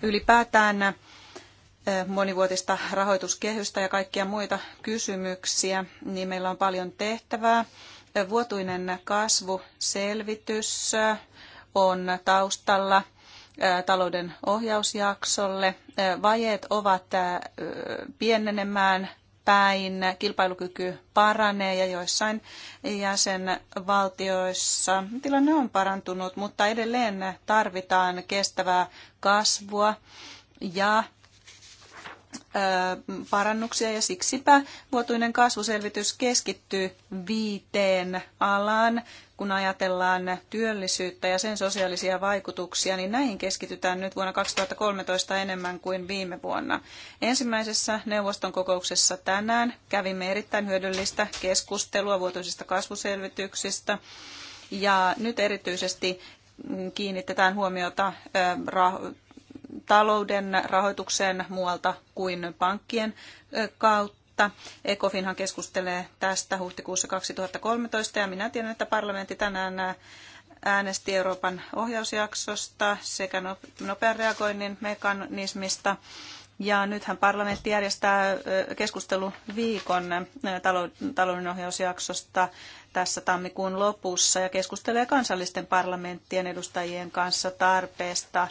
ylipäätään monivuotista rahoituskehystä ja kaikkia muita kysymyksiä, niin meillä on paljon tehtävää. Vuotuinen kasvuselvitys on taustalla – talouden ohjausjaksolle. Vajeet ovat pienenemään päin, kilpailukyky paranee ja joissain jäsenvaltioissa tilanne on parantunut, mutta edelleen tarvitaan kestävää kasvua ja parannuksia ja siksipä vuotuinen kasvuselvitys keskittyy viiteen alaan. Kun ajatellaan työllisyyttä ja sen sosiaalisia vaikutuksia, niin näihin keskitytään nyt vuonna 2013 enemmän kuin viime vuonna. Ensimmäisessä neuvoston kokouksessa tänään kävimme erittäin hyödyllistä keskustelua vuotuisista kasvuselvityksistä. Ja nyt erityisesti kiinnitetään huomiota talouden rahoitukseen muualta kuin pankkien kautta. Ekofinhan keskustelee tästä huhtikuussa 2013 ja minä tiedän, että parlamentti tänään äänesti Euroopan ohjausjaksosta sekä no- nopean reagoinnin mekanismista ja nythän parlamentti järjestää keskusteluviikon viikon ohjausjaksosta tässä tammikuun lopussa ja keskustelee kansallisten parlamenttien edustajien kanssa tarpeesta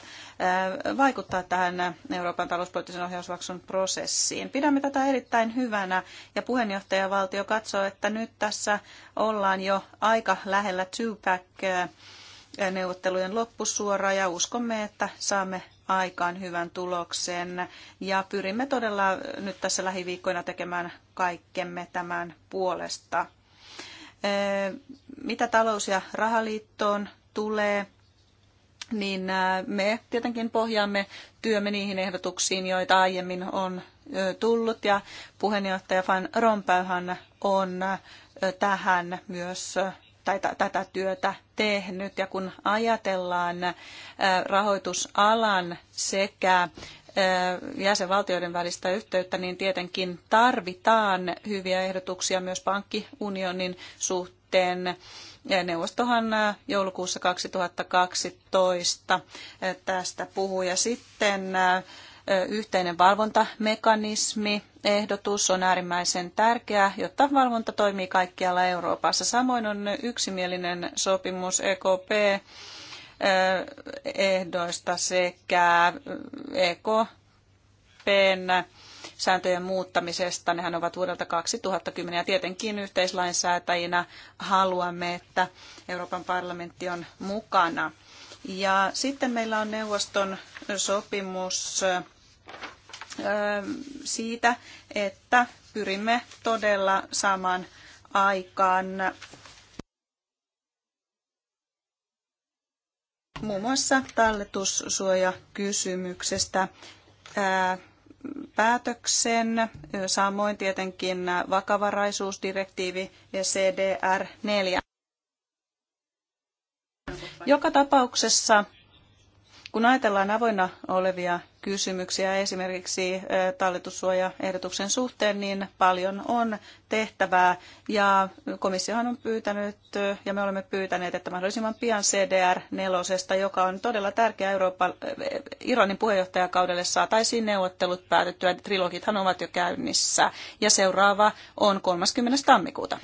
vaikuttaa tähän Euroopan talouspoliittisen ohjausvaksun prosessiin. Pidämme tätä erittäin hyvänä ja puheenjohtajavaltio katsoo, että nyt tässä ollaan jo aika lähellä two-pack neuvottelujen loppusuoraa ja uskomme, että saamme aikaan hyvän tuloksen ja pyrimme todella nyt tässä lähiviikkoina tekemään kaikkemme tämän puolesta. Mitä talous- ja rahaliittoon tulee, niin me tietenkin pohjaamme työmme niihin ehdotuksiin, joita aiemmin on tullut ja puheenjohtaja Van Rompuyhan on tähän myös tai tätä työtä tehnyt. Ja kun ajatellaan äh, rahoitusalan sekä äh, jäsenvaltioiden välistä yhteyttä, niin tietenkin tarvitaan hyviä ehdotuksia myös pankkiunionin suhteen. Neuvostohan äh, joulukuussa 2012 tästä puhui. Ja sitten yhteinen valvontamekanismi. Ehdotus on äärimmäisen tärkeä, jotta valvonta toimii kaikkialla Euroopassa. Samoin on yksimielinen sopimus EKP ehdoista sekä EKPn sääntöjen muuttamisesta. Nehän ovat vuodelta 2010 ja tietenkin yhteislainsäätäjinä haluamme, että Euroopan parlamentti on mukana. Ja sitten meillä on neuvoston sopimus siitä, että pyrimme todella saamaan aikaan muun muassa talletussuojakysymyksestä päätöksen, samoin tietenkin vakavaraisuusdirektiivi ja CDR4. Joka tapauksessa kun ajatellaan avoinna olevia kysymyksiä esimerkiksi talletussuojaehdotuksen suhteen, niin paljon on tehtävää ja komissiohan on pyytänyt ja me olemme pyytäneet, että mahdollisimman pian cdr nelosesta joka on todella tärkeä Euroopan, Iranin puheenjohtajakaudelle saataisiin neuvottelut päätettyä. Trilogithan ovat jo käynnissä ja seuraava on 30. tammikuuta.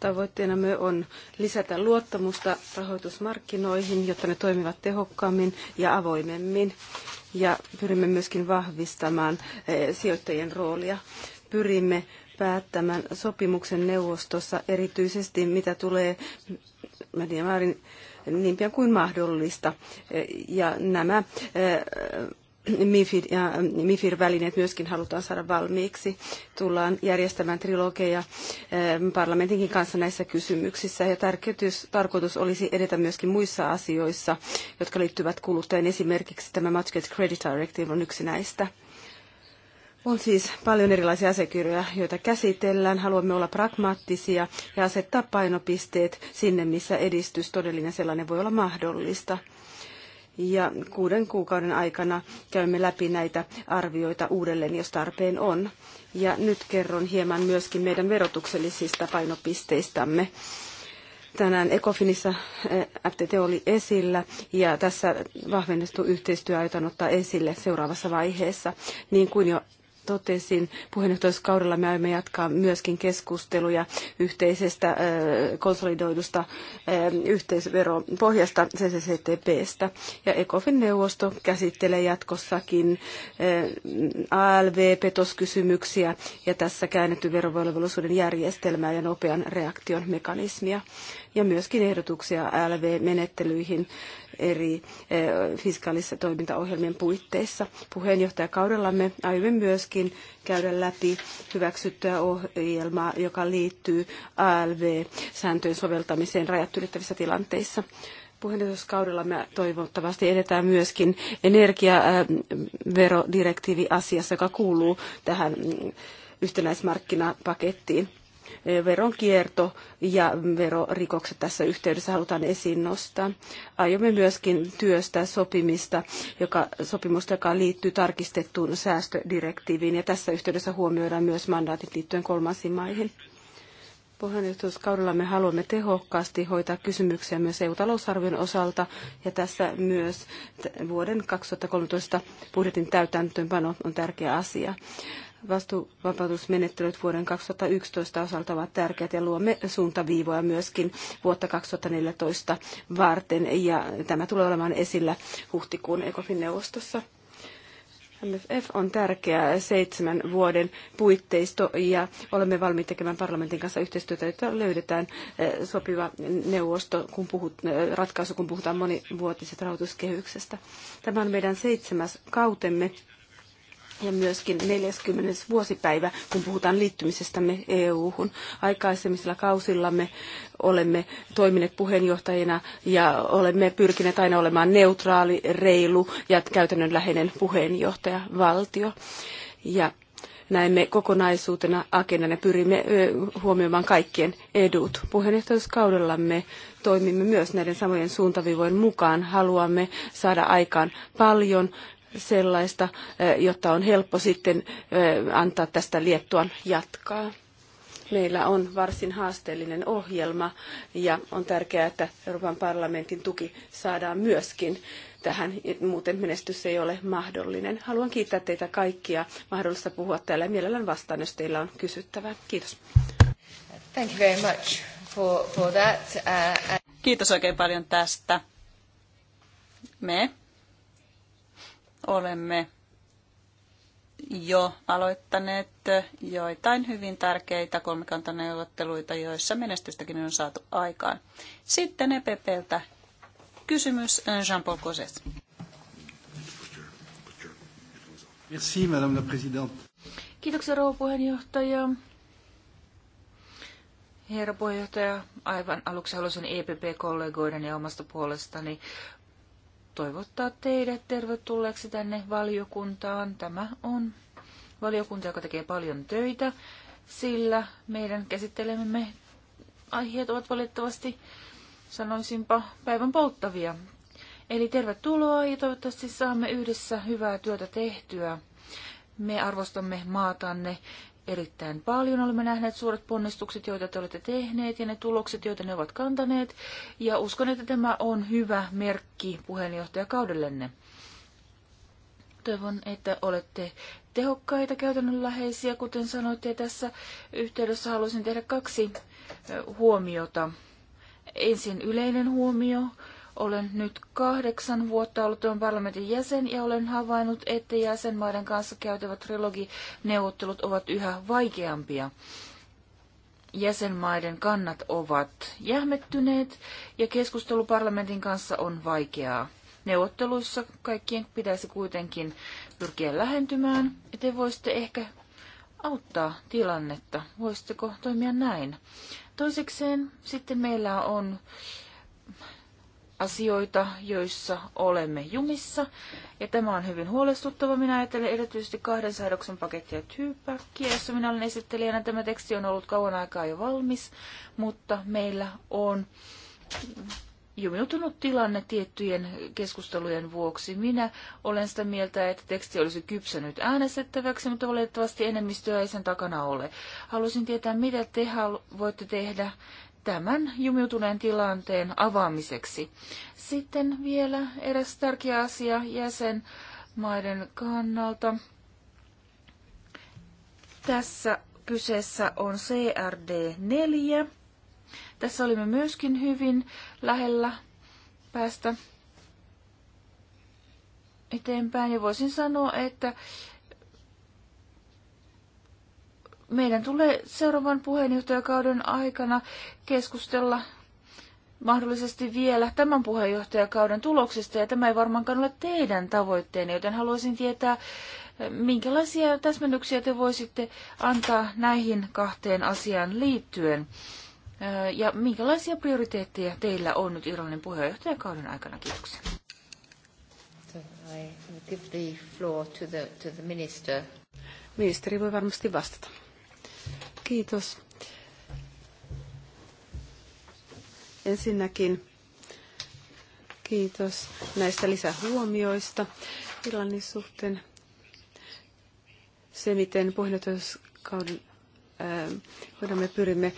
Tavoitteenamme on lisätä luottamusta rahoitusmarkkinoihin, jotta ne toimivat tehokkaammin ja avoimemmin. Ja pyrimme myöskin vahvistamaan eh, sijoittajien roolia. Pyrimme päättämään sopimuksen neuvostossa erityisesti, mitä tulee Mediamaarin niin pian kuin mahdollista. Eh, ja nämä eh, MIFID ja ähm, MIFIR-välineet myöskin halutaan saada valmiiksi. Tullaan järjestämään trilogeja ähm, parlamentinkin kanssa näissä kysymyksissä ja tarkoitus, tarkoitus olisi edetä myöskin muissa asioissa, jotka liittyvät kuluttajien. Esimerkiksi tämä Market Credit Directive on yksi näistä. On siis paljon erilaisia asiakirjoja, joita käsitellään. Haluamme olla pragmaattisia ja asettaa painopisteet sinne, missä edistys todellinen sellainen voi olla mahdollista ja kuuden kuukauden aikana käymme läpi näitä arvioita uudelleen, jos tarpeen on. Ja nyt kerron hieman myöskin meidän verotuksellisista painopisteistämme. Tänään Ecofinissa eh, FTT oli esillä ja tässä vahvennettu yhteistyö aiotaan ottaa esille seuraavassa vaiheessa. Niin kuin jo totesin, puheenjohtajuuskaudella me aiomme jatkaa myöskin keskusteluja yhteisestä konsolidoidusta yhteisveropohjasta CCCTPstä. Ja ECOFIN-neuvosto käsittelee jatkossakin ALV-petoskysymyksiä ja tässä käännetty verovelvollisuuden järjestelmää ja nopean reaktion mekanismia ja myöskin ehdotuksia LV-menettelyihin eri eh, fiskaalissa toimintaohjelmien puitteissa. Puheenjohtajakaudellamme aiomme myöskin käydä läpi hyväksyttyä ohjelmaa, joka liittyy ALV-sääntöjen soveltamiseen rajat ylittävissä tilanteissa Puheenjohtajakaudella me toivottavasti edetään myöskin energiaverodirektiivi asiassa, joka kuuluu tähän yhtenäismarkkinapakettiin veronkierto ja verorikokset tässä yhteydessä halutaan esiin nostaa. Aiomme myöskin työstää sopimista, joka, sopimusta, joka liittyy tarkistettuun säästödirektiiviin ja tässä yhteydessä huomioidaan myös mandaatit liittyen kolmansiin maihin. Puheenjohtajuuskaudella me haluamme tehokkaasti hoitaa kysymyksiä myös EU-talousarvion osalta ja tässä myös vuoden 2013 budjetin täytäntöönpano on tärkeä asia vastuuvapautusmenettelyt vuoden 2011 osalta ovat tärkeät ja luomme suuntaviivoja myöskin vuotta 2014 varten ja tämä tulee olemaan esillä huhtikuun ECOFIN-neuvostossa. MFF on tärkeä seitsemän vuoden puitteisto ja olemme valmiit tekemään parlamentin kanssa yhteistyötä, jotta löydetään eh, sopiva neuvosto, kun puhut, eh, ratkaisu, kun puhutaan monivuotisesta rahoituskehyksestä. Tämä on meidän seitsemäs kautemme ja myöskin 40. vuosipäivä, kun puhutaan liittymisestämme EU-hun. Aikaisemmilla kausillamme olemme toimineet puheenjohtajina ja olemme pyrkineet aina olemaan neutraali, reilu ja käytännönläheinen puheenjohtajavaltio. Ja näemme kokonaisuutena agendan ja pyrimme huomioimaan kaikkien edut. Puheenjohtajuuskaudellamme toimimme myös näiden samojen suuntavivojen mukaan. Haluamme saada aikaan paljon sellaista, eh, jota on helppo sitten eh, antaa tästä Liettuan jatkaa. Meillä on varsin haasteellinen ohjelma ja on tärkeää, että Euroopan parlamentin tuki saadaan myöskin tähän, muuten menestys ei ole mahdollinen. Haluan kiittää teitä kaikkia mahdollista puhua täällä ja mielellään vastaan, jos teillä on kysyttävää. Kiitos. Thank you very much for, for that. Uh, Kiitos oikein paljon tästä. Me olemme jo aloittaneet joitain hyvin tärkeitä kolmikantaneuvotteluita, joissa menestystäkin on saatu aikaan. Sitten EPPltä kysymys Jean-Paul Coset. Merci, Madame la Présidente. Kiitoksia, rouva puheenjohtaja. Herra puheenjohtaja, aivan aluksi haluaisin EPP-kollegoiden ja omasta puolestani toivottaa teidät tervetulleeksi tänne valiokuntaan. Tämä on valiokunta, joka tekee paljon töitä, sillä meidän käsittelemme aiheet ovat valitettavasti, sanoisinpa, päivän polttavia. Eli tervetuloa ja toivottavasti saamme yhdessä hyvää työtä tehtyä. Me arvostamme maatanne erittäin paljon. Olemme nähneet suuret ponnistukset, joita te olette tehneet ja ne tulokset, joita ne ovat kantaneet. Ja uskon, että tämä on hyvä merkki puheenjohtajakaudellenne. Toivon, että olette tehokkaita, käytännönläheisiä, kuten sanoitte. Tässä yhteydessä haluaisin tehdä kaksi huomiota. Ensin yleinen huomio olen nyt kahdeksan vuotta ollut tuon parlamentin jäsen ja olen havainnut, että jäsenmaiden kanssa käytävät trilogineuvottelut ovat yhä vaikeampia. Jäsenmaiden kannat ovat jähmettyneet ja keskustelu parlamentin kanssa on vaikeaa. Neuvotteluissa kaikkien pitäisi kuitenkin pyrkiä lähentymään te voisitte ehkä auttaa tilannetta. Voisitteko toimia näin? Toisekseen sitten meillä on asioita, joissa olemme jumissa. Ja tämä on hyvin huolestuttava. Minä ajattelen erityisesti kahden säädöksen pakettia tyyppäkkiä, jossa minä olen esittelijänä. Tämä teksti on ollut kauan aikaa jo valmis, mutta meillä on jumiutunut tilanne tiettyjen keskustelujen vuoksi. Minä olen sitä mieltä, että teksti olisi kypsänyt äänestettäväksi, mutta valitettavasti enemmistöä ei sen takana ole. Haluaisin tietää, mitä te voitte tehdä tämän jumiutuneen tilanteen avaamiseksi. Sitten vielä eräs tärkeä asia jäsenmaiden kannalta. Tässä kyseessä on CRD4. Tässä olimme myöskin hyvin lähellä päästä eteenpäin ja voisin sanoa, että meidän tulee seuraavan puheenjohtajakauden aikana keskustella mahdollisesti vielä tämän puheenjohtajakauden tuloksista, ja tämä ei varmaankaan ole teidän tavoitteenne, joten haluaisin tietää, minkälaisia täsmennyksiä te voisitte antaa näihin kahteen asiaan liittyen, ja minkälaisia prioriteetteja teillä on nyt Irlannin puheenjohtajakauden aikana. Kiitoksia. Ministeri voi varmasti vastata. Kiitos. Ensinnäkin kiitos näistä lisähuomioista Irlannin suhteen. Se, miten puheenjohtajuuskauden ähm, hoidamme pyrimme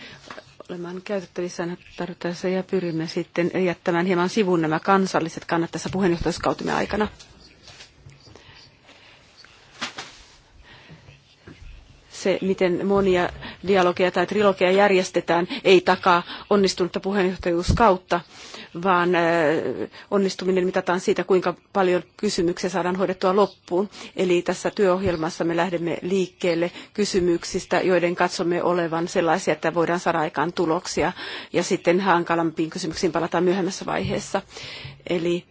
olemaan käytettävissä tarvittaessa ja pyrimme sitten jättämään hieman sivuun nämä kansalliset kannat tässä puheenjohtajuuskautemme aikana. se, miten monia dialogeja tai trilogeja järjestetään, ei takaa onnistunutta puheenjohtajuuskautta, vaan äh, onnistuminen mitataan siitä, kuinka paljon kysymyksiä saadaan hoidettua loppuun. Eli tässä työohjelmassa me lähdemme liikkeelle kysymyksistä, joiden katsomme olevan sellaisia, että voidaan saada aikaan tuloksia, ja sitten hankalampiin kysymyksiin palataan myöhemmässä vaiheessa. Eli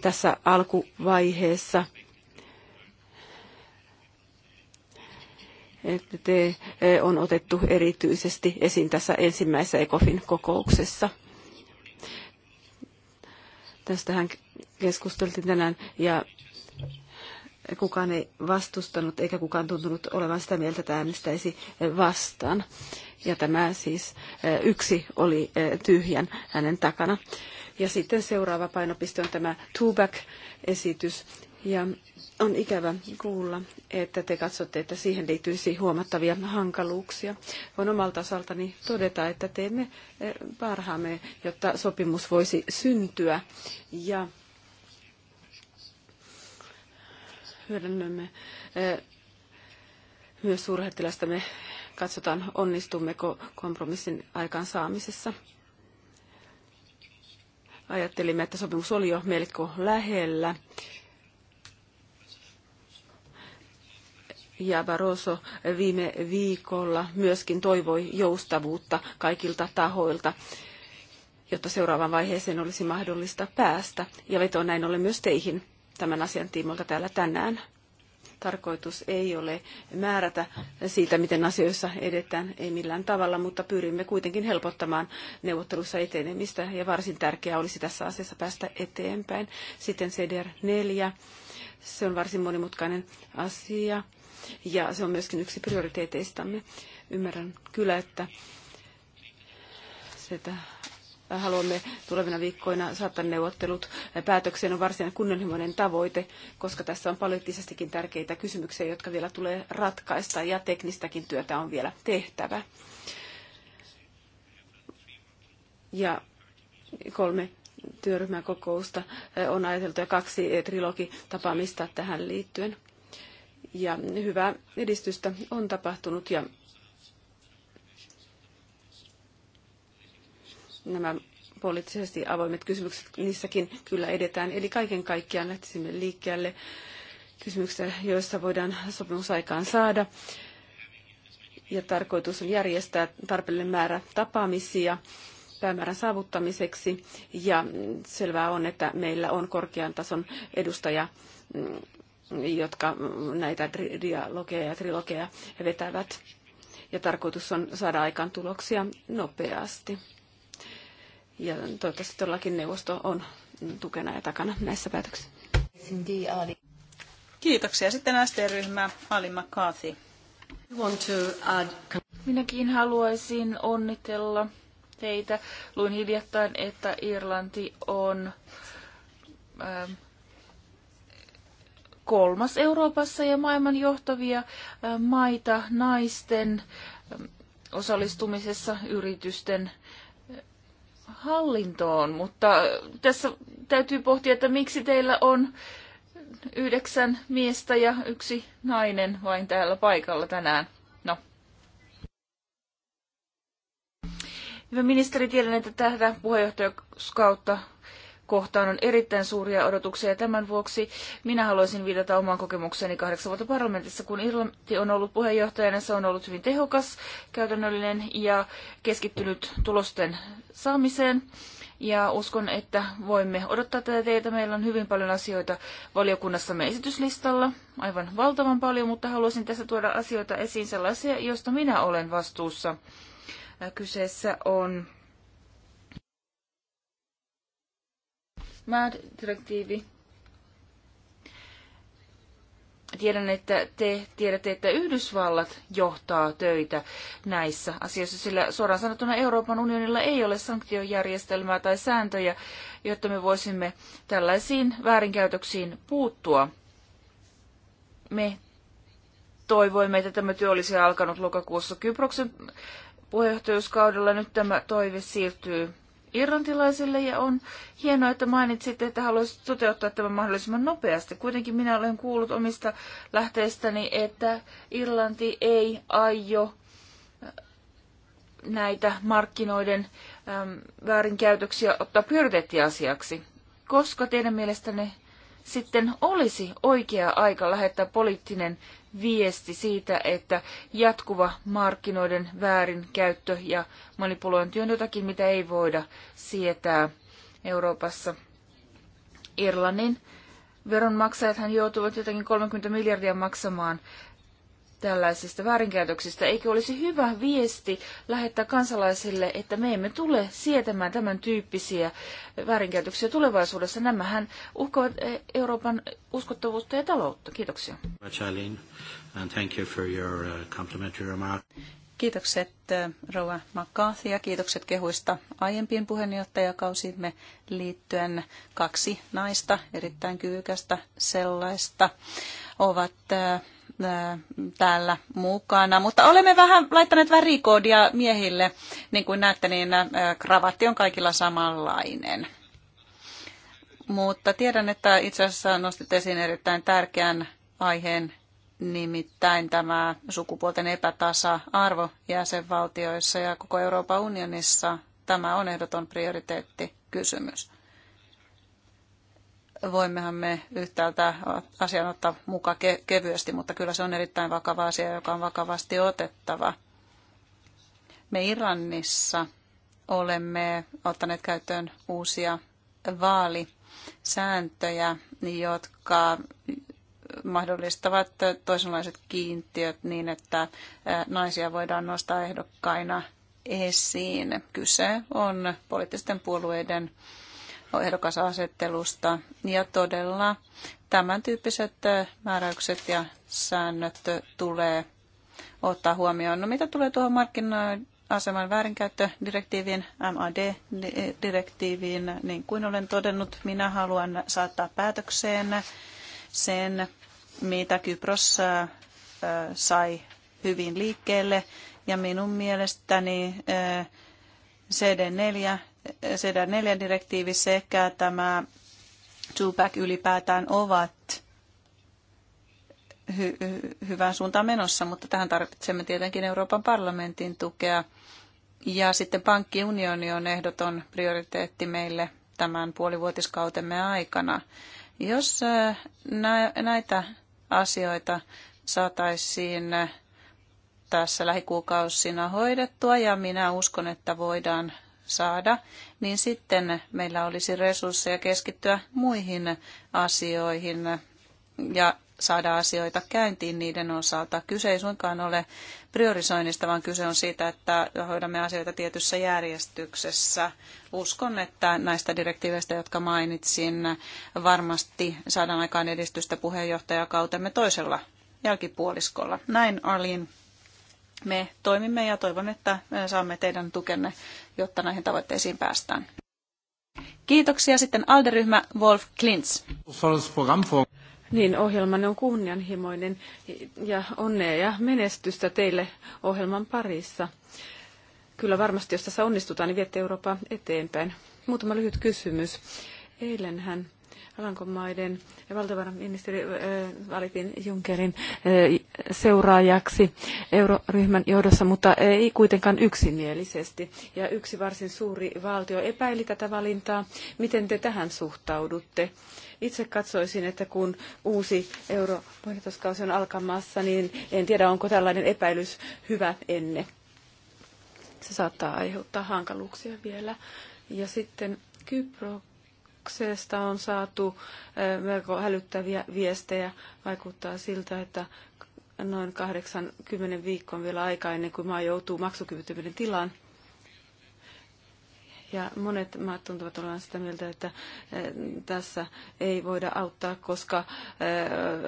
tässä alkuvaiheessa että eh, on otettu erityisesti esiin tässä ensimmäisessä ECOFIN kokouksessa. Tästähän keskusteltiin tänään ja kukaan ei vastustanut eikä kukaan tuntunut olevan sitä mieltä, että äänestäisi vastaan. Ja tämä siis eh, yksi oli eh, tyhjän hänen takana. Ja sitten seuraava painopiste on tämä esitys Ja on ikävä kuulla, että te katsotte, että siihen liittyisi huomattavia hankaluuksia. Voin omalta osaltani todeta, että teemme eh, parhaamme, jotta sopimus voisi syntyä ja hyödynnämme eh, myös me katsotaan, onnistummeko kompromissin aikaansaamisessa. Ajattelimme, että sopimus oli jo melko lähellä ja Barroso viime viikolla myöskin toivoi joustavuutta kaikilta tahoilta jotta seuraavaan vaiheeseen olisi mahdollista päästä. Ja vetoan näin ollen myös teihin tämän asian tiimoilta täällä tänään. Tarkoitus ei ole määrätä siitä, miten asioissa edetään, ei millään tavalla, mutta pyrimme kuitenkin helpottamaan neuvottelussa etenemistä ja varsin tärkeää olisi tässä asiassa päästä eteenpäin. Sitten CDR 4, se on varsin monimutkainen asia ja se on myöskin yksi prioriteeteistamme. Ymmärrän kyllä, että sitä haluamme tulevina viikkoina saattaa neuvottelut päätökseen on varsin kunnianhimoinen tavoite, koska tässä on poliittisestikin tärkeitä kysymyksiä, jotka vielä tulee ratkaista ja teknistäkin työtä on vielä tehtävä. Ja kolme työryhmän kokousta eh, on ajateltu ja kaksi eh, trilogitapaamista tähän liittyen. Ja hyvää edistystä on tapahtunut ja nämä poliittisesti avoimet kysymykset, niissäkin kyllä edetään. Eli kaiken kaikkiaan lähtisimme liikkeelle kysymyksistä, joissa voidaan sopimusaikaan aikaan saada. Ja tarkoitus on järjestää tarpeellinen määrä tapaamisia päämäärän saavuttamiseksi. Ja selvää on, että meillä on korkean tason edustaja mm, jotka näitä dialogeja ja trilogeja vetävät. Ja tarkoitus on saada aikaan tuloksia nopeasti. Ja toivottavasti todellakin neuvosto on tukena ja takana näissä päätöksissä. Kiitoksia. Sitten ST-ryhmä Ali McCarthy. Minäkin haluaisin onnitella teitä. Luin hiljattain, että Irlanti on ähm, kolmas Euroopassa ja maailman johtavia maita naisten osallistumisessa yritysten hallintoon, mutta tässä täytyy pohtia, että miksi teillä on yhdeksän miestä ja yksi nainen vain täällä paikalla tänään. No. Hyvä ministeri, tiedän, että tätä puheenjohtajuuskautta kohtaan on erittäin suuria odotuksia. Tämän vuoksi minä haluaisin viitata omaan kokemukseeni kahdeksan vuotta parlamentissa, kun Irlanti on ollut puheenjohtajana. Se on ollut hyvin tehokas, käytännöllinen ja keskittynyt tulosten saamiseen. Ja uskon, että voimme odottaa tätä teiltä. Meillä on hyvin paljon asioita valiokunnassamme esityslistalla, aivan valtavan paljon, mutta haluaisin tässä tuoda asioita esiin sellaisia, joista minä olen vastuussa. Kyseessä on MAD-direktiivi. Tiedän, että te tiedätte, että Yhdysvallat johtaa töitä näissä asioissa, sillä suoraan sanottuna Euroopan unionilla ei ole sanktiojärjestelmää tai sääntöjä, jotta me voisimme tällaisiin väärinkäytöksiin puuttua. Me toivoimme, että tämä työ olisi alkanut lokakuussa Kyproksen puheenjohtajuuskaudella. Nyt tämä toive siirtyy irlantilaisille ja on hienoa, että mainitsit, että haluaisit toteuttaa tämän mahdollisimman nopeasti. Kuitenkin minä olen kuullut omista lähteistäni, että Irlanti ei aio äh, näitä markkinoiden äm, väärinkäytöksiä ottaa prioriteettiasiaksi. Koska teidän mielestänne sitten olisi oikea aika lähettää poliittinen viesti siitä, että jatkuva markkinoiden väärinkäyttö ja manipulointi on jotakin, mitä ei voida sietää Euroopassa. Irlannin veronmaksajathan joutuvat jotakin 30 miljardia maksamaan tällaisista väärinkäytöksistä. Eikö olisi hyvä viesti lähettää kansalaisille, että me emme tule sietämään tämän tyyppisiä väärinkäytöksiä tulevaisuudessa? Nämähän uhkaavat eh, Euroopan uskottavuutta ja taloutta. Kiitoksia. Uh, kiitokset eh, Rova McCarthy ja kiitokset kehuista aiempien puheenjohtajakausimme liittyen. Kaksi naista, erittäin kyvykästä sellaista, ovat eh, täällä mukana. Mutta olemme vähän laittaneet värikoodia miehille. Niin kuin näette, niin kravatti on kaikilla samanlainen. Mutta tiedän, että itse asiassa nostit esiin erittäin tärkeän aiheen, nimittäin tämä sukupuolten epätasa-arvo jäsenvaltioissa ja koko Euroopan unionissa. Tämä on ehdoton prioriteettikysymys voimmehan me yhtäältä asian ottaa mukaan ke- kevyesti, mutta kyllä se on erittäin vakava asia, joka on vakavasti otettava. Me Irannissa olemme ottaneet käyttöön uusia vaalisääntöjä, jotka mahdollistavat toisenlaiset kiintiöt niin, että naisia voidaan nostaa ehdokkaina esiin. Kyse on poliittisten puolueiden ehdokasasettelusta. Ja todella tämän tyyppiset äh, määräykset ja säännöt äh, tulee ottaa huomioon. No mitä tulee tuohon markkina aseman väärinkäyttödirektiiviin, MAD-direktiiviin, niin kuin olen todennut, minä haluan saattaa päätökseen sen, mitä Kypros äh, sai hyvin liikkeelle. Ja minun mielestäni CD4, CD4-direktiivi sekä tämä Tupac ylipäätään ovat hy- hy- hyvään suuntaan menossa, mutta tähän tarvitsemme tietenkin Euroopan parlamentin tukea. Ja sitten pankkiunioni on ehdoton prioriteetti meille tämän puolivuotiskautemme aikana. Jos näitä asioita saataisiin tässä lähikuukausina hoidettua ja minä uskon, että voidaan saada, niin sitten meillä olisi resursseja keskittyä muihin asioihin ja saada asioita käyntiin niiden osalta. Kyse ei suinkaan ole priorisoinnista, vaan kyse on siitä, että hoidamme asioita tietyssä järjestyksessä. Uskon, että näistä direktiiveistä, jotka mainitsin, varmasti saadaan aikaan edistystä puheenjohtajakautemme toisella jälkipuoliskolla. Näin Arlin me toimimme ja toivon, että saamme teidän tukenne, jotta näihin tavoitteisiin päästään. Kiitoksia sitten Alderyhmä Wolf Klintz. Niin, ohjelmanne on kunnianhimoinen ja onnea ja menestystä teille ohjelman parissa. Kyllä varmasti, jos tässä onnistutaan, niin viette Eurooppaa eteenpäin. Muutama lyhyt kysymys. Eilenhän Alankomaiden valtiovarainministeri valitin Junckerin seuraajaksi euroryhmän johdossa, mutta ei kuitenkaan yksimielisesti. Ja yksi varsin suuri valtio epäili tätä valintaa. Miten te tähän suhtaudutte? Itse katsoisin, että kun uusi europohjauskausi on alkamassa, niin en tiedä, onko tällainen epäilys hyvä ennen. Se saattaa aiheuttaa hankaluuksia vielä. Ja sitten Kypro Saksesta on saatu melko hälyttäviä viestejä. Vaikuttaa siltä, että noin 80 viikkoa vielä aikaa ennen kuin maa joutuu maksukyvyttömyyden tilaan. Ja monet maat tuntuvat olevan sitä mieltä, että tässä ei voida auttaa, koska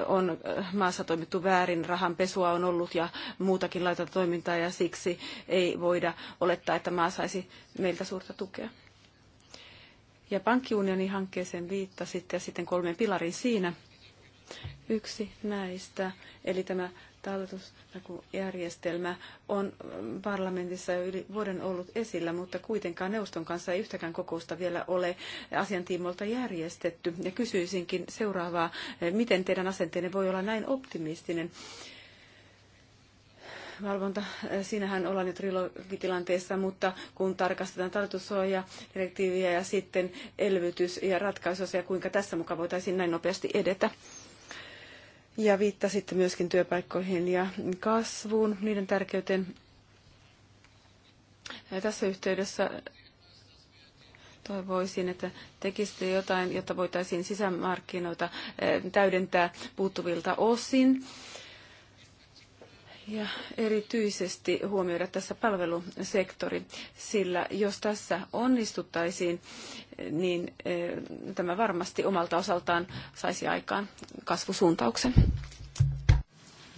on maassa toimittu väärin, rahan pesua on ollut ja muutakin laita toimintaa ja siksi ei voida olettaa, että maa saisi meiltä suurta tukea ja pankkiunionin hankkeeseen viittasit ja sitten kolmeen pilariin siinä. Yksi näistä, eli tämä talletusjärjestelmä on parlamentissa jo yli vuoden ollut esillä, mutta kuitenkaan neuvoston kanssa ei yhtäkään kokousta vielä ole asiantiimolta järjestetty. Ja kysyisinkin seuraavaa, miten teidän asenteenne voi olla näin optimistinen valvonta, siinähän ollaan jo trilogitilanteessa, mutta kun tarkastetaan tartusuoja, ja sitten elvytys ja ratkaisuja ja kuinka tässä mukaan voitaisiin näin nopeasti edetä. Ja viittasitte myöskin työpaikkoihin ja kasvuun, niiden tärkeyteen. Ja tässä yhteydessä toivoisin, että tekisitte jotain, jotta voitaisiin sisämarkkinoita eh, täydentää puuttuvilta osin ja erityisesti huomioida tässä palvelusektori, sillä jos tässä onnistuttaisiin, niin e, tämä varmasti omalta osaltaan saisi aikaan kasvusuuntauksen.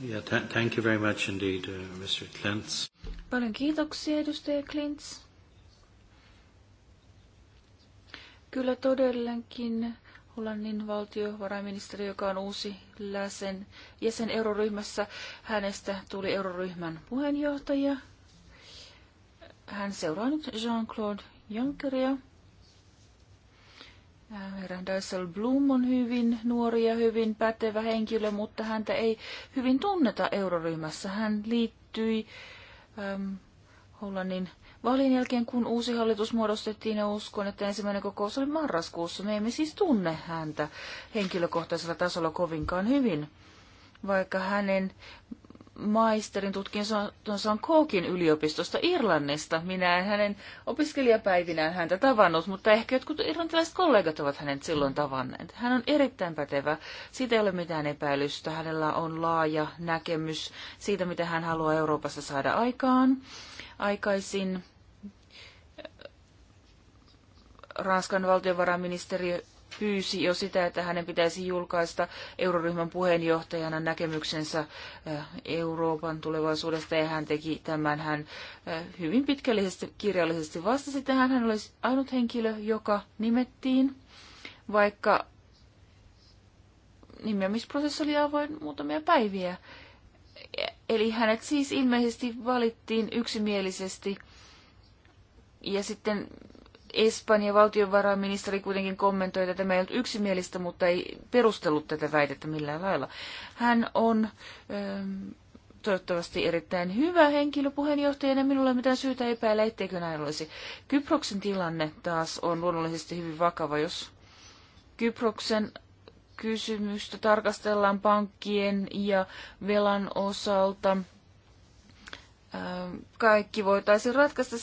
Yeah, thank you very much indeed, uh, Mr. Klintz. Paljon kiitoksia, edustaja Klintz. Kyllä todellakin Hollannin valtiovarainministeri, joka on uusi läsen, jäsen euroryhmässä. Hänestä tuli euroryhmän puheenjohtaja. Hän seuraa nyt Jean-Claude Junckeria. Herra Blum on hyvin nuori ja hyvin pätevä henkilö, mutta häntä ei hyvin tunneta euroryhmässä. Hän liittyi ähm, Hollannin Valin jälkeen, kun uusi hallitus muodostettiin ja uskon, että ensimmäinen kokous oli marraskuussa, me emme siis tunne häntä henkilökohtaisella tasolla kovinkaan hyvin, vaikka hänen maisterin tutkinsa on Kookin yliopistosta Irlannista. Minä en hänen opiskelijapäivinään häntä tavannut, mutta ehkä jotkut irlantilaiset kollegat ovat hänet silloin tavanneet. Hän on erittäin pätevä. Siitä ei ole mitään epäilystä. Hänellä on laaja näkemys siitä, mitä hän haluaa Euroopassa saada aikaan. Aikaisin Ranskan valtiovarainministeri pyysi jo sitä, että hänen pitäisi julkaista euroryhmän puheenjohtajana näkemyksensä eh, Euroopan tulevaisuudesta, ja hän teki tämän. Hän eh, hyvin pitkällisesti kirjallisesti vastasi tähän. Hän oli ainut henkilö, joka nimettiin, vaikka nimeämisprosessi oli avoin muutamia päiviä. Eli hänet siis ilmeisesti valittiin yksimielisesti, ja sitten Espanjan valtiovarainministeri kuitenkin kommentoi, että tämä ei ollut yksimielistä, mutta ei perustellut tätä väitettä millään lailla. Hän on ähm, toivottavasti erittäin hyvä henkilö puheenjohtajana. Minulla ei mitään syytä epäillä, etteikö näin olisi. Kyproksen tilanne taas on luonnollisesti hyvin vakava, jos Kyproksen kysymystä tarkastellaan pankkien ja velan osalta – kaikki voitaisiin ratkaista 17-18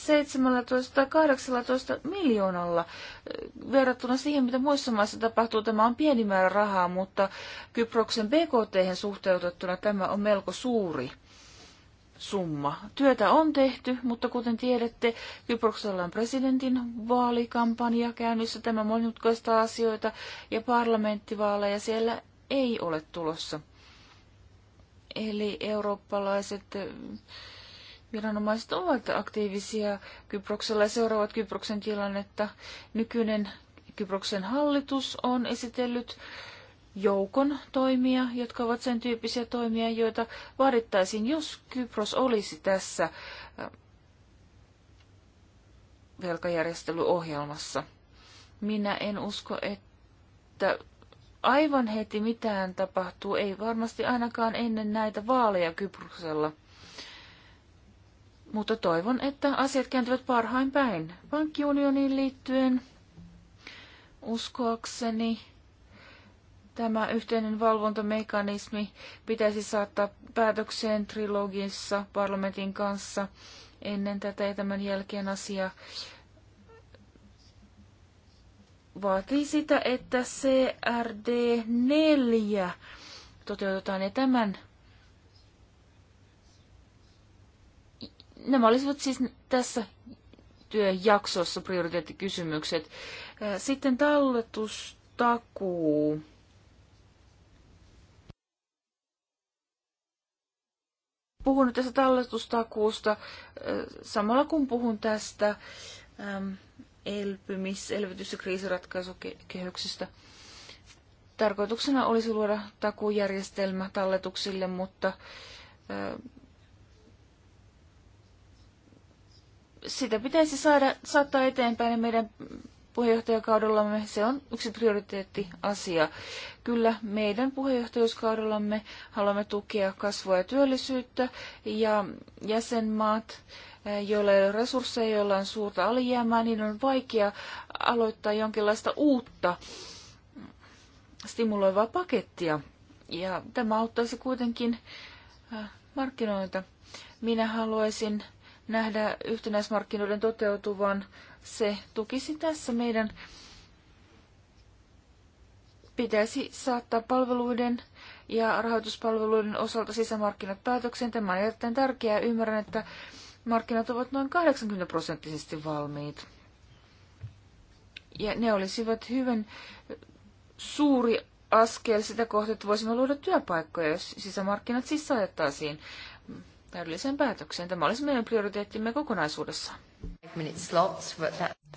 miljoonalla eh, verrattuna siihen, mitä muissa maissa tapahtuu. Tämä on pieni määrä rahaa, mutta Kyproksen BKT suhteutettuna tämä on melko suuri summa. Työtä on tehty, mutta kuten tiedätte, Kyproksella on presidentin vaalikampanja käynnissä. Tämä monimutkaista asioita ja parlamenttivaaleja siellä ei ole tulossa. Eli eurooppalaiset eh, viranomaiset ovat aktiivisia Kyproksella ja seuraavat Kyproksen tilannetta. Nykyinen Kyproksen hallitus on esitellyt joukon toimia, jotka ovat sen tyyppisiä toimia, joita vaadittaisiin, jos Kypros olisi tässä äh, velkajärjestelyohjelmassa. Minä en usko, että aivan heti mitään tapahtuu, ei varmasti ainakaan ennen näitä vaaleja Kyproksella – mutta toivon, että asiat kääntyvät parhain päin. Pankkiunioniin liittyen uskoakseni tämä yhteinen valvontamekanismi pitäisi saattaa päätökseen trilogissa parlamentin kanssa ennen tätä ja tämän jälkeen asia vaatii sitä, että CRD4 toteutetaan ja tämän Nämä olisivat siis tässä työjaksossa prioriteettikysymykset. Äh, sitten talletustakuu. Puhun nyt tästä talletustakuusta äh, samalla kun puhun tästä ähm, elpymis-, elvytys- ja kriisiratkaisukehyksestä. Tarkoituksena olisi luoda takuujärjestelmä talletuksille, mutta äh, sitä pitäisi saada, saattaa eteenpäin ja niin meidän puheenjohtajakaudellamme se on yksi asia. Kyllä meidän puheenjohtajuuskaudellamme haluamme tukea kasvua ja työllisyyttä ja jäsenmaat, eh, joilla ei ole resursseja, joilla on suurta alijäämää, niin on vaikea aloittaa jonkinlaista uutta stimuloivaa pakettia. Ja tämä auttaisi kuitenkin eh, markkinoita. Minä haluaisin nähdä yhtenäismarkkinoiden toteutuvan. Se tukisi tässä meidän pitäisi saattaa palveluiden ja rahoituspalveluiden osalta sisämarkkinat päätökseen. Tämä on erittäin tärkeää. Ymmärrän, että markkinat ovat noin 80 prosenttisesti valmiit. Ja ne olisivat hyvin suuri askel sitä kohti, että voisimme luoda työpaikkoja, jos sisämarkkinat siis saajattaisiin täydelliseen päätökseen. Tämä olisi meidän prioriteettimme kokonaisuudessaan.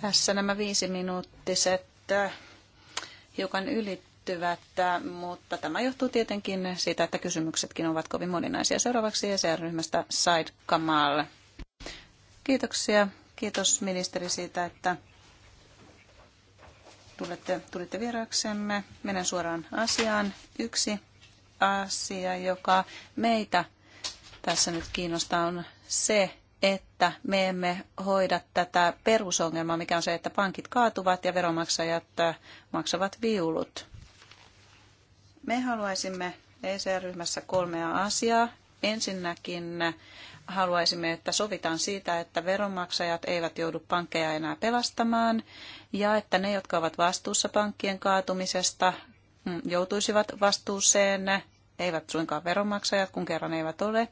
Tässä nämä viisi minuuttiset äh, hiukan ylittyvät, äh, mutta tämä johtuu tietenkin siitä, että kysymyksetkin ovat kovin moninaisia. Seuraavaksi esr ryhmästä Said Kamal. Kiitoksia. Kiitos ministeri siitä, että tulette, tulitte vieraaksemme. Menen suoraan asiaan. Yksi asia, joka meitä tässä nyt kiinnostaa, on se, että me emme hoida tätä perusongelmaa, mikä on se, että pankit kaatuvat ja veromaksajat äh, maksavat viulut. Me haluaisimme ECR-ryhmässä kolmea asiaa. Ensinnäkin haluaisimme, että sovitaan siitä, että veronmaksajat eivät joudu pankkeja enää pelastamaan ja että ne, jotka ovat vastuussa pankkien kaatumisesta, mm, joutuisivat vastuuseen eivät suinkaan veronmaksajat, kun kerran eivät ole.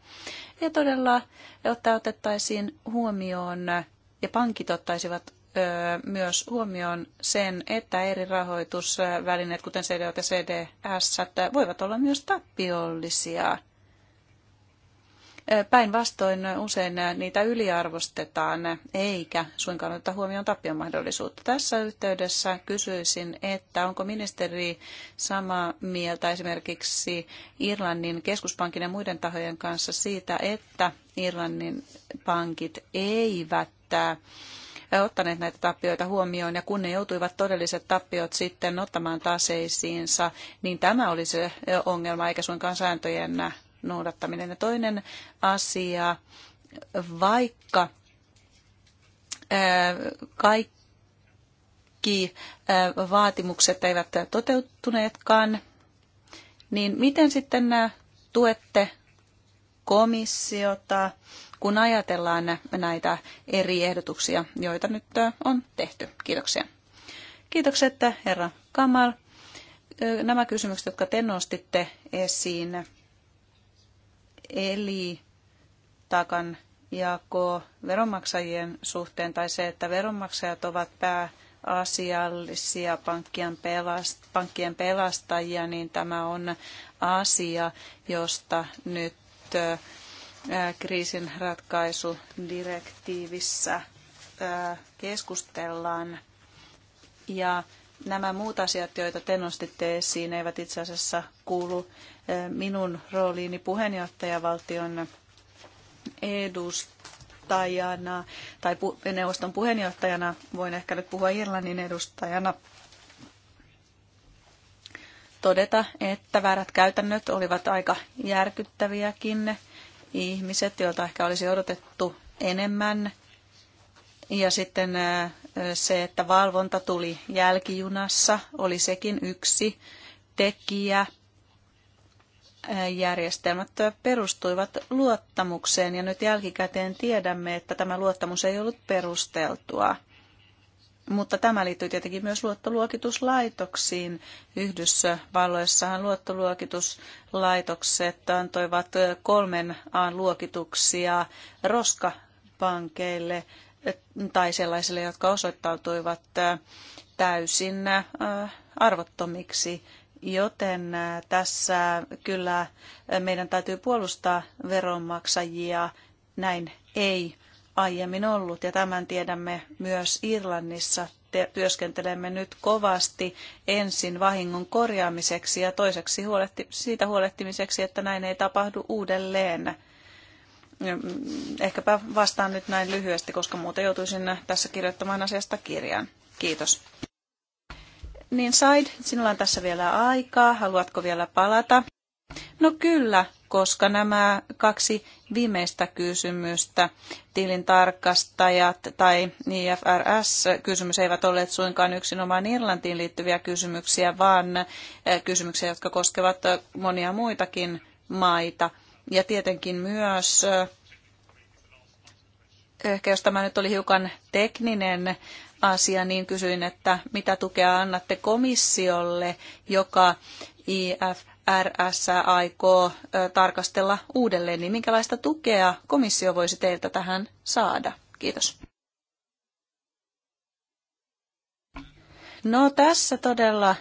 Ja todella, jotta otettaisiin huomioon ja pankit ottaisivat myös huomioon sen, että eri rahoitusvälineet, kuten CDO ja CDS, voivat olla myös tappiollisia – Päinvastoin usein niitä yliarvostetaan eikä suinkaan ottaa huomioon tappion mahdollisuutta. Tässä yhteydessä kysyisin, että onko ministeri samaa mieltä esimerkiksi Irlannin keskuspankin ja muiden tahojen kanssa siitä, että Irlannin pankit eivät ottaneet näitä tappioita huomioon ja kun ne joutuivat todelliset tappiot sitten ottamaan taseisiinsa, niin tämä oli se ongelma eikä suinkaan sääntöjen noudattaminen. Ja toinen asia, vaikka kaikki vaatimukset eivät toteutuneetkaan, niin miten sitten tuette komissiota, kun ajatellaan näitä eri ehdotuksia, joita nyt on tehty? Kiitoksia. Kiitokset, herra Kamal. Nämä kysymykset, jotka te nostitte esiin, Eli takan jako veronmaksajien suhteen tai se, että veronmaksajat ovat pääasiallisia pankkien, pelast, pankkien pelastajia, niin tämä on asia, josta nyt kriisin ratkaisudirektiivissä keskustellaan. Ja nämä muut asiat, joita te nostitte esiin, eivät itse asiassa kuulu eh, minun rooliini puheenjohtajavaltion edustajana tai neuvoston puheenjohtajana. Voin ehkä nyt puhua Irlannin edustajana todeta, että väärät käytännöt olivat aika järkyttäviäkin. Ihmiset, joilta ehkä olisi odotettu enemmän, ja sitten se, että valvonta tuli jälkijunassa, oli sekin yksi tekijä. Järjestelmät perustuivat luottamukseen ja nyt jälkikäteen tiedämme, että tämä luottamus ei ollut perusteltua. Mutta tämä liittyy tietenkin myös luottoluokituslaitoksiin. Yhdysvalloissahan luottoluokituslaitokset antoivat kolmen A-luokituksia roskapankeille tai sellaisille, jotka osoittautuivat täysin arvottomiksi. Joten tässä kyllä meidän täytyy puolustaa veronmaksajia. Näin ei aiemmin ollut ja tämän tiedämme myös Irlannissa. Työskentelemme nyt kovasti ensin vahingon korjaamiseksi ja toiseksi huolehti, siitä huolehtimiseksi, että näin ei tapahdu uudelleen. Mm, ehkäpä vastaan nyt näin lyhyesti, koska muuten joutuisin tässä kirjoittamaan asiasta kirjaan. Kiitos. Niin Said, sinulla on tässä vielä aikaa. Haluatko vielä palata? No kyllä, koska nämä kaksi viimeistä kysymystä, tarkastajat tai IFRS-kysymys, eivät olleet suinkaan yksinomaan Irlantiin liittyviä kysymyksiä, vaan eh, kysymyksiä, jotka koskevat eh, monia muitakin maita. Ja tietenkin myös, ehkä jos tämä nyt oli hiukan tekninen asia, niin kysyin, että mitä tukea annatte komissiolle, joka IFRS aikoo tarkastella uudelleen, niin minkälaista tukea komissio voisi teiltä tähän saada? Kiitos. No tässä todella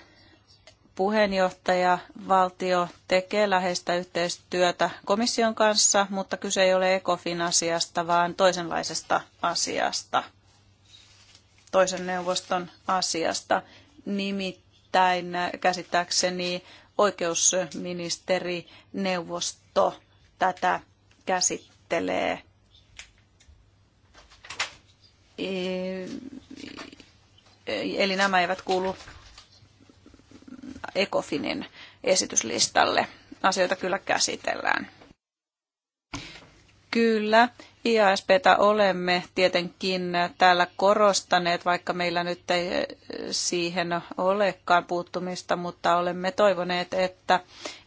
puheenjohtaja valtio tekee läheistä yhteistyötä komission kanssa, mutta kyse ei ole ECOFIN asiasta, vaan toisenlaisesta asiasta, toisen neuvoston asiasta. Nimittäin käsittääkseni oikeusministerineuvosto tätä käsittelee. Eli nämä eivät kuulu ECOFINin esityslistalle. Asioita kyllä käsitellään. Kyllä, IASPtä olemme tietenkin täällä korostaneet, vaikka meillä nyt ei siihen olekaan puuttumista, mutta olemme toivoneet, että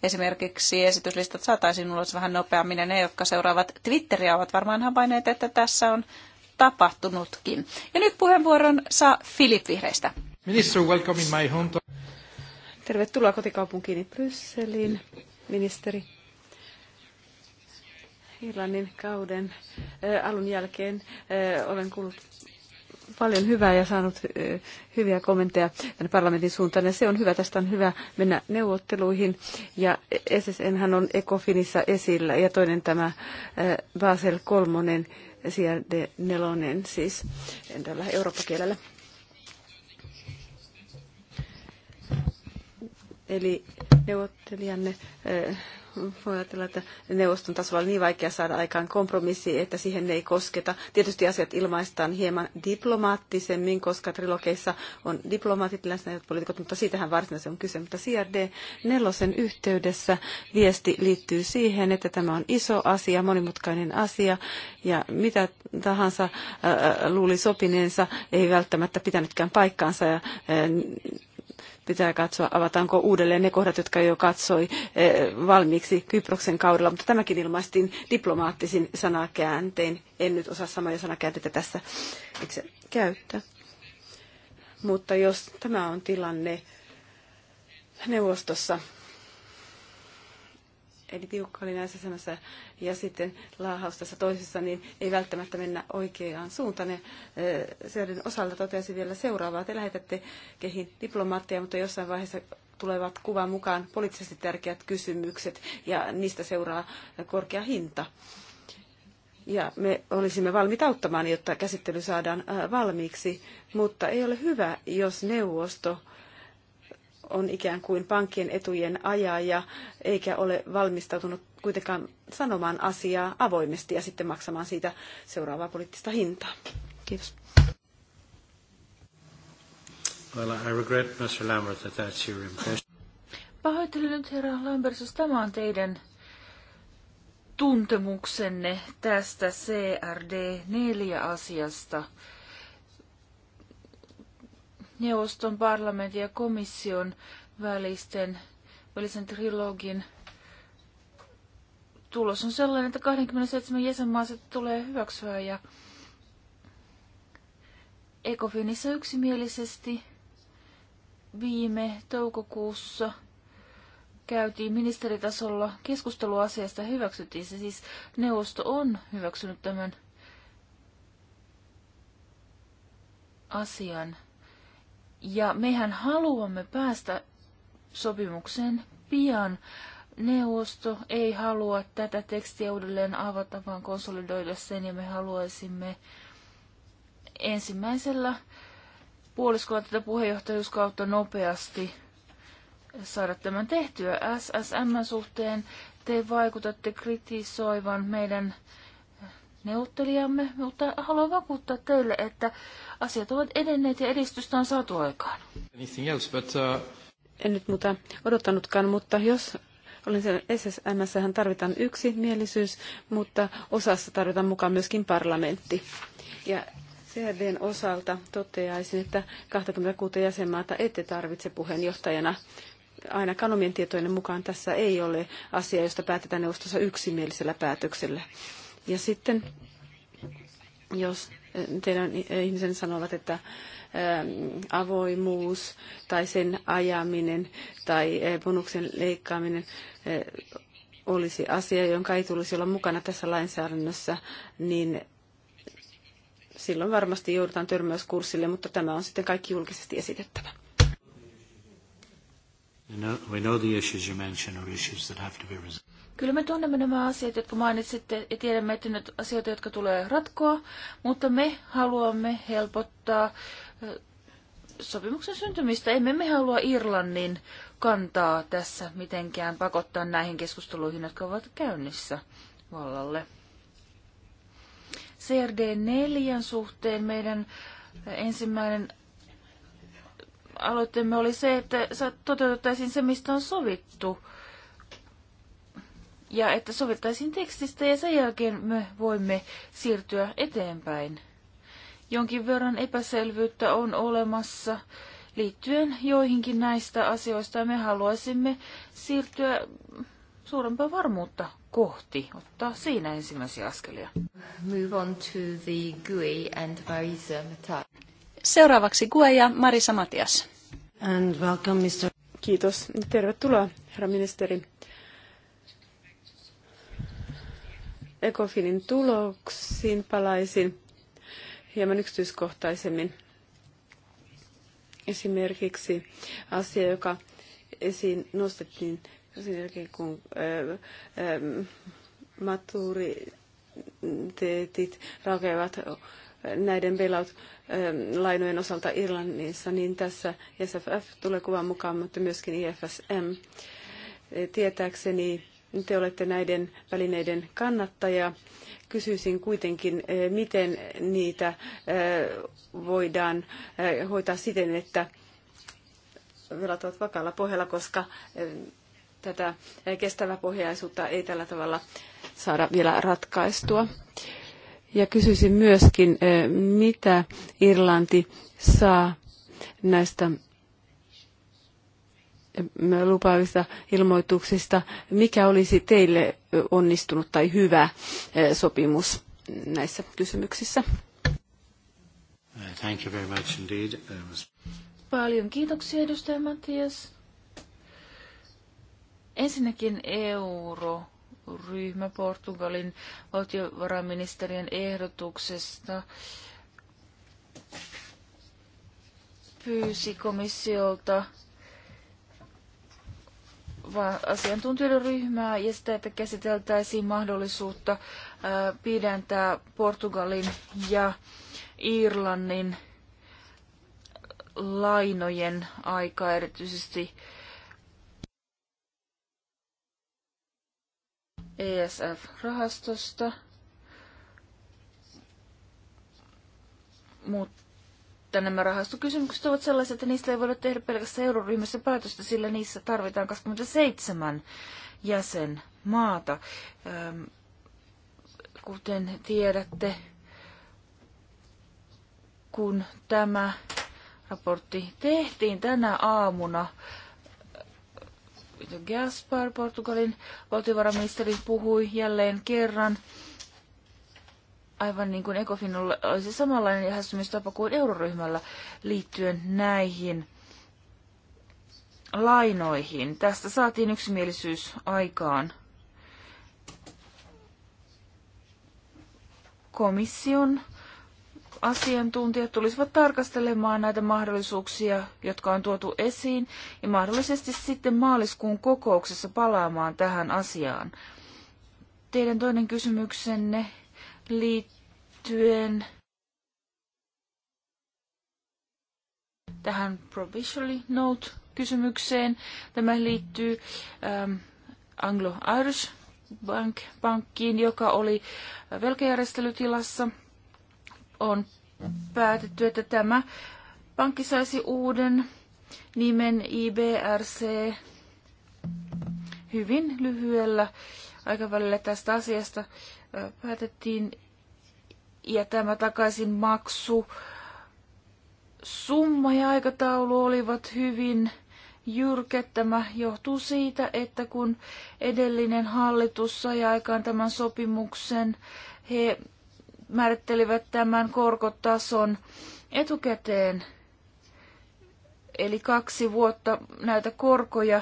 esimerkiksi esityslistat saataisiin ulos vähän nopeammin. Ja ne, jotka seuraavat Twitteriä, ovat varmaan havainneet, että tässä on tapahtunutkin. Ja nyt puheenvuoron saa Filip Vihreistä. Minister, welcome in my Tervetuloa kotikaupunkiini Brysseliin, ministeri. Irlannin kauden alun jälkeen olen kuullut paljon hyvää ja saanut hyviä kommentteja tänne parlamentin suuntaan. Ja se on hyvä, tästä on hyvä mennä neuvotteluihin. Ja SSN hän on Ecofinissa esillä ja toinen tämä Basel kolmonen, siellä nelonen siis tällä eurooppakielellä. Eli neuvottelijanne eh, voi ajatella, että neuvoston tasolla on niin vaikea saada aikaan kompromissi, että siihen ei kosketa. Tietysti asiat ilmaistaan hieman diplomaattisemmin, koska trilogeissa on diplomaatit läsnä ja poliitikot, mutta siitähän varsinaisesti on kyse. Mutta CRD nelosen yhteydessä viesti liittyy siihen, että tämä on iso asia, monimutkainen asia ja mitä tahansa ää, eh, eh, luuli sopineensa ei välttämättä pitänytkään paikkaansa ja pitää katsoa, avataanko uudelleen ne kohdat, jotka jo katsoi eh, valmiiksi Kyproksen kaudella, mutta tämäkin ilmaistiin diplomaattisin sanakääntein. En nyt osaa samoja sanakäänteitä tässä itse käyttää. Mutta jos tämä on tilanne neuvostossa, Eli tiukka oli näissä asemassa ja sitten laahaus tässä toisessa, niin ei välttämättä mennä oikeaan suuntaan. Ja eh, seudun osalta totesin vielä seuraavaa. Te lähetätte kehin diplomaattia, mutta jossain vaiheessa tulevat kuvan mukaan poliittisesti tärkeät kysymykset ja niistä seuraa korkea hinta. Ja me olisimme valmiita auttamaan, jotta käsittely saadaan eh, valmiiksi, mutta ei ole hyvä, jos neuvosto on ikään kuin pankkien etujen ajaja, eikä ole valmistautunut kuitenkaan sanomaan asiaa avoimesti ja sitten maksamaan siitä seuraavaa poliittista hintaa. Kiitos. Well, I regret, Mr. Lambert, that that's your impression. Pahoittelen nyt, herra Lambert, jos tämä on teidän tuntemuksenne tästä CRD4-asiasta neuvoston, parlamentin ja komission välisten, välisen trilogin tulos on sellainen, että 27 jäsenmaa se tulee hyväksyä ja Ekofinissa yksimielisesti viime toukokuussa käytiin ministeritasolla keskustelua asiasta ja hyväksyttiin se. Siis neuvosto on hyväksynyt tämän asian. Ja mehän haluamme päästä sopimukseen pian. Neuvosto ei halua tätä tekstiä uudelleen avata, vaan konsolidoida sen, ja me haluaisimme ensimmäisellä puoliskolla tätä puheenjohtajuuskautta nopeasti saada tämän tehtyä. SSM-suhteen te vaikutatte kritisoivan meidän neuvottelijamme, mutta haluan vakuuttaa teille, että asiat ovat edenneet ja edistystä on saatu aikaan. Else, but, uh... En nyt muuta odottanutkaan, mutta jos olen sen SSMS, tarvitaan yksimielisyys, mutta osassa tarvitaan mukaan myöskin parlamentti. Ja CRDn osalta toteaisin, että 26 jäsenmaata ette tarvitse puheenjohtajana ainakaan omien tietojen mukaan tässä ei ole asia, josta päätetään neuvostossa yksimielisellä päätöksellä. Ja sitten, jos eh, teidän ihmisen sanovat, että eh, avoimuus tai sen ajaminen tai eh, bonuksen leikkaaminen olisi asia, jonka ei tulisi olla mukana tässä lainsäädännössä, niin silloin varmasti joudutaan törmäyskurssille, mutta tämä on sitten kaikki julkisesti esitettävä. We know the issues you mentioned are issues that have to be resolved. Kyllä me tunnemme nämä asiat, jotka mainitsitte, ja tiedämme, että nyt asioita, jotka tulee ratkoa, mutta me haluamme helpottaa sopimuksen syntymistä. Emme me halua Irlannin kantaa tässä mitenkään pakottaa näihin keskusteluihin, jotka ovat käynnissä vallalle. CRD4 suhteen meidän ensimmäinen aloitteemme oli se, että toteutettaisiin se, mistä on sovittu ja että sovittaisiin tekstistä ja sen jälkeen me voimme siirtyä eteenpäin. Jonkin verran epäselvyyttä on olemassa liittyen joihinkin näistä asioista ja me haluaisimme siirtyä suurempaa varmuutta kohti, ottaa siinä ensimmäisiä askelia. Move on to the GUI and Marisa Matias. Seuraavaksi GUE ja Marisa Matias. And welcome, Mr. Kiitos. Tervetuloa, herra ministeri. ECOFINin tuloksiin palaisin hieman yksityiskohtaisemmin. Esimerkiksi asia, joka esiin nostettiin sen jälkeen, kun maturiteetit raukeavat näiden bailout-lainojen osalta Irlannissa, niin tässä SFF tulee kuvan mukaan, mutta myöskin IFSM. Tietääkseni te olette näiden välineiden kannattaja. Kysyisin kuitenkin, eh, miten niitä eh, voidaan eh, hoitaa siten, että velat ovat vakaalla pohjalla, koska tätä kestävää pohjaisuutta ei tällä tavalla saada vielä ratkaistua. Ja kysyisin myöskin, mitä Irlanti saa näistä lupaavista ilmoituksista. Mikä olisi teille onnistunut tai hyvä eh, sopimus näissä kysymyksissä? Thank you very much indeed. Uh, Paljon kiitoksia edustaja Matias. Ensinnäkin euroryhmä Portugalin valtiovarainministeriön ehdotuksesta pyysi komissiolta asiantuntijoiden ryhmää ja sitä, että käsiteltäisiin mahdollisuutta pidentää Portugalin ja Irlannin lainojen aika erityisesti ESF-rahastosta, mutta mutta nämä rahastokysymykset ovat sellaiset, että niistä ei voida tehdä pelkästään euroryhmässä päätöstä, sillä niissä tarvitaan 27 jäsenmaata. Kuten tiedätte, kun tämä raportti tehtiin tänä aamuna, Gaspar, Portugalin valtiovarainministeri, puhui jälleen kerran aivan niin kuin Ecofinulla olisi samanlainen lähestymistapa kuin euroryhmällä liittyen näihin lainoihin. Tästä saatiin yksimielisyys aikaan. Komission asiantuntijat tulisivat tarkastelemaan näitä mahdollisuuksia, jotka on tuotu esiin, ja mahdollisesti sitten maaliskuun kokouksessa palaamaan tähän asiaan. Teidän toinen kysymyksenne liittyen tähän provisionally note-kysymykseen. Tämä liittyy ähm, Anglo-Irish Bank, pankkiin, joka oli velkajärjestelytilassa. On päätetty, että tämä pankki saisi uuden nimen IBRC hyvin lyhyellä aikavälillä tästä asiasta päätettiin. Ja tämä takaisin maksu summa ja aikataulu olivat hyvin jyrkät. Tämä johtuu siitä, että kun edellinen hallitus sai aikaan tämän sopimuksen, he määrittelivät tämän korkotason etukäteen, eli kaksi vuotta näitä korkoja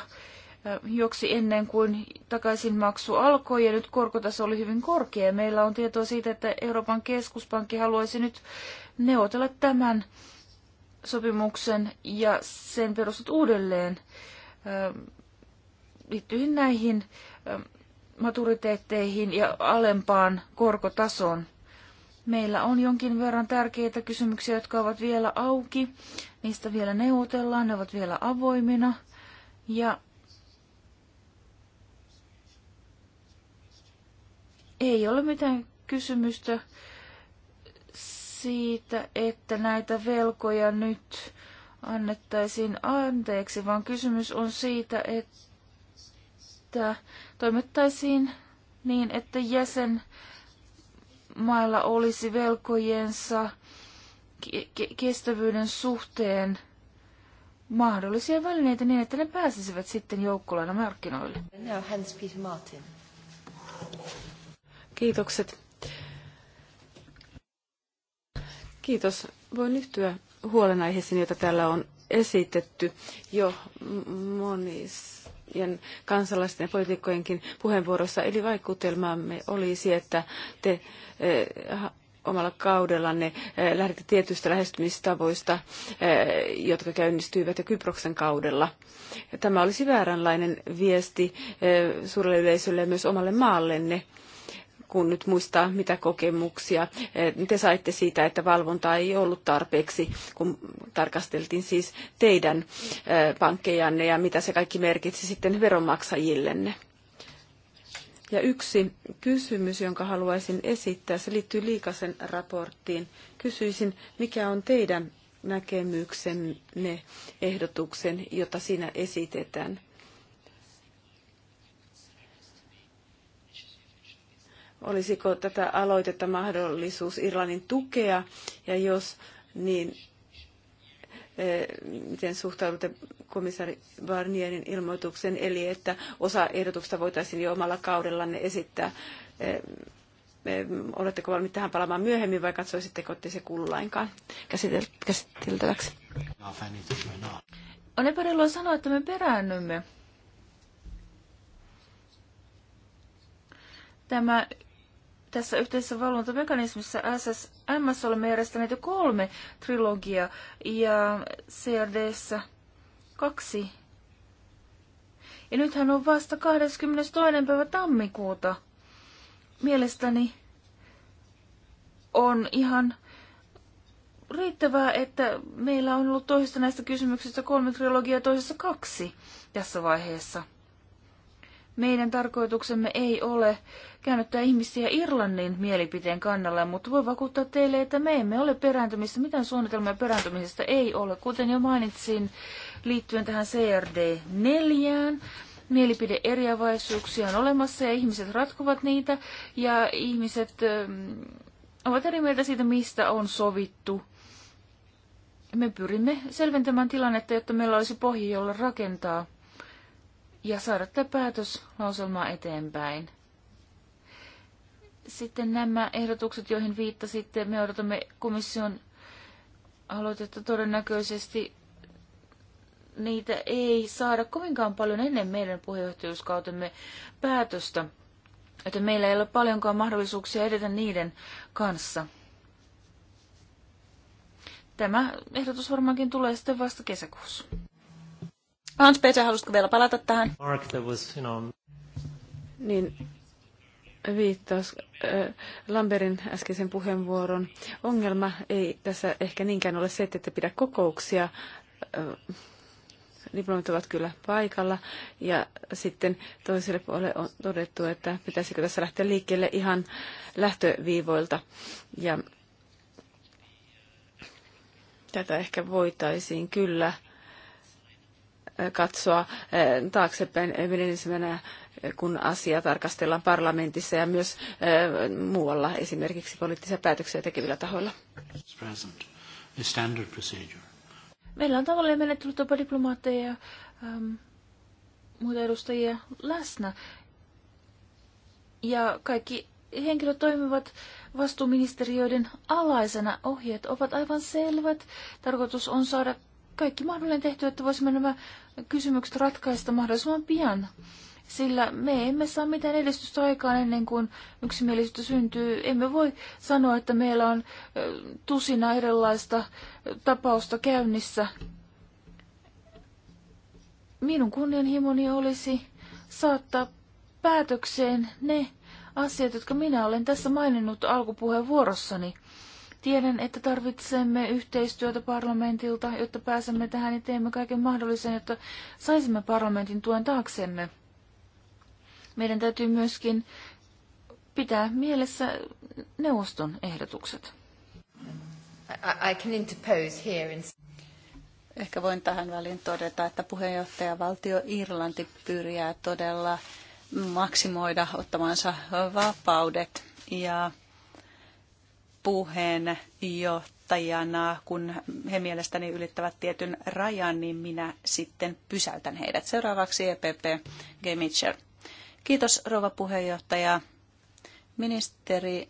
juoksi ennen kuin takaisinmaksu alkoi ja nyt korkotaso oli hyvin korkea. Meillä on tietoa siitä, että Euroopan keskuspankki haluaisi nyt neuvotella tämän sopimuksen ja sen perustut uudelleen ähm, liittyihin näihin ähm, maturiteetteihin ja alempaan korkotasoon. Meillä on jonkin verran tärkeitä kysymyksiä, jotka ovat vielä auki. Niistä vielä neuvotellaan, ne ovat vielä avoimina. Ja Ei ole mitään kysymystä siitä, että näitä velkoja nyt annettaisiin anteeksi, vaan kysymys on siitä, että toimittaisiin niin, että jäsenmailla olisi velkojensa kestävyyden suhteen mahdollisia välineitä niin, että ne pääsisivät sitten joukkolaina markkinoille. Now Hans Peter Martin. Kiitokset. Kiitos. Voin yhtyä huolenaiheisiin, joita täällä on esitetty jo monien kansalaisten ja poliitikkojenkin puheenvuorossa. Eli vaikutelmamme olisi, että te eh, omalla kaudellanne eh, lähdette tietystä lähestymistavoista, eh, jotka käynnistyivät jo Kyproksen kaudella. Tämä olisi vääränlainen viesti suurelle yleisölle ja myös omalle maallenne kun nyt muistaa, mitä kokemuksia eh, te saitte siitä, että valvonta ei ollut tarpeeksi, kun tarkasteltiin siis teidän eh, pankkejanne ja mitä se kaikki merkitsi sitten veronmaksajillenne. Ja yksi kysymys, jonka haluaisin esittää, se liittyy Liikasen raporttiin. Kysyisin, mikä on teidän näkemyksenne ehdotuksen, jota siinä esitetään? olisiko tätä aloitetta mahdollisuus Irlannin tukea, ja jos niin, eh, miten suhtaudutte komissaari Barnierin ilmoituksen, eli että osa ehdotuksista voitaisiin jo omalla kaudellanne esittää. Eh, eh, oletteko valmiit tähän palaamaan myöhemmin vai katsoisitteko, että se kuulu lainkaan käsiteltäväksi? On epäreilua sanoa, että me peräännymme. Tämä tässä yhteisessä valvontamekanismissa SSMS olemme järjestäneet jo kolme trilogia ja CRDssä kaksi. Ja nythän on vasta 22. päivä tammikuuta. Mielestäni on ihan riittävää, että meillä on ollut toisesta näistä kysymyksistä kolme trilogiaa ja toisessa kaksi tässä vaiheessa. Meidän tarkoituksemme ei ole käännyttää ihmisiä Irlannin mielipiteen kannalle, mutta voi vakuuttaa teille, että me emme ole perääntymistä. Mitään suunnitelmia perääntymisestä ei ole. Kuten jo mainitsin liittyen tähän CRD 4, mielipideeriävaisuuksia on olemassa ja ihmiset ratkovat niitä ja ihmiset ähm, ovat eri mieltä siitä, mistä on sovittu. Me pyrimme selventämään tilannetta, jotta meillä olisi pohja, jolla rakentaa ja saada tämä päätöslauselma eteenpäin. Sitten nämä ehdotukset, joihin viittasitte, me odotamme komission aloitetta todennäköisesti. Niitä ei saada kovinkaan paljon ennen meidän puheenjohtajuuskautemme päätöstä, joten meillä ei ole paljonkaan mahdollisuuksia edetä niiden kanssa. Tämä ehdotus varmaankin tulee sitten vasta kesäkuussa. Hans Peter, haluaisitko vielä palata tähän? Mark, that was, you know... Niin, viittaus äh, Lamberin äskeisen puheenvuoron. Ongelma ei tässä ehkä niinkään ole se, että pidä kokouksia. Äh, diplomit ovat kyllä paikalla. Ja sitten toiselle puolelle on todettu, että pitäisikö tässä lähteä liikkeelle ihan lähtöviivoilta. Ja tätä ehkä voitaisiin kyllä äh, katsoa eh, taaksepäin menemisenä, eh, kun asiaa tarkastellaan parlamentissa ja myös eh, muualla, esimerkiksi poliittisia päätöksiä tekevillä tahoilla. Meillä on tavallinen menettelytapa diplomaatteja ja ähm, muita edustajia läsnä. Ja kaikki henkilöt toimivat vastuuministeriöiden alaisena. Ohjeet ovat aivan selvät. Tarkoitus on saada kaikki mahdollinen tehty, että voisimme nämä kysymykset ratkaista mahdollisimman pian. Sillä me emme saa mitään edistystä aikaan ennen kuin yksimielisyyttä syntyy. Emme voi sanoa, että meillä on tusina erilaista tapausta käynnissä. Minun kunnianhimoni olisi saattaa päätökseen ne asiat, jotka minä olen tässä maininnut alkupuheenvuorossani. vuorossani Tiedän, että tarvitsemme yhteistyötä parlamentilta, jotta pääsemme tähän ja teemme kaiken mahdollisen, jotta saisimme parlamentin tuen taaksemme. Meidän täytyy myöskin pitää mielessä neuvoston ehdotukset. I, can interpose here in... Ehkä voin tähän väliin todeta, että puheenjohtaja valtio Irlanti pyrjää todella maksimoida ottamansa vapaudet ja puheenjohtajana, kun he mielestäni ylittävät tietyn rajan, niin minä sitten pysäytän heidät. Seuraavaksi EPP Gemitscher. Kiitos rouva puheenjohtaja. Ministeri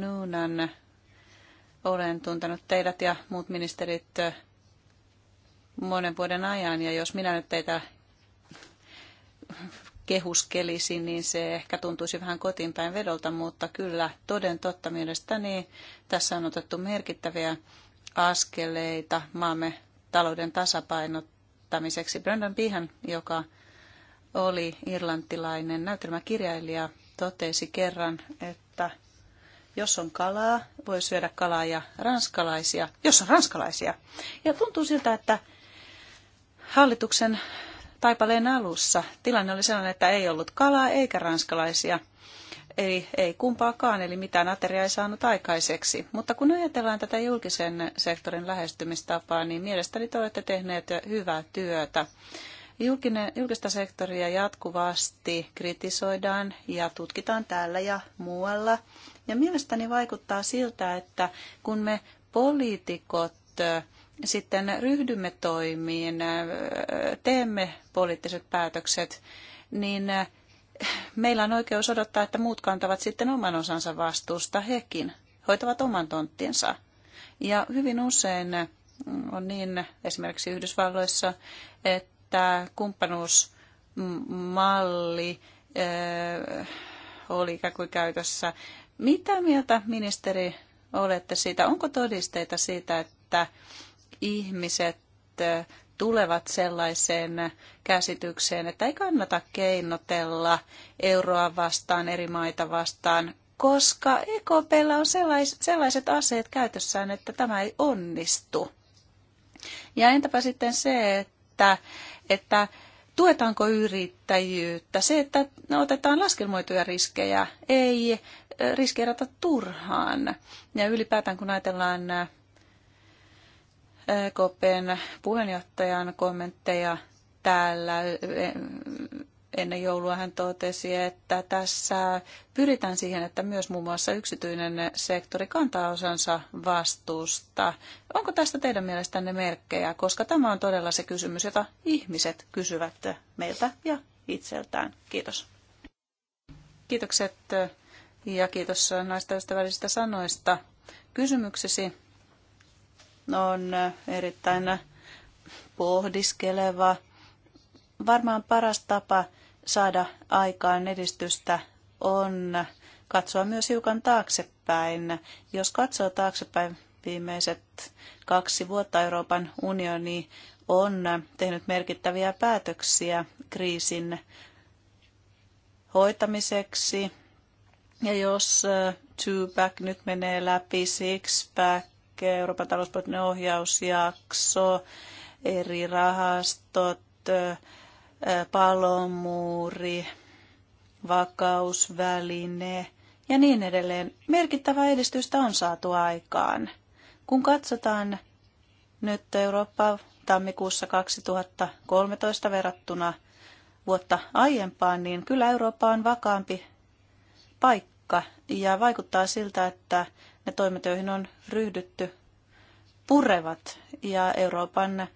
Nunan, olen tuntenut teidät ja muut ministerit monen vuoden ajan, ja jos minä nyt teitä kehuskelisi, niin se ehkä tuntuisi vähän kotiinpäin vedolta, mutta kyllä toden totta mielestäni tässä on otettu merkittäviä askeleita maamme talouden tasapainottamiseksi. Brendan Pihan, joka oli irlantilainen näytelmäkirjailija, totesi kerran, että jos on kalaa, voi syödä kalaa ja ranskalaisia, jos on ranskalaisia. Ja tuntuu siltä, että hallituksen taipaleen alussa tilanne oli sellainen, että ei ollut kalaa eikä ranskalaisia. Eli ei kumpaakaan, eli mitään ateriaa ei saanut aikaiseksi. Mutta kun ajatellaan tätä julkisen sektorin lähestymistapaa, niin mielestäni te olette tehneet hyvää työtä. Julkinen, julkista sektoria jatkuvasti kritisoidaan ja tutkitaan täällä ja muualla. Ja mielestäni vaikuttaa siltä, että kun me poliitikot sitten ryhdymme toimiin, teemme poliittiset päätökset, niin eh, meillä on oikeus odottaa, että muut kantavat sitten oman osansa vastuusta hekin, hoitavat oman tonttinsa. Ja hyvin usein mm, on niin esimerkiksi Yhdysvalloissa, että kumppanuusmalli eh, oli ikään kuin käytössä. Mitä mieltä ministeri olette siitä? Onko todisteita siitä, että ihmiset tulevat sellaiseen käsitykseen, että ei kannata keinotella euroa vastaan, eri maita vastaan, koska EKPllä on sellais, sellaiset aseet käytössään, että tämä ei onnistu. Ja entäpä sitten se, että, että tuetaanko yrittäjyyttä, se, että otetaan laskelmoituja riskejä, ei riskeerata turhaan. Ja ylipäätään kun ajatellaan EKPn puheenjohtajan kommentteja täällä. Ennen joulua hän totesi, että tässä pyritään siihen, että myös muun muassa yksityinen sektori kantaa osansa vastuusta. Onko tästä teidän mielestänne merkkejä? Koska tämä on todella se kysymys, jota ihmiset kysyvät meiltä ja itseltään. Kiitos. Kiitokset ja kiitos näistä ystävällisistä sanoista kysymyksesi on erittäin pohdiskeleva. Varmaan paras tapa saada aikaan edistystä on katsoa myös hiukan taaksepäin. Jos katsoo taaksepäin viimeiset kaksi vuotta Euroopan unioni on tehnyt merkittäviä päätöksiä kriisin hoitamiseksi. Ja jos two-pack nyt menee läpi, six-pack, Euroopan talouspoliittinen ohjausjakso, eri rahastot, palomuuri, vakausväline ja niin edelleen. Merkittävää edistystä on saatu aikaan. Kun katsotaan nyt Eurooppa tammikuussa 2013 verrattuna vuotta aiempaan, niin kyllä Eurooppa on vakaampi paikka ja vaikuttaa siltä, että ne toimet, joihin on ryhdytty, purevat. Ja Euroopan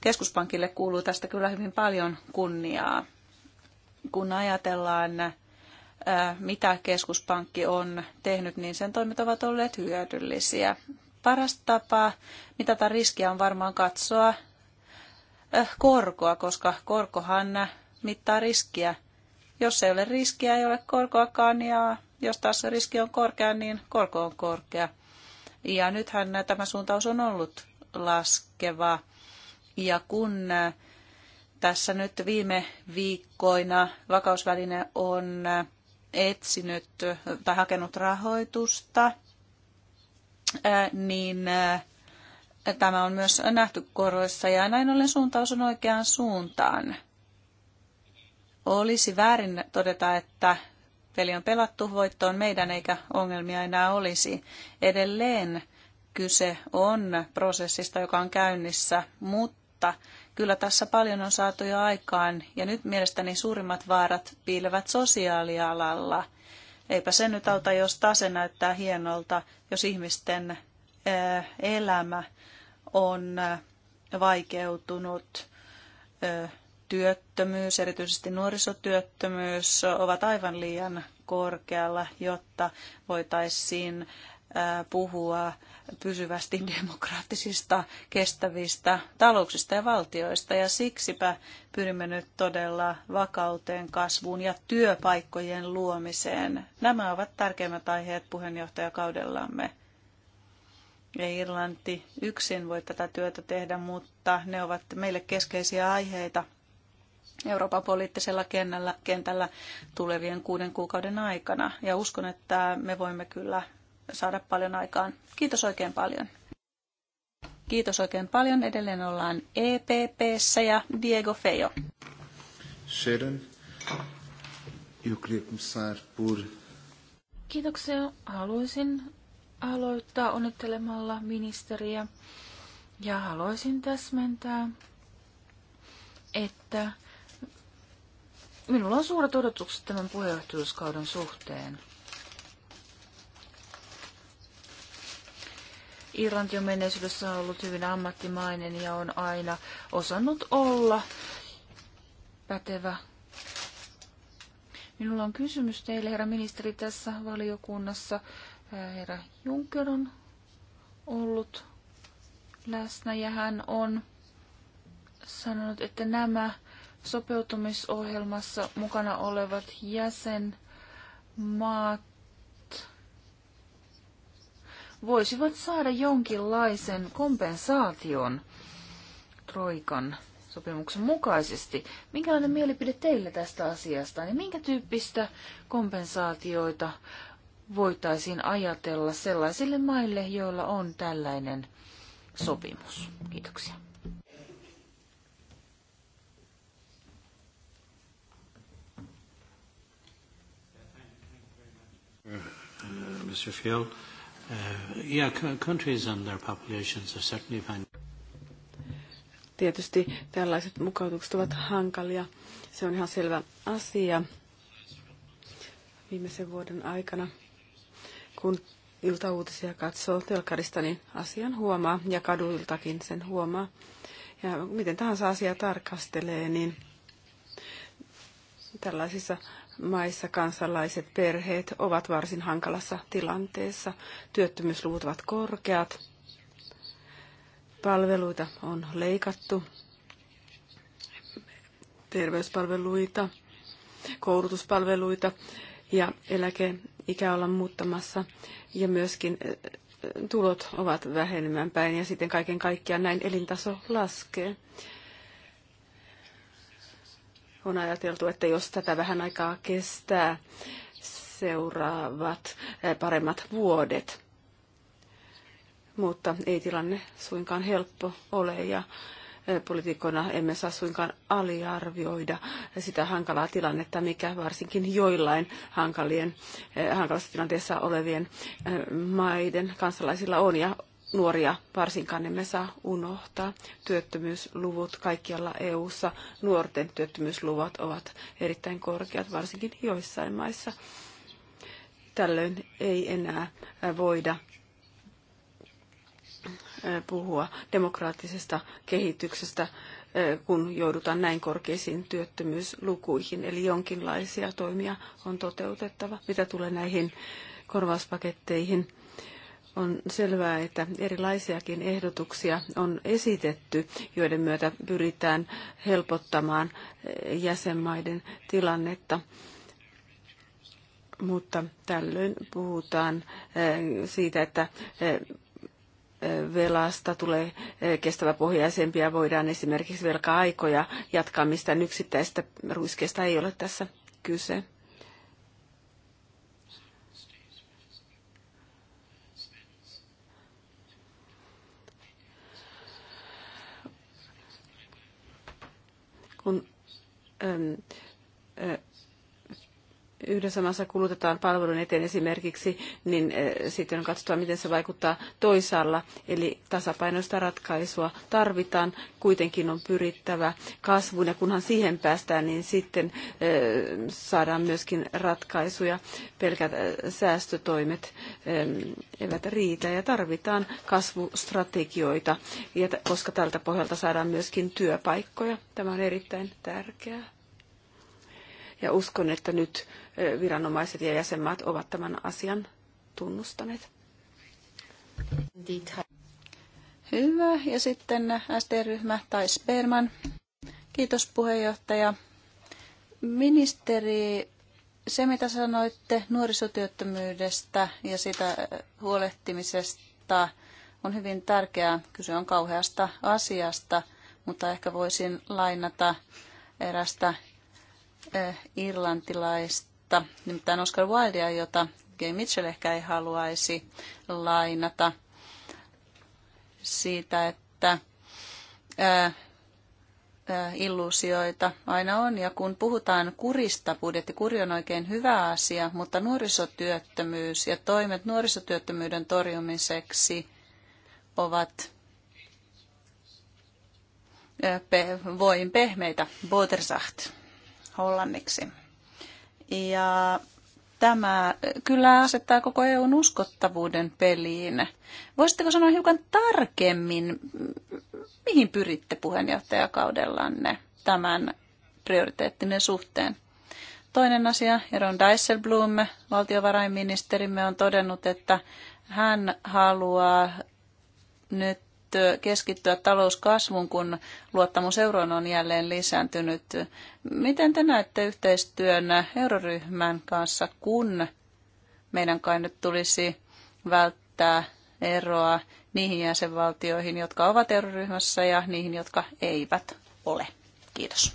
keskuspankille kuuluu tästä kyllä hyvin paljon kunniaa. Kun ajatellaan, mitä keskuspankki on tehnyt, niin sen toimet ovat olleet hyödyllisiä. Paras tapa mitata riskiä on varmaan katsoa korkoa, koska korkohan mittaa riskiä. Jos ei ole riskiä, ei ole korkoakaan ja jos taas riski on korkea, niin korko on korkea. Ja nythän tämä suuntaus on ollut laskeva. Ja kun äh, tässä nyt viime viikkoina vakausväline on äh, etsinyt äh, tai hakenut rahoitusta, niin tämä on myös nähty koroissa ja näin ollen suuntaus on oikeaan suuntaan. Olisi väärin todeta, että Peli on pelattu voittoon meidän eikä ongelmia enää olisi. Edelleen kyse on prosessista, joka on käynnissä, mutta kyllä tässä paljon on saatu jo aikaan ja nyt mielestäni suurimmat vaarat piilevät sosiaalialalla. Eipä se nyt auta, jos tase näyttää hienolta, jos ihmisten eh, elämä on eh, vaikeutunut eh, työttömyys, erityisesti nuorisotyöttömyys, ovat aivan liian korkealla, jotta voitaisiin puhua pysyvästi demokraattisista, kestävistä talouksista ja valtioista. Ja siksipä pyrimme nyt todella vakauteen, kasvuun ja työpaikkojen luomiseen. Nämä ovat tärkeimmät aiheet puheenjohtajakaudellamme. Ja Irlanti yksin voi tätä työtä tehdä, mutta ne ovat meille keskeisiä aiheita – Euroopan poliittisella kentällä, kentällä tulevien kuuden kuukauden aikana. Ja uskon, että me voimme kyllä saada paljon aikaan. Kiitos oikein paljon. Kiitos oikein paljon. Edelleen ollaan EPPssä ja Diego Feo. Sharon, Kiitoksia. Haluaisin aloittaa onnittelemalla ministeriä ja haluaisin täsmentää, että Minulla on suuret odotukset tämän puheenjohtajuuskauden suhteen. Irlanti on menneisyydessä ollut hyvin ammattimainen ja on aina osannut olla pätevä. Minulla on kysymys teille, herra ministeri, tässä valiokunnassa. Äh, herra Juncker on ollut läsnä ja hän on sanonut, että nämä sopeutumisohjelmassa mukana olevat jäsenmaat voisivat saada jonkinlaisen kompensaation Troikan sopimuksen mukaisesti. Minkälainen mielipide teillä tästä asiasta ja niin minkä tyyppistä kompensaatioita voitaisiin ajatella sellaisille maille, joilla on tällainen sopimus? Kiitoksia. Mr. Fuel. Uh, yeah, countries and their populations are certainly fine. Tietysti tällaiset mukautukset ovat hankalia. Se on ihan selvä asia. Viimeisen vuoden aikana, kun iltauutisia katsoo telkarista, niin asian huomaa ja kaduiltakin sen huomaa. Ja miten tahansa asia tarkastelee, niin tällaisissa maissa kansalaiset perheet ovat varsin hankalassa tilanteessa. Työttömyysluvut ovat korkeat. Palveluita on leikattu. Terveyspalveluita, koulutuspalveluita ja eläkeikä ollaan muuttamassa. Ja myöskin tulot ovat vähenemään päin ja sitten kaiken kaikkiaan näin elintaso laskee on ajateltu, että jos tätä vähän aikaa kestää, seuraavat eh, paremmat vuodet. Mutta ei tilanne suinkaan helppo ole ja eh, poliitikkoina emme saa suinkaan aliarvioida sitä hankalaa tilannetta, mikä varsinkin joillain hankalien, eh, hankalassa tilanteessa olevien maiden kansalaisilla on. Ja nuoria varsinkaan emme niin saa unohtaa. Työttömyysluvut kaikkialla EU-ssa, nuorten työttömyysluvut ovat erittäin korkeat, varsinkin joissain maissa. Tällöin ei enää voida puhua demokraattisesta kehityksestä, kun joudutaan näin korkeisiin työttömyyslukuihin. Eli jonkinlaisia toimia on toteutettava, mitä tulee näihin korvauspaketteihin on selvää, että erilaisiakin ehdotuksia on esitetty, joiden myötä pyritään helpottamaan jäsenmaiden tilannetta. Mutta tällöin puhutaan eh, siitä, että eh, eh, velasta tulee kestävä pohjaisempi ja voidaan esimerkiksi velka-aikoja jatkaa, mistä yksittäistä ruiskeesta ei ole tässä kyse. ähm, yhdessä maassa kulutetaan palvelun eteen esimerkiksi, niin eh, sitten on katsotaan, miten se vaikuttaa toisaalla. Eli tasapainoista ratkaisua tarvitaan, kuitenkin on pyrittävä kasvuun, ja kunhan siihen päästään, niin sitten eh, saadaan myöskin ratkaisuja. Pelkät eh, säästötoimet eivät riitä, ja tarvitaan kasvustrategioita, koska tältä pohjalta saadaan myöskin työpaikkoja. Tämä on erittäin tärkeää. Ja uskon, että nyt viranomaiset ja jäsenmaat ovat tämän asian tunnustaneet. Hyvä. Ja sitten SD-ryhmä tai Sperman. Kiitos puheenjohtaja. Ministeri, se mitä sanoitte nuorisotyöttömyydestä ja sitä huolehtimisesta on hyvin tärkeää. Kyse on kauheasta asiasta, mutta ehkä voisin lainata erästä Eh, irlantilaista, nimittäin Oscar Wildea, jota Gay Mitchell ehkä ei haluaisi lainata siitä, että eh, eh, illuusioita aina on. Ja kun puhutaan kurista, budjettikuri on oikein hyvä asia, mutta nuorisotyöttömyys ja toimet nuorisotyöttömyyden torjumiseksi ovat voin pehmeitä, Bodersacht hollanniksi. Ja tämä kyllä asettaa koko EUn uskottavuuden peliin. Voisitteko sanoa hiukan tarkemmin, mihin pyritte puheenjohtajakaudellanne tämän prioriteettinen suhteen? Toinen asia, Jeroen Dijsselbloem, valtiovarainministerimme, on todennut, että hän haluaa nyt keskittyä talouskasvun, kun luottamus euroon on jälleen lisääntynyt. Miten te näette yhteistyön euroryhmän kanssa, kun meidän kai nyt tulisi välttää eroa niihin jäsenvaltioihin, jotka ovat euroryhmässä ja niihin, jotka eivät ole? Kiitos.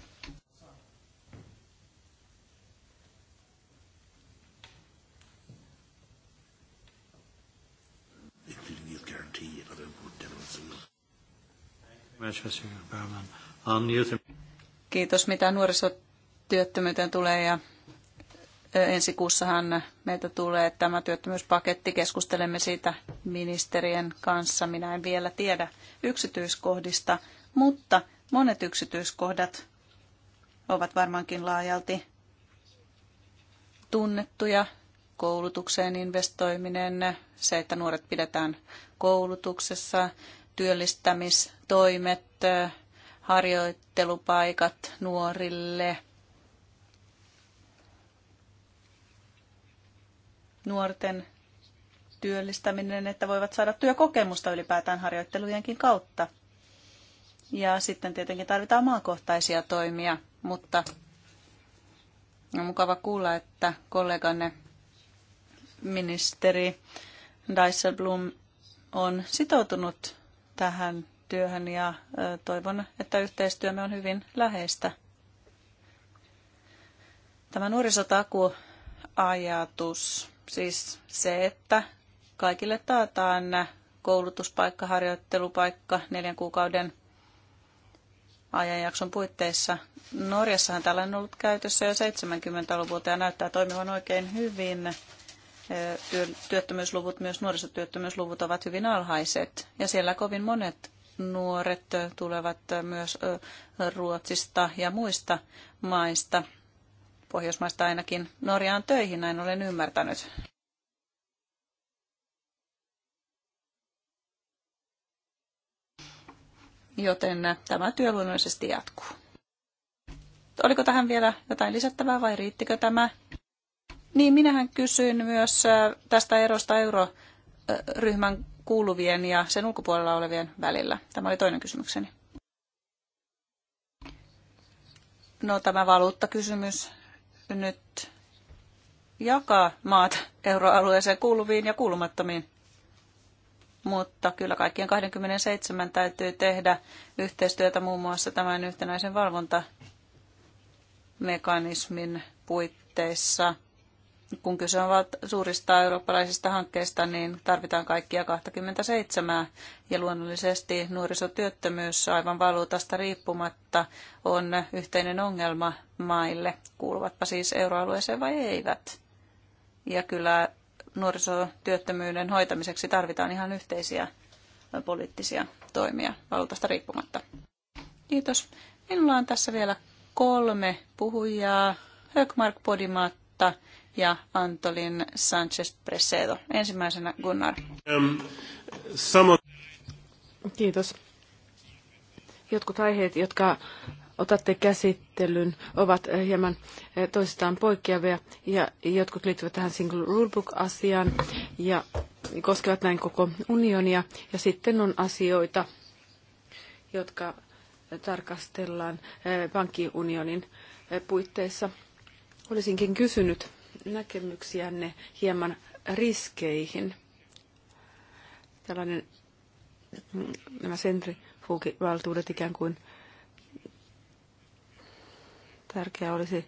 Kiitos, mitä nuorisotyöttömyyteen tulee ja ensi kuussahan meiltä tulee tämä työttömyyspaketti. Keskustelemme siitä ministerien kanssa. Minä en vielä tiedä yksityiskohdista, mutta monet yksityiskohdat ovat varmaankin laajalti tunnettuja. Koulutukseen investoiminen, se, että nuoret pidetään koulutuksessa, työllistämistoimet, harjoittelupaikat nuorille, nuorten työllistäminen, että voivat saada työkokemusta ylipäätään harjoittelujenkin kautta. Ja sitten tietenkin tarvitaan maakohtaisia toimia, mutta on mukava kuulla, että kolleganne ministeri Dijsselblom on sitoutunut tähän työhön ja toivon, että yhteistyömme on hyvin läheistä. Tämä nuorisotakuajatus, siis se, että kaikille taataan koulutuspaikka, harjoittelupaikka neljän kuukauden ajanjakson puitteissa. Norjassahan tällainen on ollut käytössä jo 70-luvulta ja näyttää toimivan oikein hyvin työttömyysluvut, myös nuorisotyöttömyysluvut ovat hyvin alhaiset. Ja siellä kovin monet nuoret tulevat myös Ruotsista ja muista maista, Pohjoismaista ainakin Norjaan töihin, näin olen ymmärtänyt. Joten tämä työ luonnollisesti jatkuu. Oliko tähän vielä jotain lisättävää vai riittikö tämä? Niin, minähän kysyin myös äh, tästä erosta euroryhmän kuuluvien ja sen ulkopuolella olevien välillä. Tämä oli toinen kysymykseni. No tämä valuuttakysymys nyt jakaa maat euroalueeseen kuuluviin ja kuulumattomiin. Mutta kyllä kaikkien 27 täytyy tehdä yhteistyötä muun muassa tämän yhtenäisen valvontamekanismin puitteissa – kun kyse on suurista eurooppalaisista hankkeista, niin tarvitaan kaikkia 27. Ja luonnollisesti nuorisotyöttömyys aivan valuutasta riippumatta on yhteinen ongelma maille, kuuluvatpa siis euroalueeseen vai eivät. Ja kyllä nuorisotyöttömyyden hoitamiseksi tarvitaan ihan yhteisiä poliittisia toimia valuutasta riippumatta. Kiitos. Minulla on tässä vielä kolme puhujaa. Högmark Podimatta, ja Antolin Sanchez Presedo. Ensimmäisenä Gunnar. Um, Kiitos. Jotkut aiheet, jotka otatte käsittelyn, ovat eh, hieman eh, toisistaan poikkeavia ja jotkut liittyvät tähän single rulebook-asiaan ja koskevat näin koko unionia. Ja sitten on asioita, jotka tarkastellaan eh, pankkiunionin puitteissa. Olisinkin kysynyt näkemyksiänne hieman riskeihin. Tällainen nämä sentrifugivaltuudet ikään kuin tärkeää olisi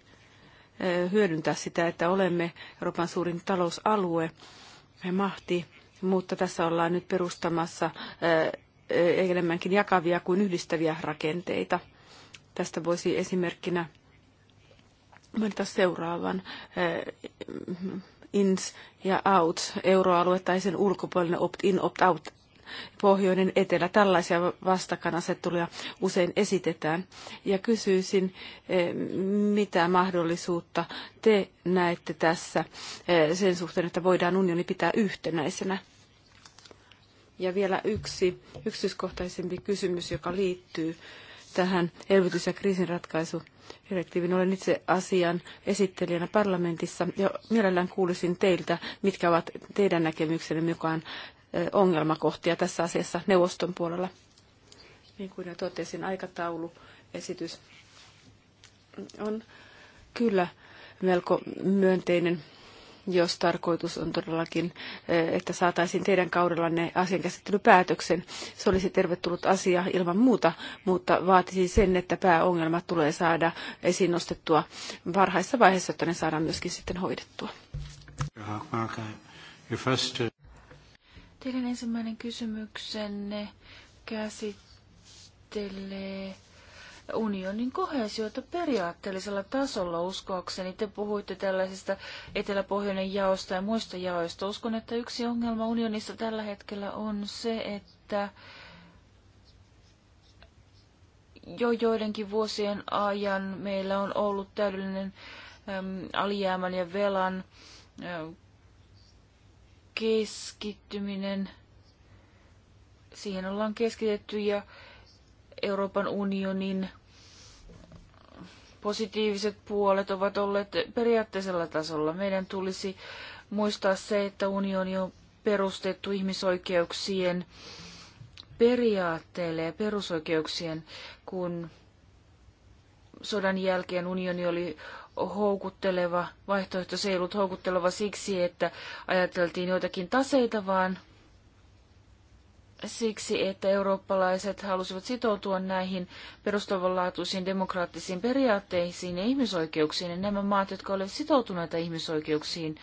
hyödyntää sitä, että olemme Euroopan suurin talousalue ja mahti, mutta tässä ollaan nyt perustamassa enemmänkin jakavia kuin yhdistäviä rakenteita. Tästä voisi esimerkkinä mainita seuraavan. Eh, ins ja out, euroalue tai sen ulkopuolinen opt-in, opt-out, pohjoinen, etelä. Tällaisia vastakkainasetteluja usein esitetään. Ja kysyisin, eh, mitä mahdollisuutta te näette tässä eh, sen suhteen, että voidaan unioni pitää yhtenäisenä? Ja vielä yksi yksityiskohtaisempi kysymys, joka liittyy tähän elvytys- ja kriisinratkaisudirektiivin. Olen itse asian esittelijänä parlamentissa ja mielellään kuulisin teiltä, mitkä ovat teidän näkemyksenne mukaan ongelmakohtia tässä asiassa neuvoston puolella. Niin kuin jo totesin, aikatauluesitys on kyllä melko myönteinen jos tarkoitus on todellakin, eh, että saataisiin teidän kaudellanne asian käsittelypäätöksen. Se olisi tervetullut asia ilman muuta, mutta vaatisi sen, että pääongelmat tulee saada esiin nostettua varhaisessa vaiheessa, jotta ne saadaan myöskin sitten hoidettua. Teidän ensimmäinen kysymyksenne käsittelee unionin kohesiota periaatteellisella tasolla uskoakseni. Te puhuitte tällaisista eteläpohjoinen jaosta ja muista jaoista. Uskon, että yksi ongelma unionissa tällä hetkellä on se, että jo joidenkin vuosien ajan meillä on ollut täydellinen äm, alijäämän ja velan äm, keskittyminen. Siihen ollaan keskitetty ja Euroopan unionin positiiviset puolet ovat olleet periaatteisella tasolla. Meidän tulisi muistaa se, että unioni on perustettu ihmisoikeuksien periaatteelle ja perusoikeuksien, kun sodan jälkeen unioni oli houkutteleva vaihtoehto. Se ei ollut houkutteleva siksi, että ajateltiin joitakin taseita, vaan siksi, että eurooppalaiset halusivat sitoutua näihin perustavanlaatuisiin demokraattisiin periaatteisiin ja ihmisoikeuksiin. Ja nämä maat, jotka olivat sitoutuneita ihmisoikeuksiin,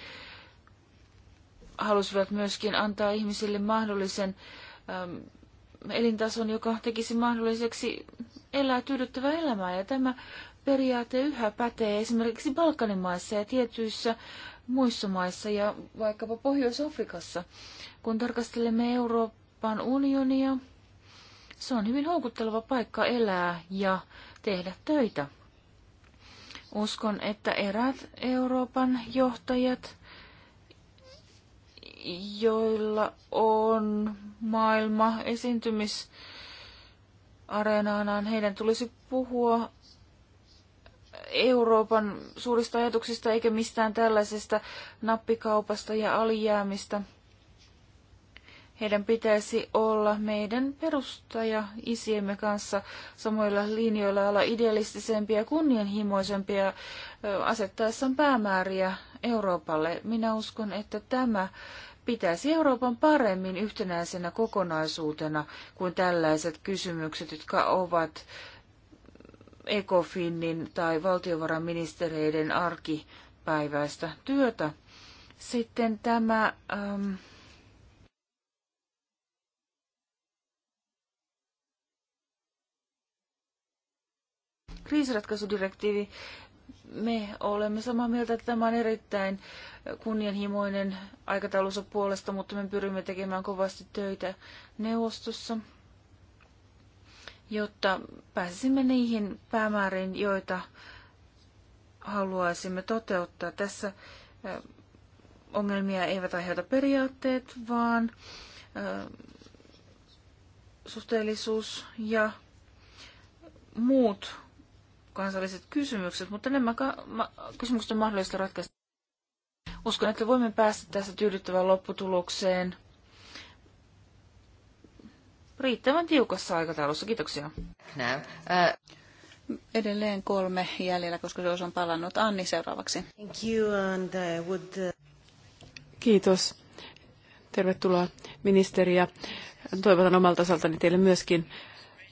halusivat myöskin antaa ihmisille mahdollisen äm, elintason, joka tekisi mahdolliseksi elää tyydyttävää elämää. Ja tämä periaate yhä pätee esimerkiksi Balkanin maissa ja tietyissä muissa maissa ja vaikkapa Pohjois-Afrikassa. Kun tarkastelemme Eurooppaa, Euroopan unionia. Se on hyvin houkutteleva paikka elää ja tehdä töitä. Uskon, että erät Euroopan johtajat, joilla on maailma Areenaanaan heidän tulisi puhua Euroopan suurista ajatuksista eikä mistään tällaisesta nappikaupasta ja alijäämistä – heidän pitäisi olla meidän perustaja isiemme kanssa samoilla linjoilla, olla idealistisempia ja kunnianhimoisempia asettaessaan päämääriä Euroopalle. Minä uskon, että tämä pitäisi Euroopan paremmin yhtenäisenä kokonaisuutena kuin tällaiset kysymykset, jotka ovat ekofinnin tai valtiovarainministereiden arkipäiväistä työtä. Sitten tämä ähm, kriisiratkaisudirektiivi. Me olemme samaa mieltä, että tämä on erittäin kunnianhimoinen aikataulunsa puolesta, mutta me pyrimme tekemään kovasti töitä neuvostossa, jotta pääsisimme niihin päämääriin, joita haluaisimme toteuttaa. Tässä ongelmia eivät aiheuta periaatteet, vaan suhteellisuus ja muut kansalliset kysymykset, mutta nämä kysymykset on mahdollista ratkaista. Uskon, että voimme päästä tässä tyydyttävään lopputulokseen riittävän tiukassa aikataulussa. Kiitoksia. uh... Edelleen kolme jäljellä, koska se on palannut. Anni seuraavaksi. Thank you and I would... Uh, Kiitos. Tervetuloa ministeri ja toivotan omalta osaltani teille myöskin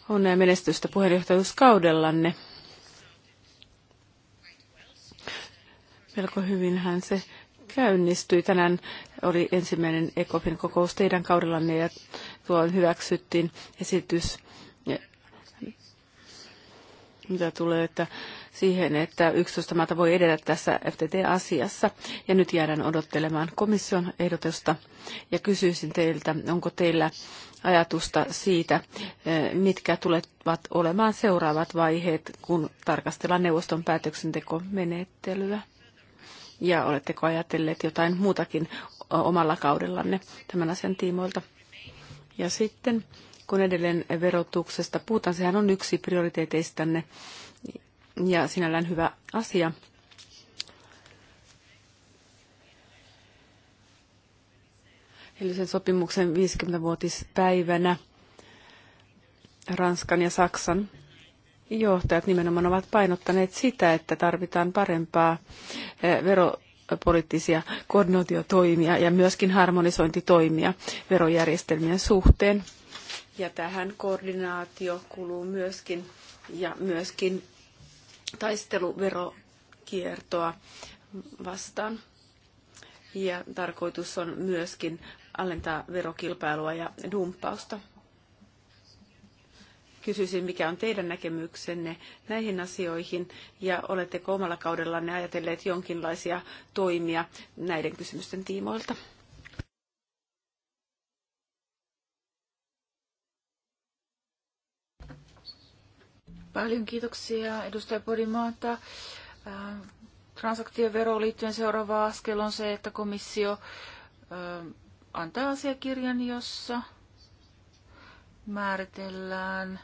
onnea menestystä puheenjohtajuuskaudellanne. Melko hyvinhän se käynnistyi. Tänään oli ensimmäinen ECOFIN kokous teidän kaudellanne ja tuolloin hyväksyttiin esitys, mitä tulee että siihen, että 11 maata voi edetä tässä FTT-asiassa. Ja nyt jäädään odottelemaan komission ehdotusta ja kysyisin teiltä, onko teillä ajatusta siitä, eh, mitkä tulevat olemaan seuraavat vaiheet, kun tarkastellaan neuvoston päätöksentekomenettelyä ja oletteko ajatelleet jotain muutakin omalla kaudellanne tämän asian tiimoilta? Ja sitten kun edelleen verotuksesta puhutaan, sehän on yksi prioriteeteistanne ja sinällään hyvä asia. Eli sen sopimuksen 50-vuotispäivänä Ranskan ja Saksan johtajat nimenomaan ovat painottaneet sitä, että tarvitaan parempaa eh, veropoliittisia koordinaatiotoimia ja myöskin harmonisointitoimia verojärjestelmien suhteen. Ja tähän koordinaatio kuluu myöskin ja myöskin taisteluverokiertoa vastaan. Ja tarkoitus on myöskin alentaa verokilpailua ja dumppausta kysyisin, mikä on teidän näkemyksenne näihin asioihin ja oletteko omalla kaudellanne ajatelleet jonkinlaisia toimia näiden kysymysten tiimoilta? Paljon kiitoksia edustaja Podimaata. Äh, transaktioveroon liittyen seuraava askel on se, että komissio äh, antaa asiakirjan, jossa määritellään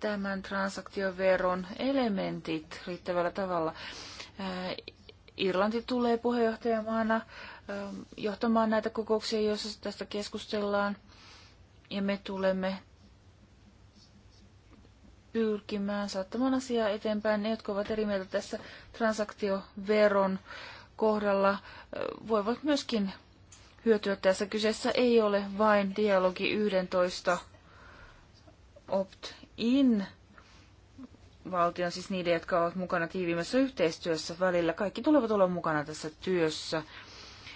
tämän transaktioveron elementit riittävällä tavalla. Äh, Irlanti tulee puheenjohtajamaana ähm, johtamaan näitä kokouksia, joissa tästä keskustellaan, ja me tulemme pyrkimään saattamaan asiaa eteenpäin. Ne, jotka ovat eri mieltä tässä transaktioveron kohdalla, äh, voivat myöskin hyötyä tässä. Kyseessä ei ole vain dialogi 11 opt-in valtion, siis niiden, jotka ovat mukana tiiviimmässä yhteistyössä välillä. Kaikki tulevat olla mukana tässä työssä.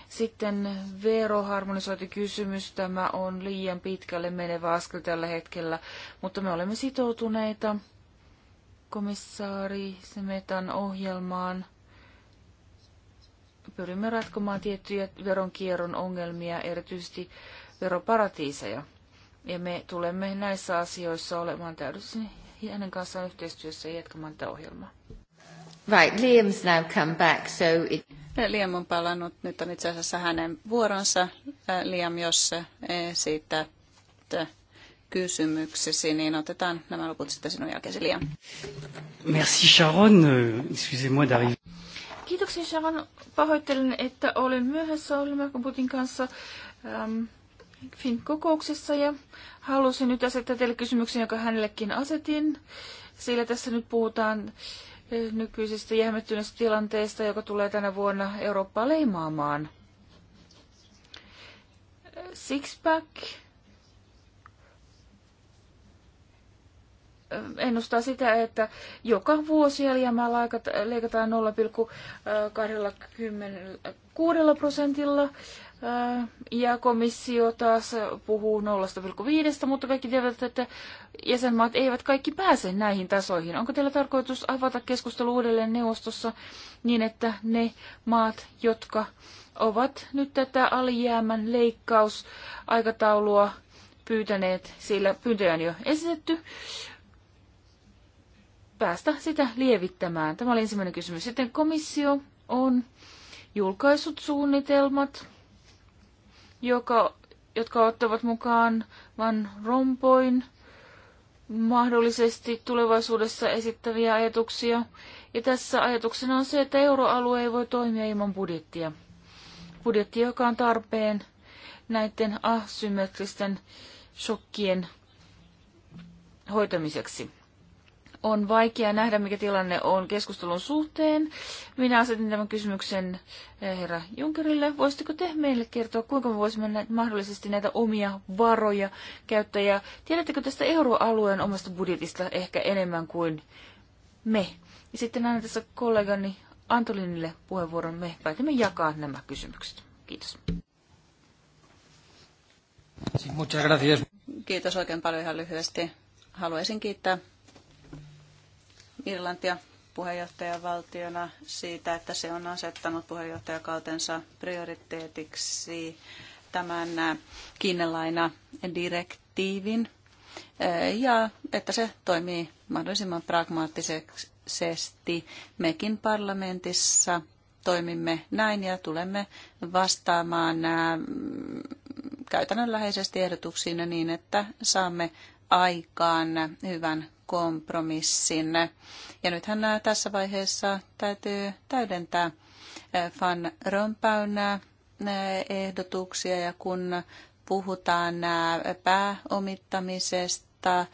Sitten veroharmonisointikysymys. Tämä on liian pitkälle menevä askel tällä hetkellä, mutta me olemme sitoutuneita komissaari Semetan ohjelmaan pyrimme ratkomaan tiettyjä veronkierron ongelmia, erityisesti veroparatiiseja. Ja me tulemme näissä asioissa olemaan täydessä hänen kanssaan yhteistyössä ja jatkamaan tätä ohjelmaa. Right, Liam's now come back, so it... Eh, Liam on palannut. Nyt on itse asiassa hänen vuoronsa. Eh, Liam, jos siitä kysymyksesi, niin otetaan nämä loput sitten sinun jälkeesi, Liam. Merci Sharon. Euh, excusez-moi d'arriver. Kiitoksia Sharon. Pahoittelen, että olin myöhässä Olli Putin kanssa ähm, fin kokouksessa ja halusin nyt asettaa teille kysymyksen, jonka hänellekin asetin. Sillä tässä nyt puhutaan äh, nykyisestä jähmettyneestä tilanteesta, joka tulee tänä vuonna Eurooppaa leimaamaan. Sixpack ennustaa sitä, että joka vuosi alijäämää leikataan 0,26 prosentilla. Ja komissio taas puhuu 0,5, mutta kaikki tietävät, että jäsenmaat eivät kaikki pääse näihin tasoihin. Onko teillä tarkoitus avata keskustelu uudelleen neuvostossa niin, että ne maat, jotka ovat nyt tätä alijäämän leikkausaikataulua pyytäneet, sillä pyyntöjä on jo esitetty, päästä sitä lievittämään. Tämä oli ensimmäinen kysymys. Sitten komissio on julkaissut suunnitelmat, joka, jotka ottavat mukaan Van Rompoin mahdollisesti tulevaisuudessa esittäviä ajatuksia. Ja tässä ajatuksena on se, että euroalue ei voi toimia ilman budjettia. Budjetti, joka on tarpeen näiden asymmetristen shokkien hoitamiseksi on vaikea nähdä, mikä tilanne on keskustelun suhteen. Minä asetin tämän kysymyksen eh, herra Junkerille. Voisitteko te meille kertoa, kuinka me voisimme mahdollisesti näitä omia varoja käyttää? Ja tiedättekö tästä euroalueen omasta budjetista ehkä enemmän kuin me? Ja sitten annan tässä kollegani Antolinille puheenvuoron. Me päätimme jakaa nämä kysymykset. Kiitos. Kiitos oikein paljon ihan lyhyesti. Haluaisin kiittää Irlantia puheenjohtajavaltiona siitä, että se on asettanut puheenjohtajakautensa prioriteetiksi tämän kiinnelaina direktiivin ja että se toimii mahdollisimman pragmaattisesti. Mekin parlamentissa toimimme näin ja tulemme vastaamaan käytännönläheisesti ehdotuksiin niin, että saamme aikaan hyvän kompromissin. Ja nythän tässä vaiheessa täytyy täydentää Van Rompuyn ehdotuksia ja kun puhutaan pääomittamisesta,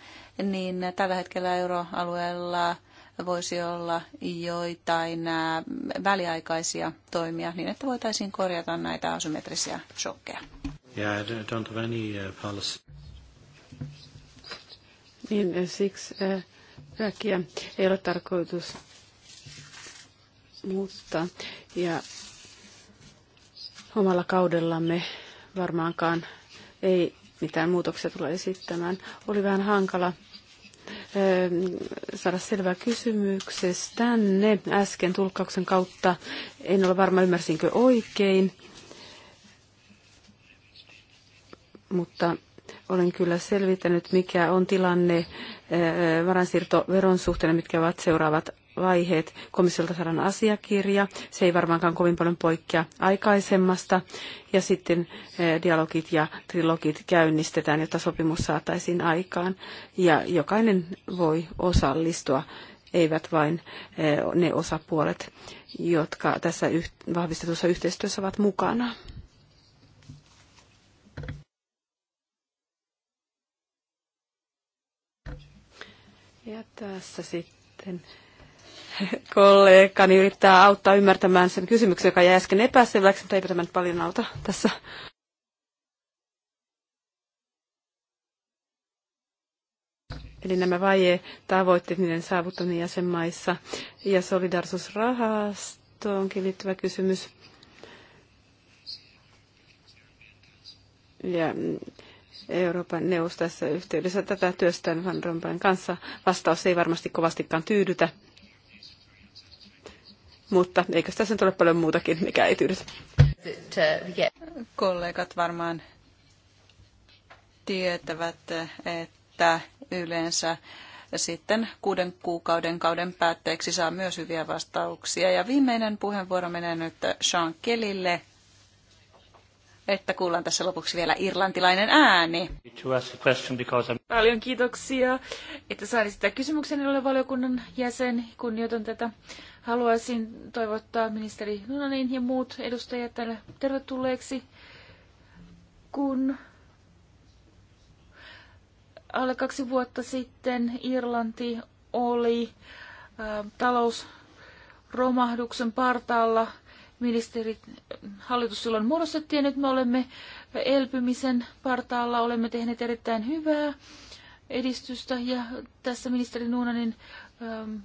niin tällä hetkellä euroalueella voisi olla joitain väliaikaisia toimia niin, että voitaisiin korjata näitä asymmetrisiä shokkeja. Yeah, I don't have any niin eh, siksi väkiä eh, ei ole tarkoitus muuttaa. Ja omalla kaudellamme varmaankaan ei mitään muutoksia tule esittämään. Oli vähän hankala eh, saada selvää tänne äsken tulkkauksen kautta. En ole varma, ymmärsinkö oikein, mutta olen kyllä selvittänyt, mikä on tilanne eh, eh, varansiirtoveron suhteen, mitkä ovat seuraavat vaiheet. Komissiolta saadaan asiakirja. Se ei varmaankaan kovin paljon poikkea aikaisemmasta. Ja sitten eh, dialogit ja trilogit käynnistetään, jotta sopimus saataisiin aikaan. Ja jokainen voi osallistua, eivät vain ne osapuolet, jotka tässä vahvistetussa yhteistyössä ovat mukana. Ja tässä sitten kollegani yrittää auttaa ymmärtämään sen kysymyksen, joka jäi äsken epäselväksi, mutta eipä tämä nyt paljon auta tässä. Eli nämä vaje-tavoitteet, niiden saavuttaminen jäsenmaissa ja onkin liittyvä kysymys. Ja Euroopan neuvostossa yhteydessä tätä työstään Van Rompuyn kanssa. Vastaus ei varmasti kovastikaan tyydytä, mutta eikö tässä tule paljon muutakin, mikä ei tyydytä? Kollegat varmaan tietävät, että yleensä sitten kuuden kuukauden kauden päätteeksi saa myös hyviä vastauksia. Ja viimeinen puheenvuoro menee nyt Sean Kelille että kuullaan tässä lopuksi vielä irlantilainen ääni. Paljon kiitoksia, että sain sitä kysymyksen, ole valiokunnan jäsen. Kunnioitan tätä. Haluaisin toivottaa ministeri Nunanin ja muut edustajat täällä tervetulleeksi, kun alle kaksi vuotta sitten Irlanti oli äh, talousromahduksen partaalla – ministerit, hallitus silloin muodostettiin, nyt me olemme elpymisen partaalla, olemme tehneet erittäin hyvää edistystä ja tässä ministeri Nuunanin ähm,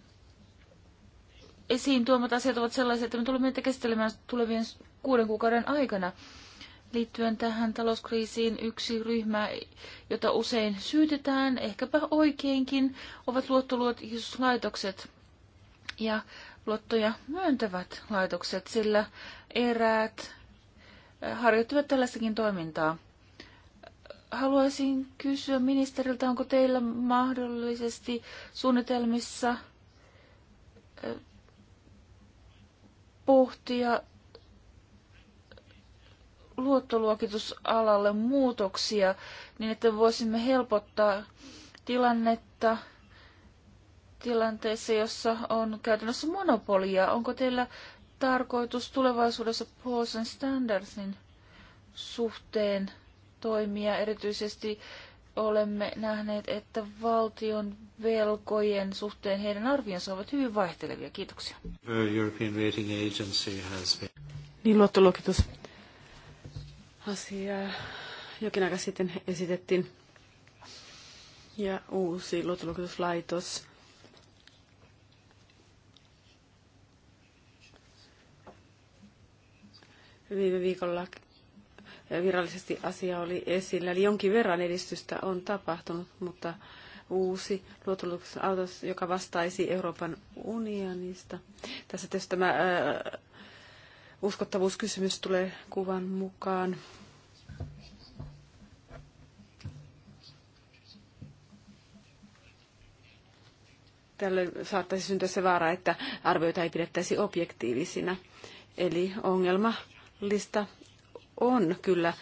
esiin tuomat asiat ovat sellaisia, että me tulemme niitä käsittelemään tulevien kuuden kuukauden aikana. Liittyen tähän talouskriisiin yksi ryhmä, jota usein syytetään, ehkäpä oikeinkin, ovat luottoluokituslaitokset. Ja luottoja myöntävät laitokset, sillä eräät eh, harjoittavat tällaistakin toimintaa. Haluaisin kysyä ministeriltä, onko teillä mahdollisesti suunnitelmissa eh, pohtia luottoluokitusalalle muutoksia niin, että voisimme helpottaa tilannetta tilanteessa, jossa on käytännössä monopolia. Onko teillä tarkoitus tulevaisuudessa Poison Standardsin suhteen toimia? Erityisesti olemme nähneet, että valtion velkojen suhteen heidän arvionsa ovat hyvin vaihtelevia. Kiitoksia. European Rating Agency has been... Niin, luottoluokitus. Asia jokin aika sitten esitettiin. Ja uusi luottoluokituslaitos Viime viikolla virallisesti asia oli esillä, eli jonkin verran edistystä on tapahtunut, mutta uusi luottoluokituksen autos, joka vastaisi Euroopan unionista. Tässä tietysti tämä ää, uskottavuuskysymys tulee kuvan mukaan. Tällöin saattaisi syntyä se vaara, että arvioita ei pidettäisi objektiivisina. Eli ongelma Lista on kyllä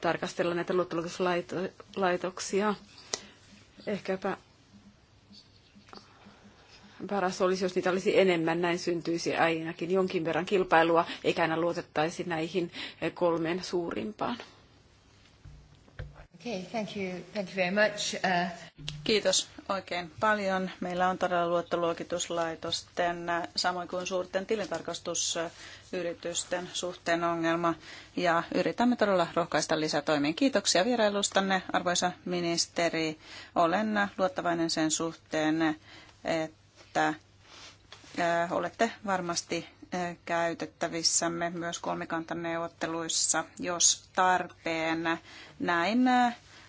tarkastella näitä luottoluokituslaitoksia. Ehkäpä paras olisi, jos niitä olisi enemmän, näin syntyisi ainakin jonkin verran kilpailua, eikä aina luotettaisi näihin kolmeen suurimpaan. Okay, thank you. Thank you very much. Uh... Kiitos oikein paljon. Meillä on todella luottoluokituslaitosten äh, samoin kuin suurten tilintarkastusyritysten suhteen ongelma ja yritämme todella rohkaista lisätoimiin. Kiitoksia vierailustanne, arvoisa ministeri. Olen luottavainen sen suhteen, että äh, olette varmasti käytettävissämme myös kolmikantaneuvotteluissa, jos tarpeen. Näin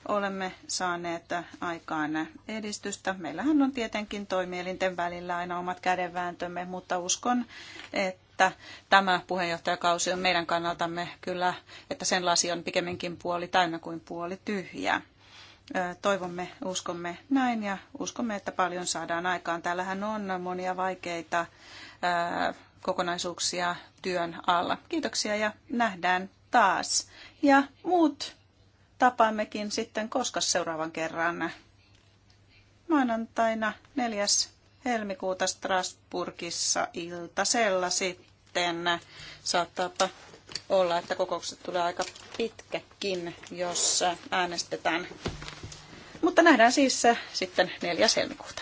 olemme saaneet aikaan edistystä. Meillähän on tietenkin toimielinten välillä aina omat kädenvääntömme, mutta uskon, että tämä puheenjohtajakausi on meidän kannaltamme kyllä, että sen lasi on pikemminkin puoli täynnä kuin puoli tyhjä. Toivomme, uskomme näin ja uskomme, että paljon saadaan aikaan. Täällähän on monia vaikeita kokonaisuuksia työn alla. Kiitoksia ja nähdään taas. Ja muut tapaammekin sitten koska seuraavan kerran maanantaina 4. helmikuuta Strasburgissa iltasella sitten. Saattaapa olla, että kokoukset tulee aika pitkäkin, jos äänestetään. Mutta nähdään siis sitten 4. helmikuuta.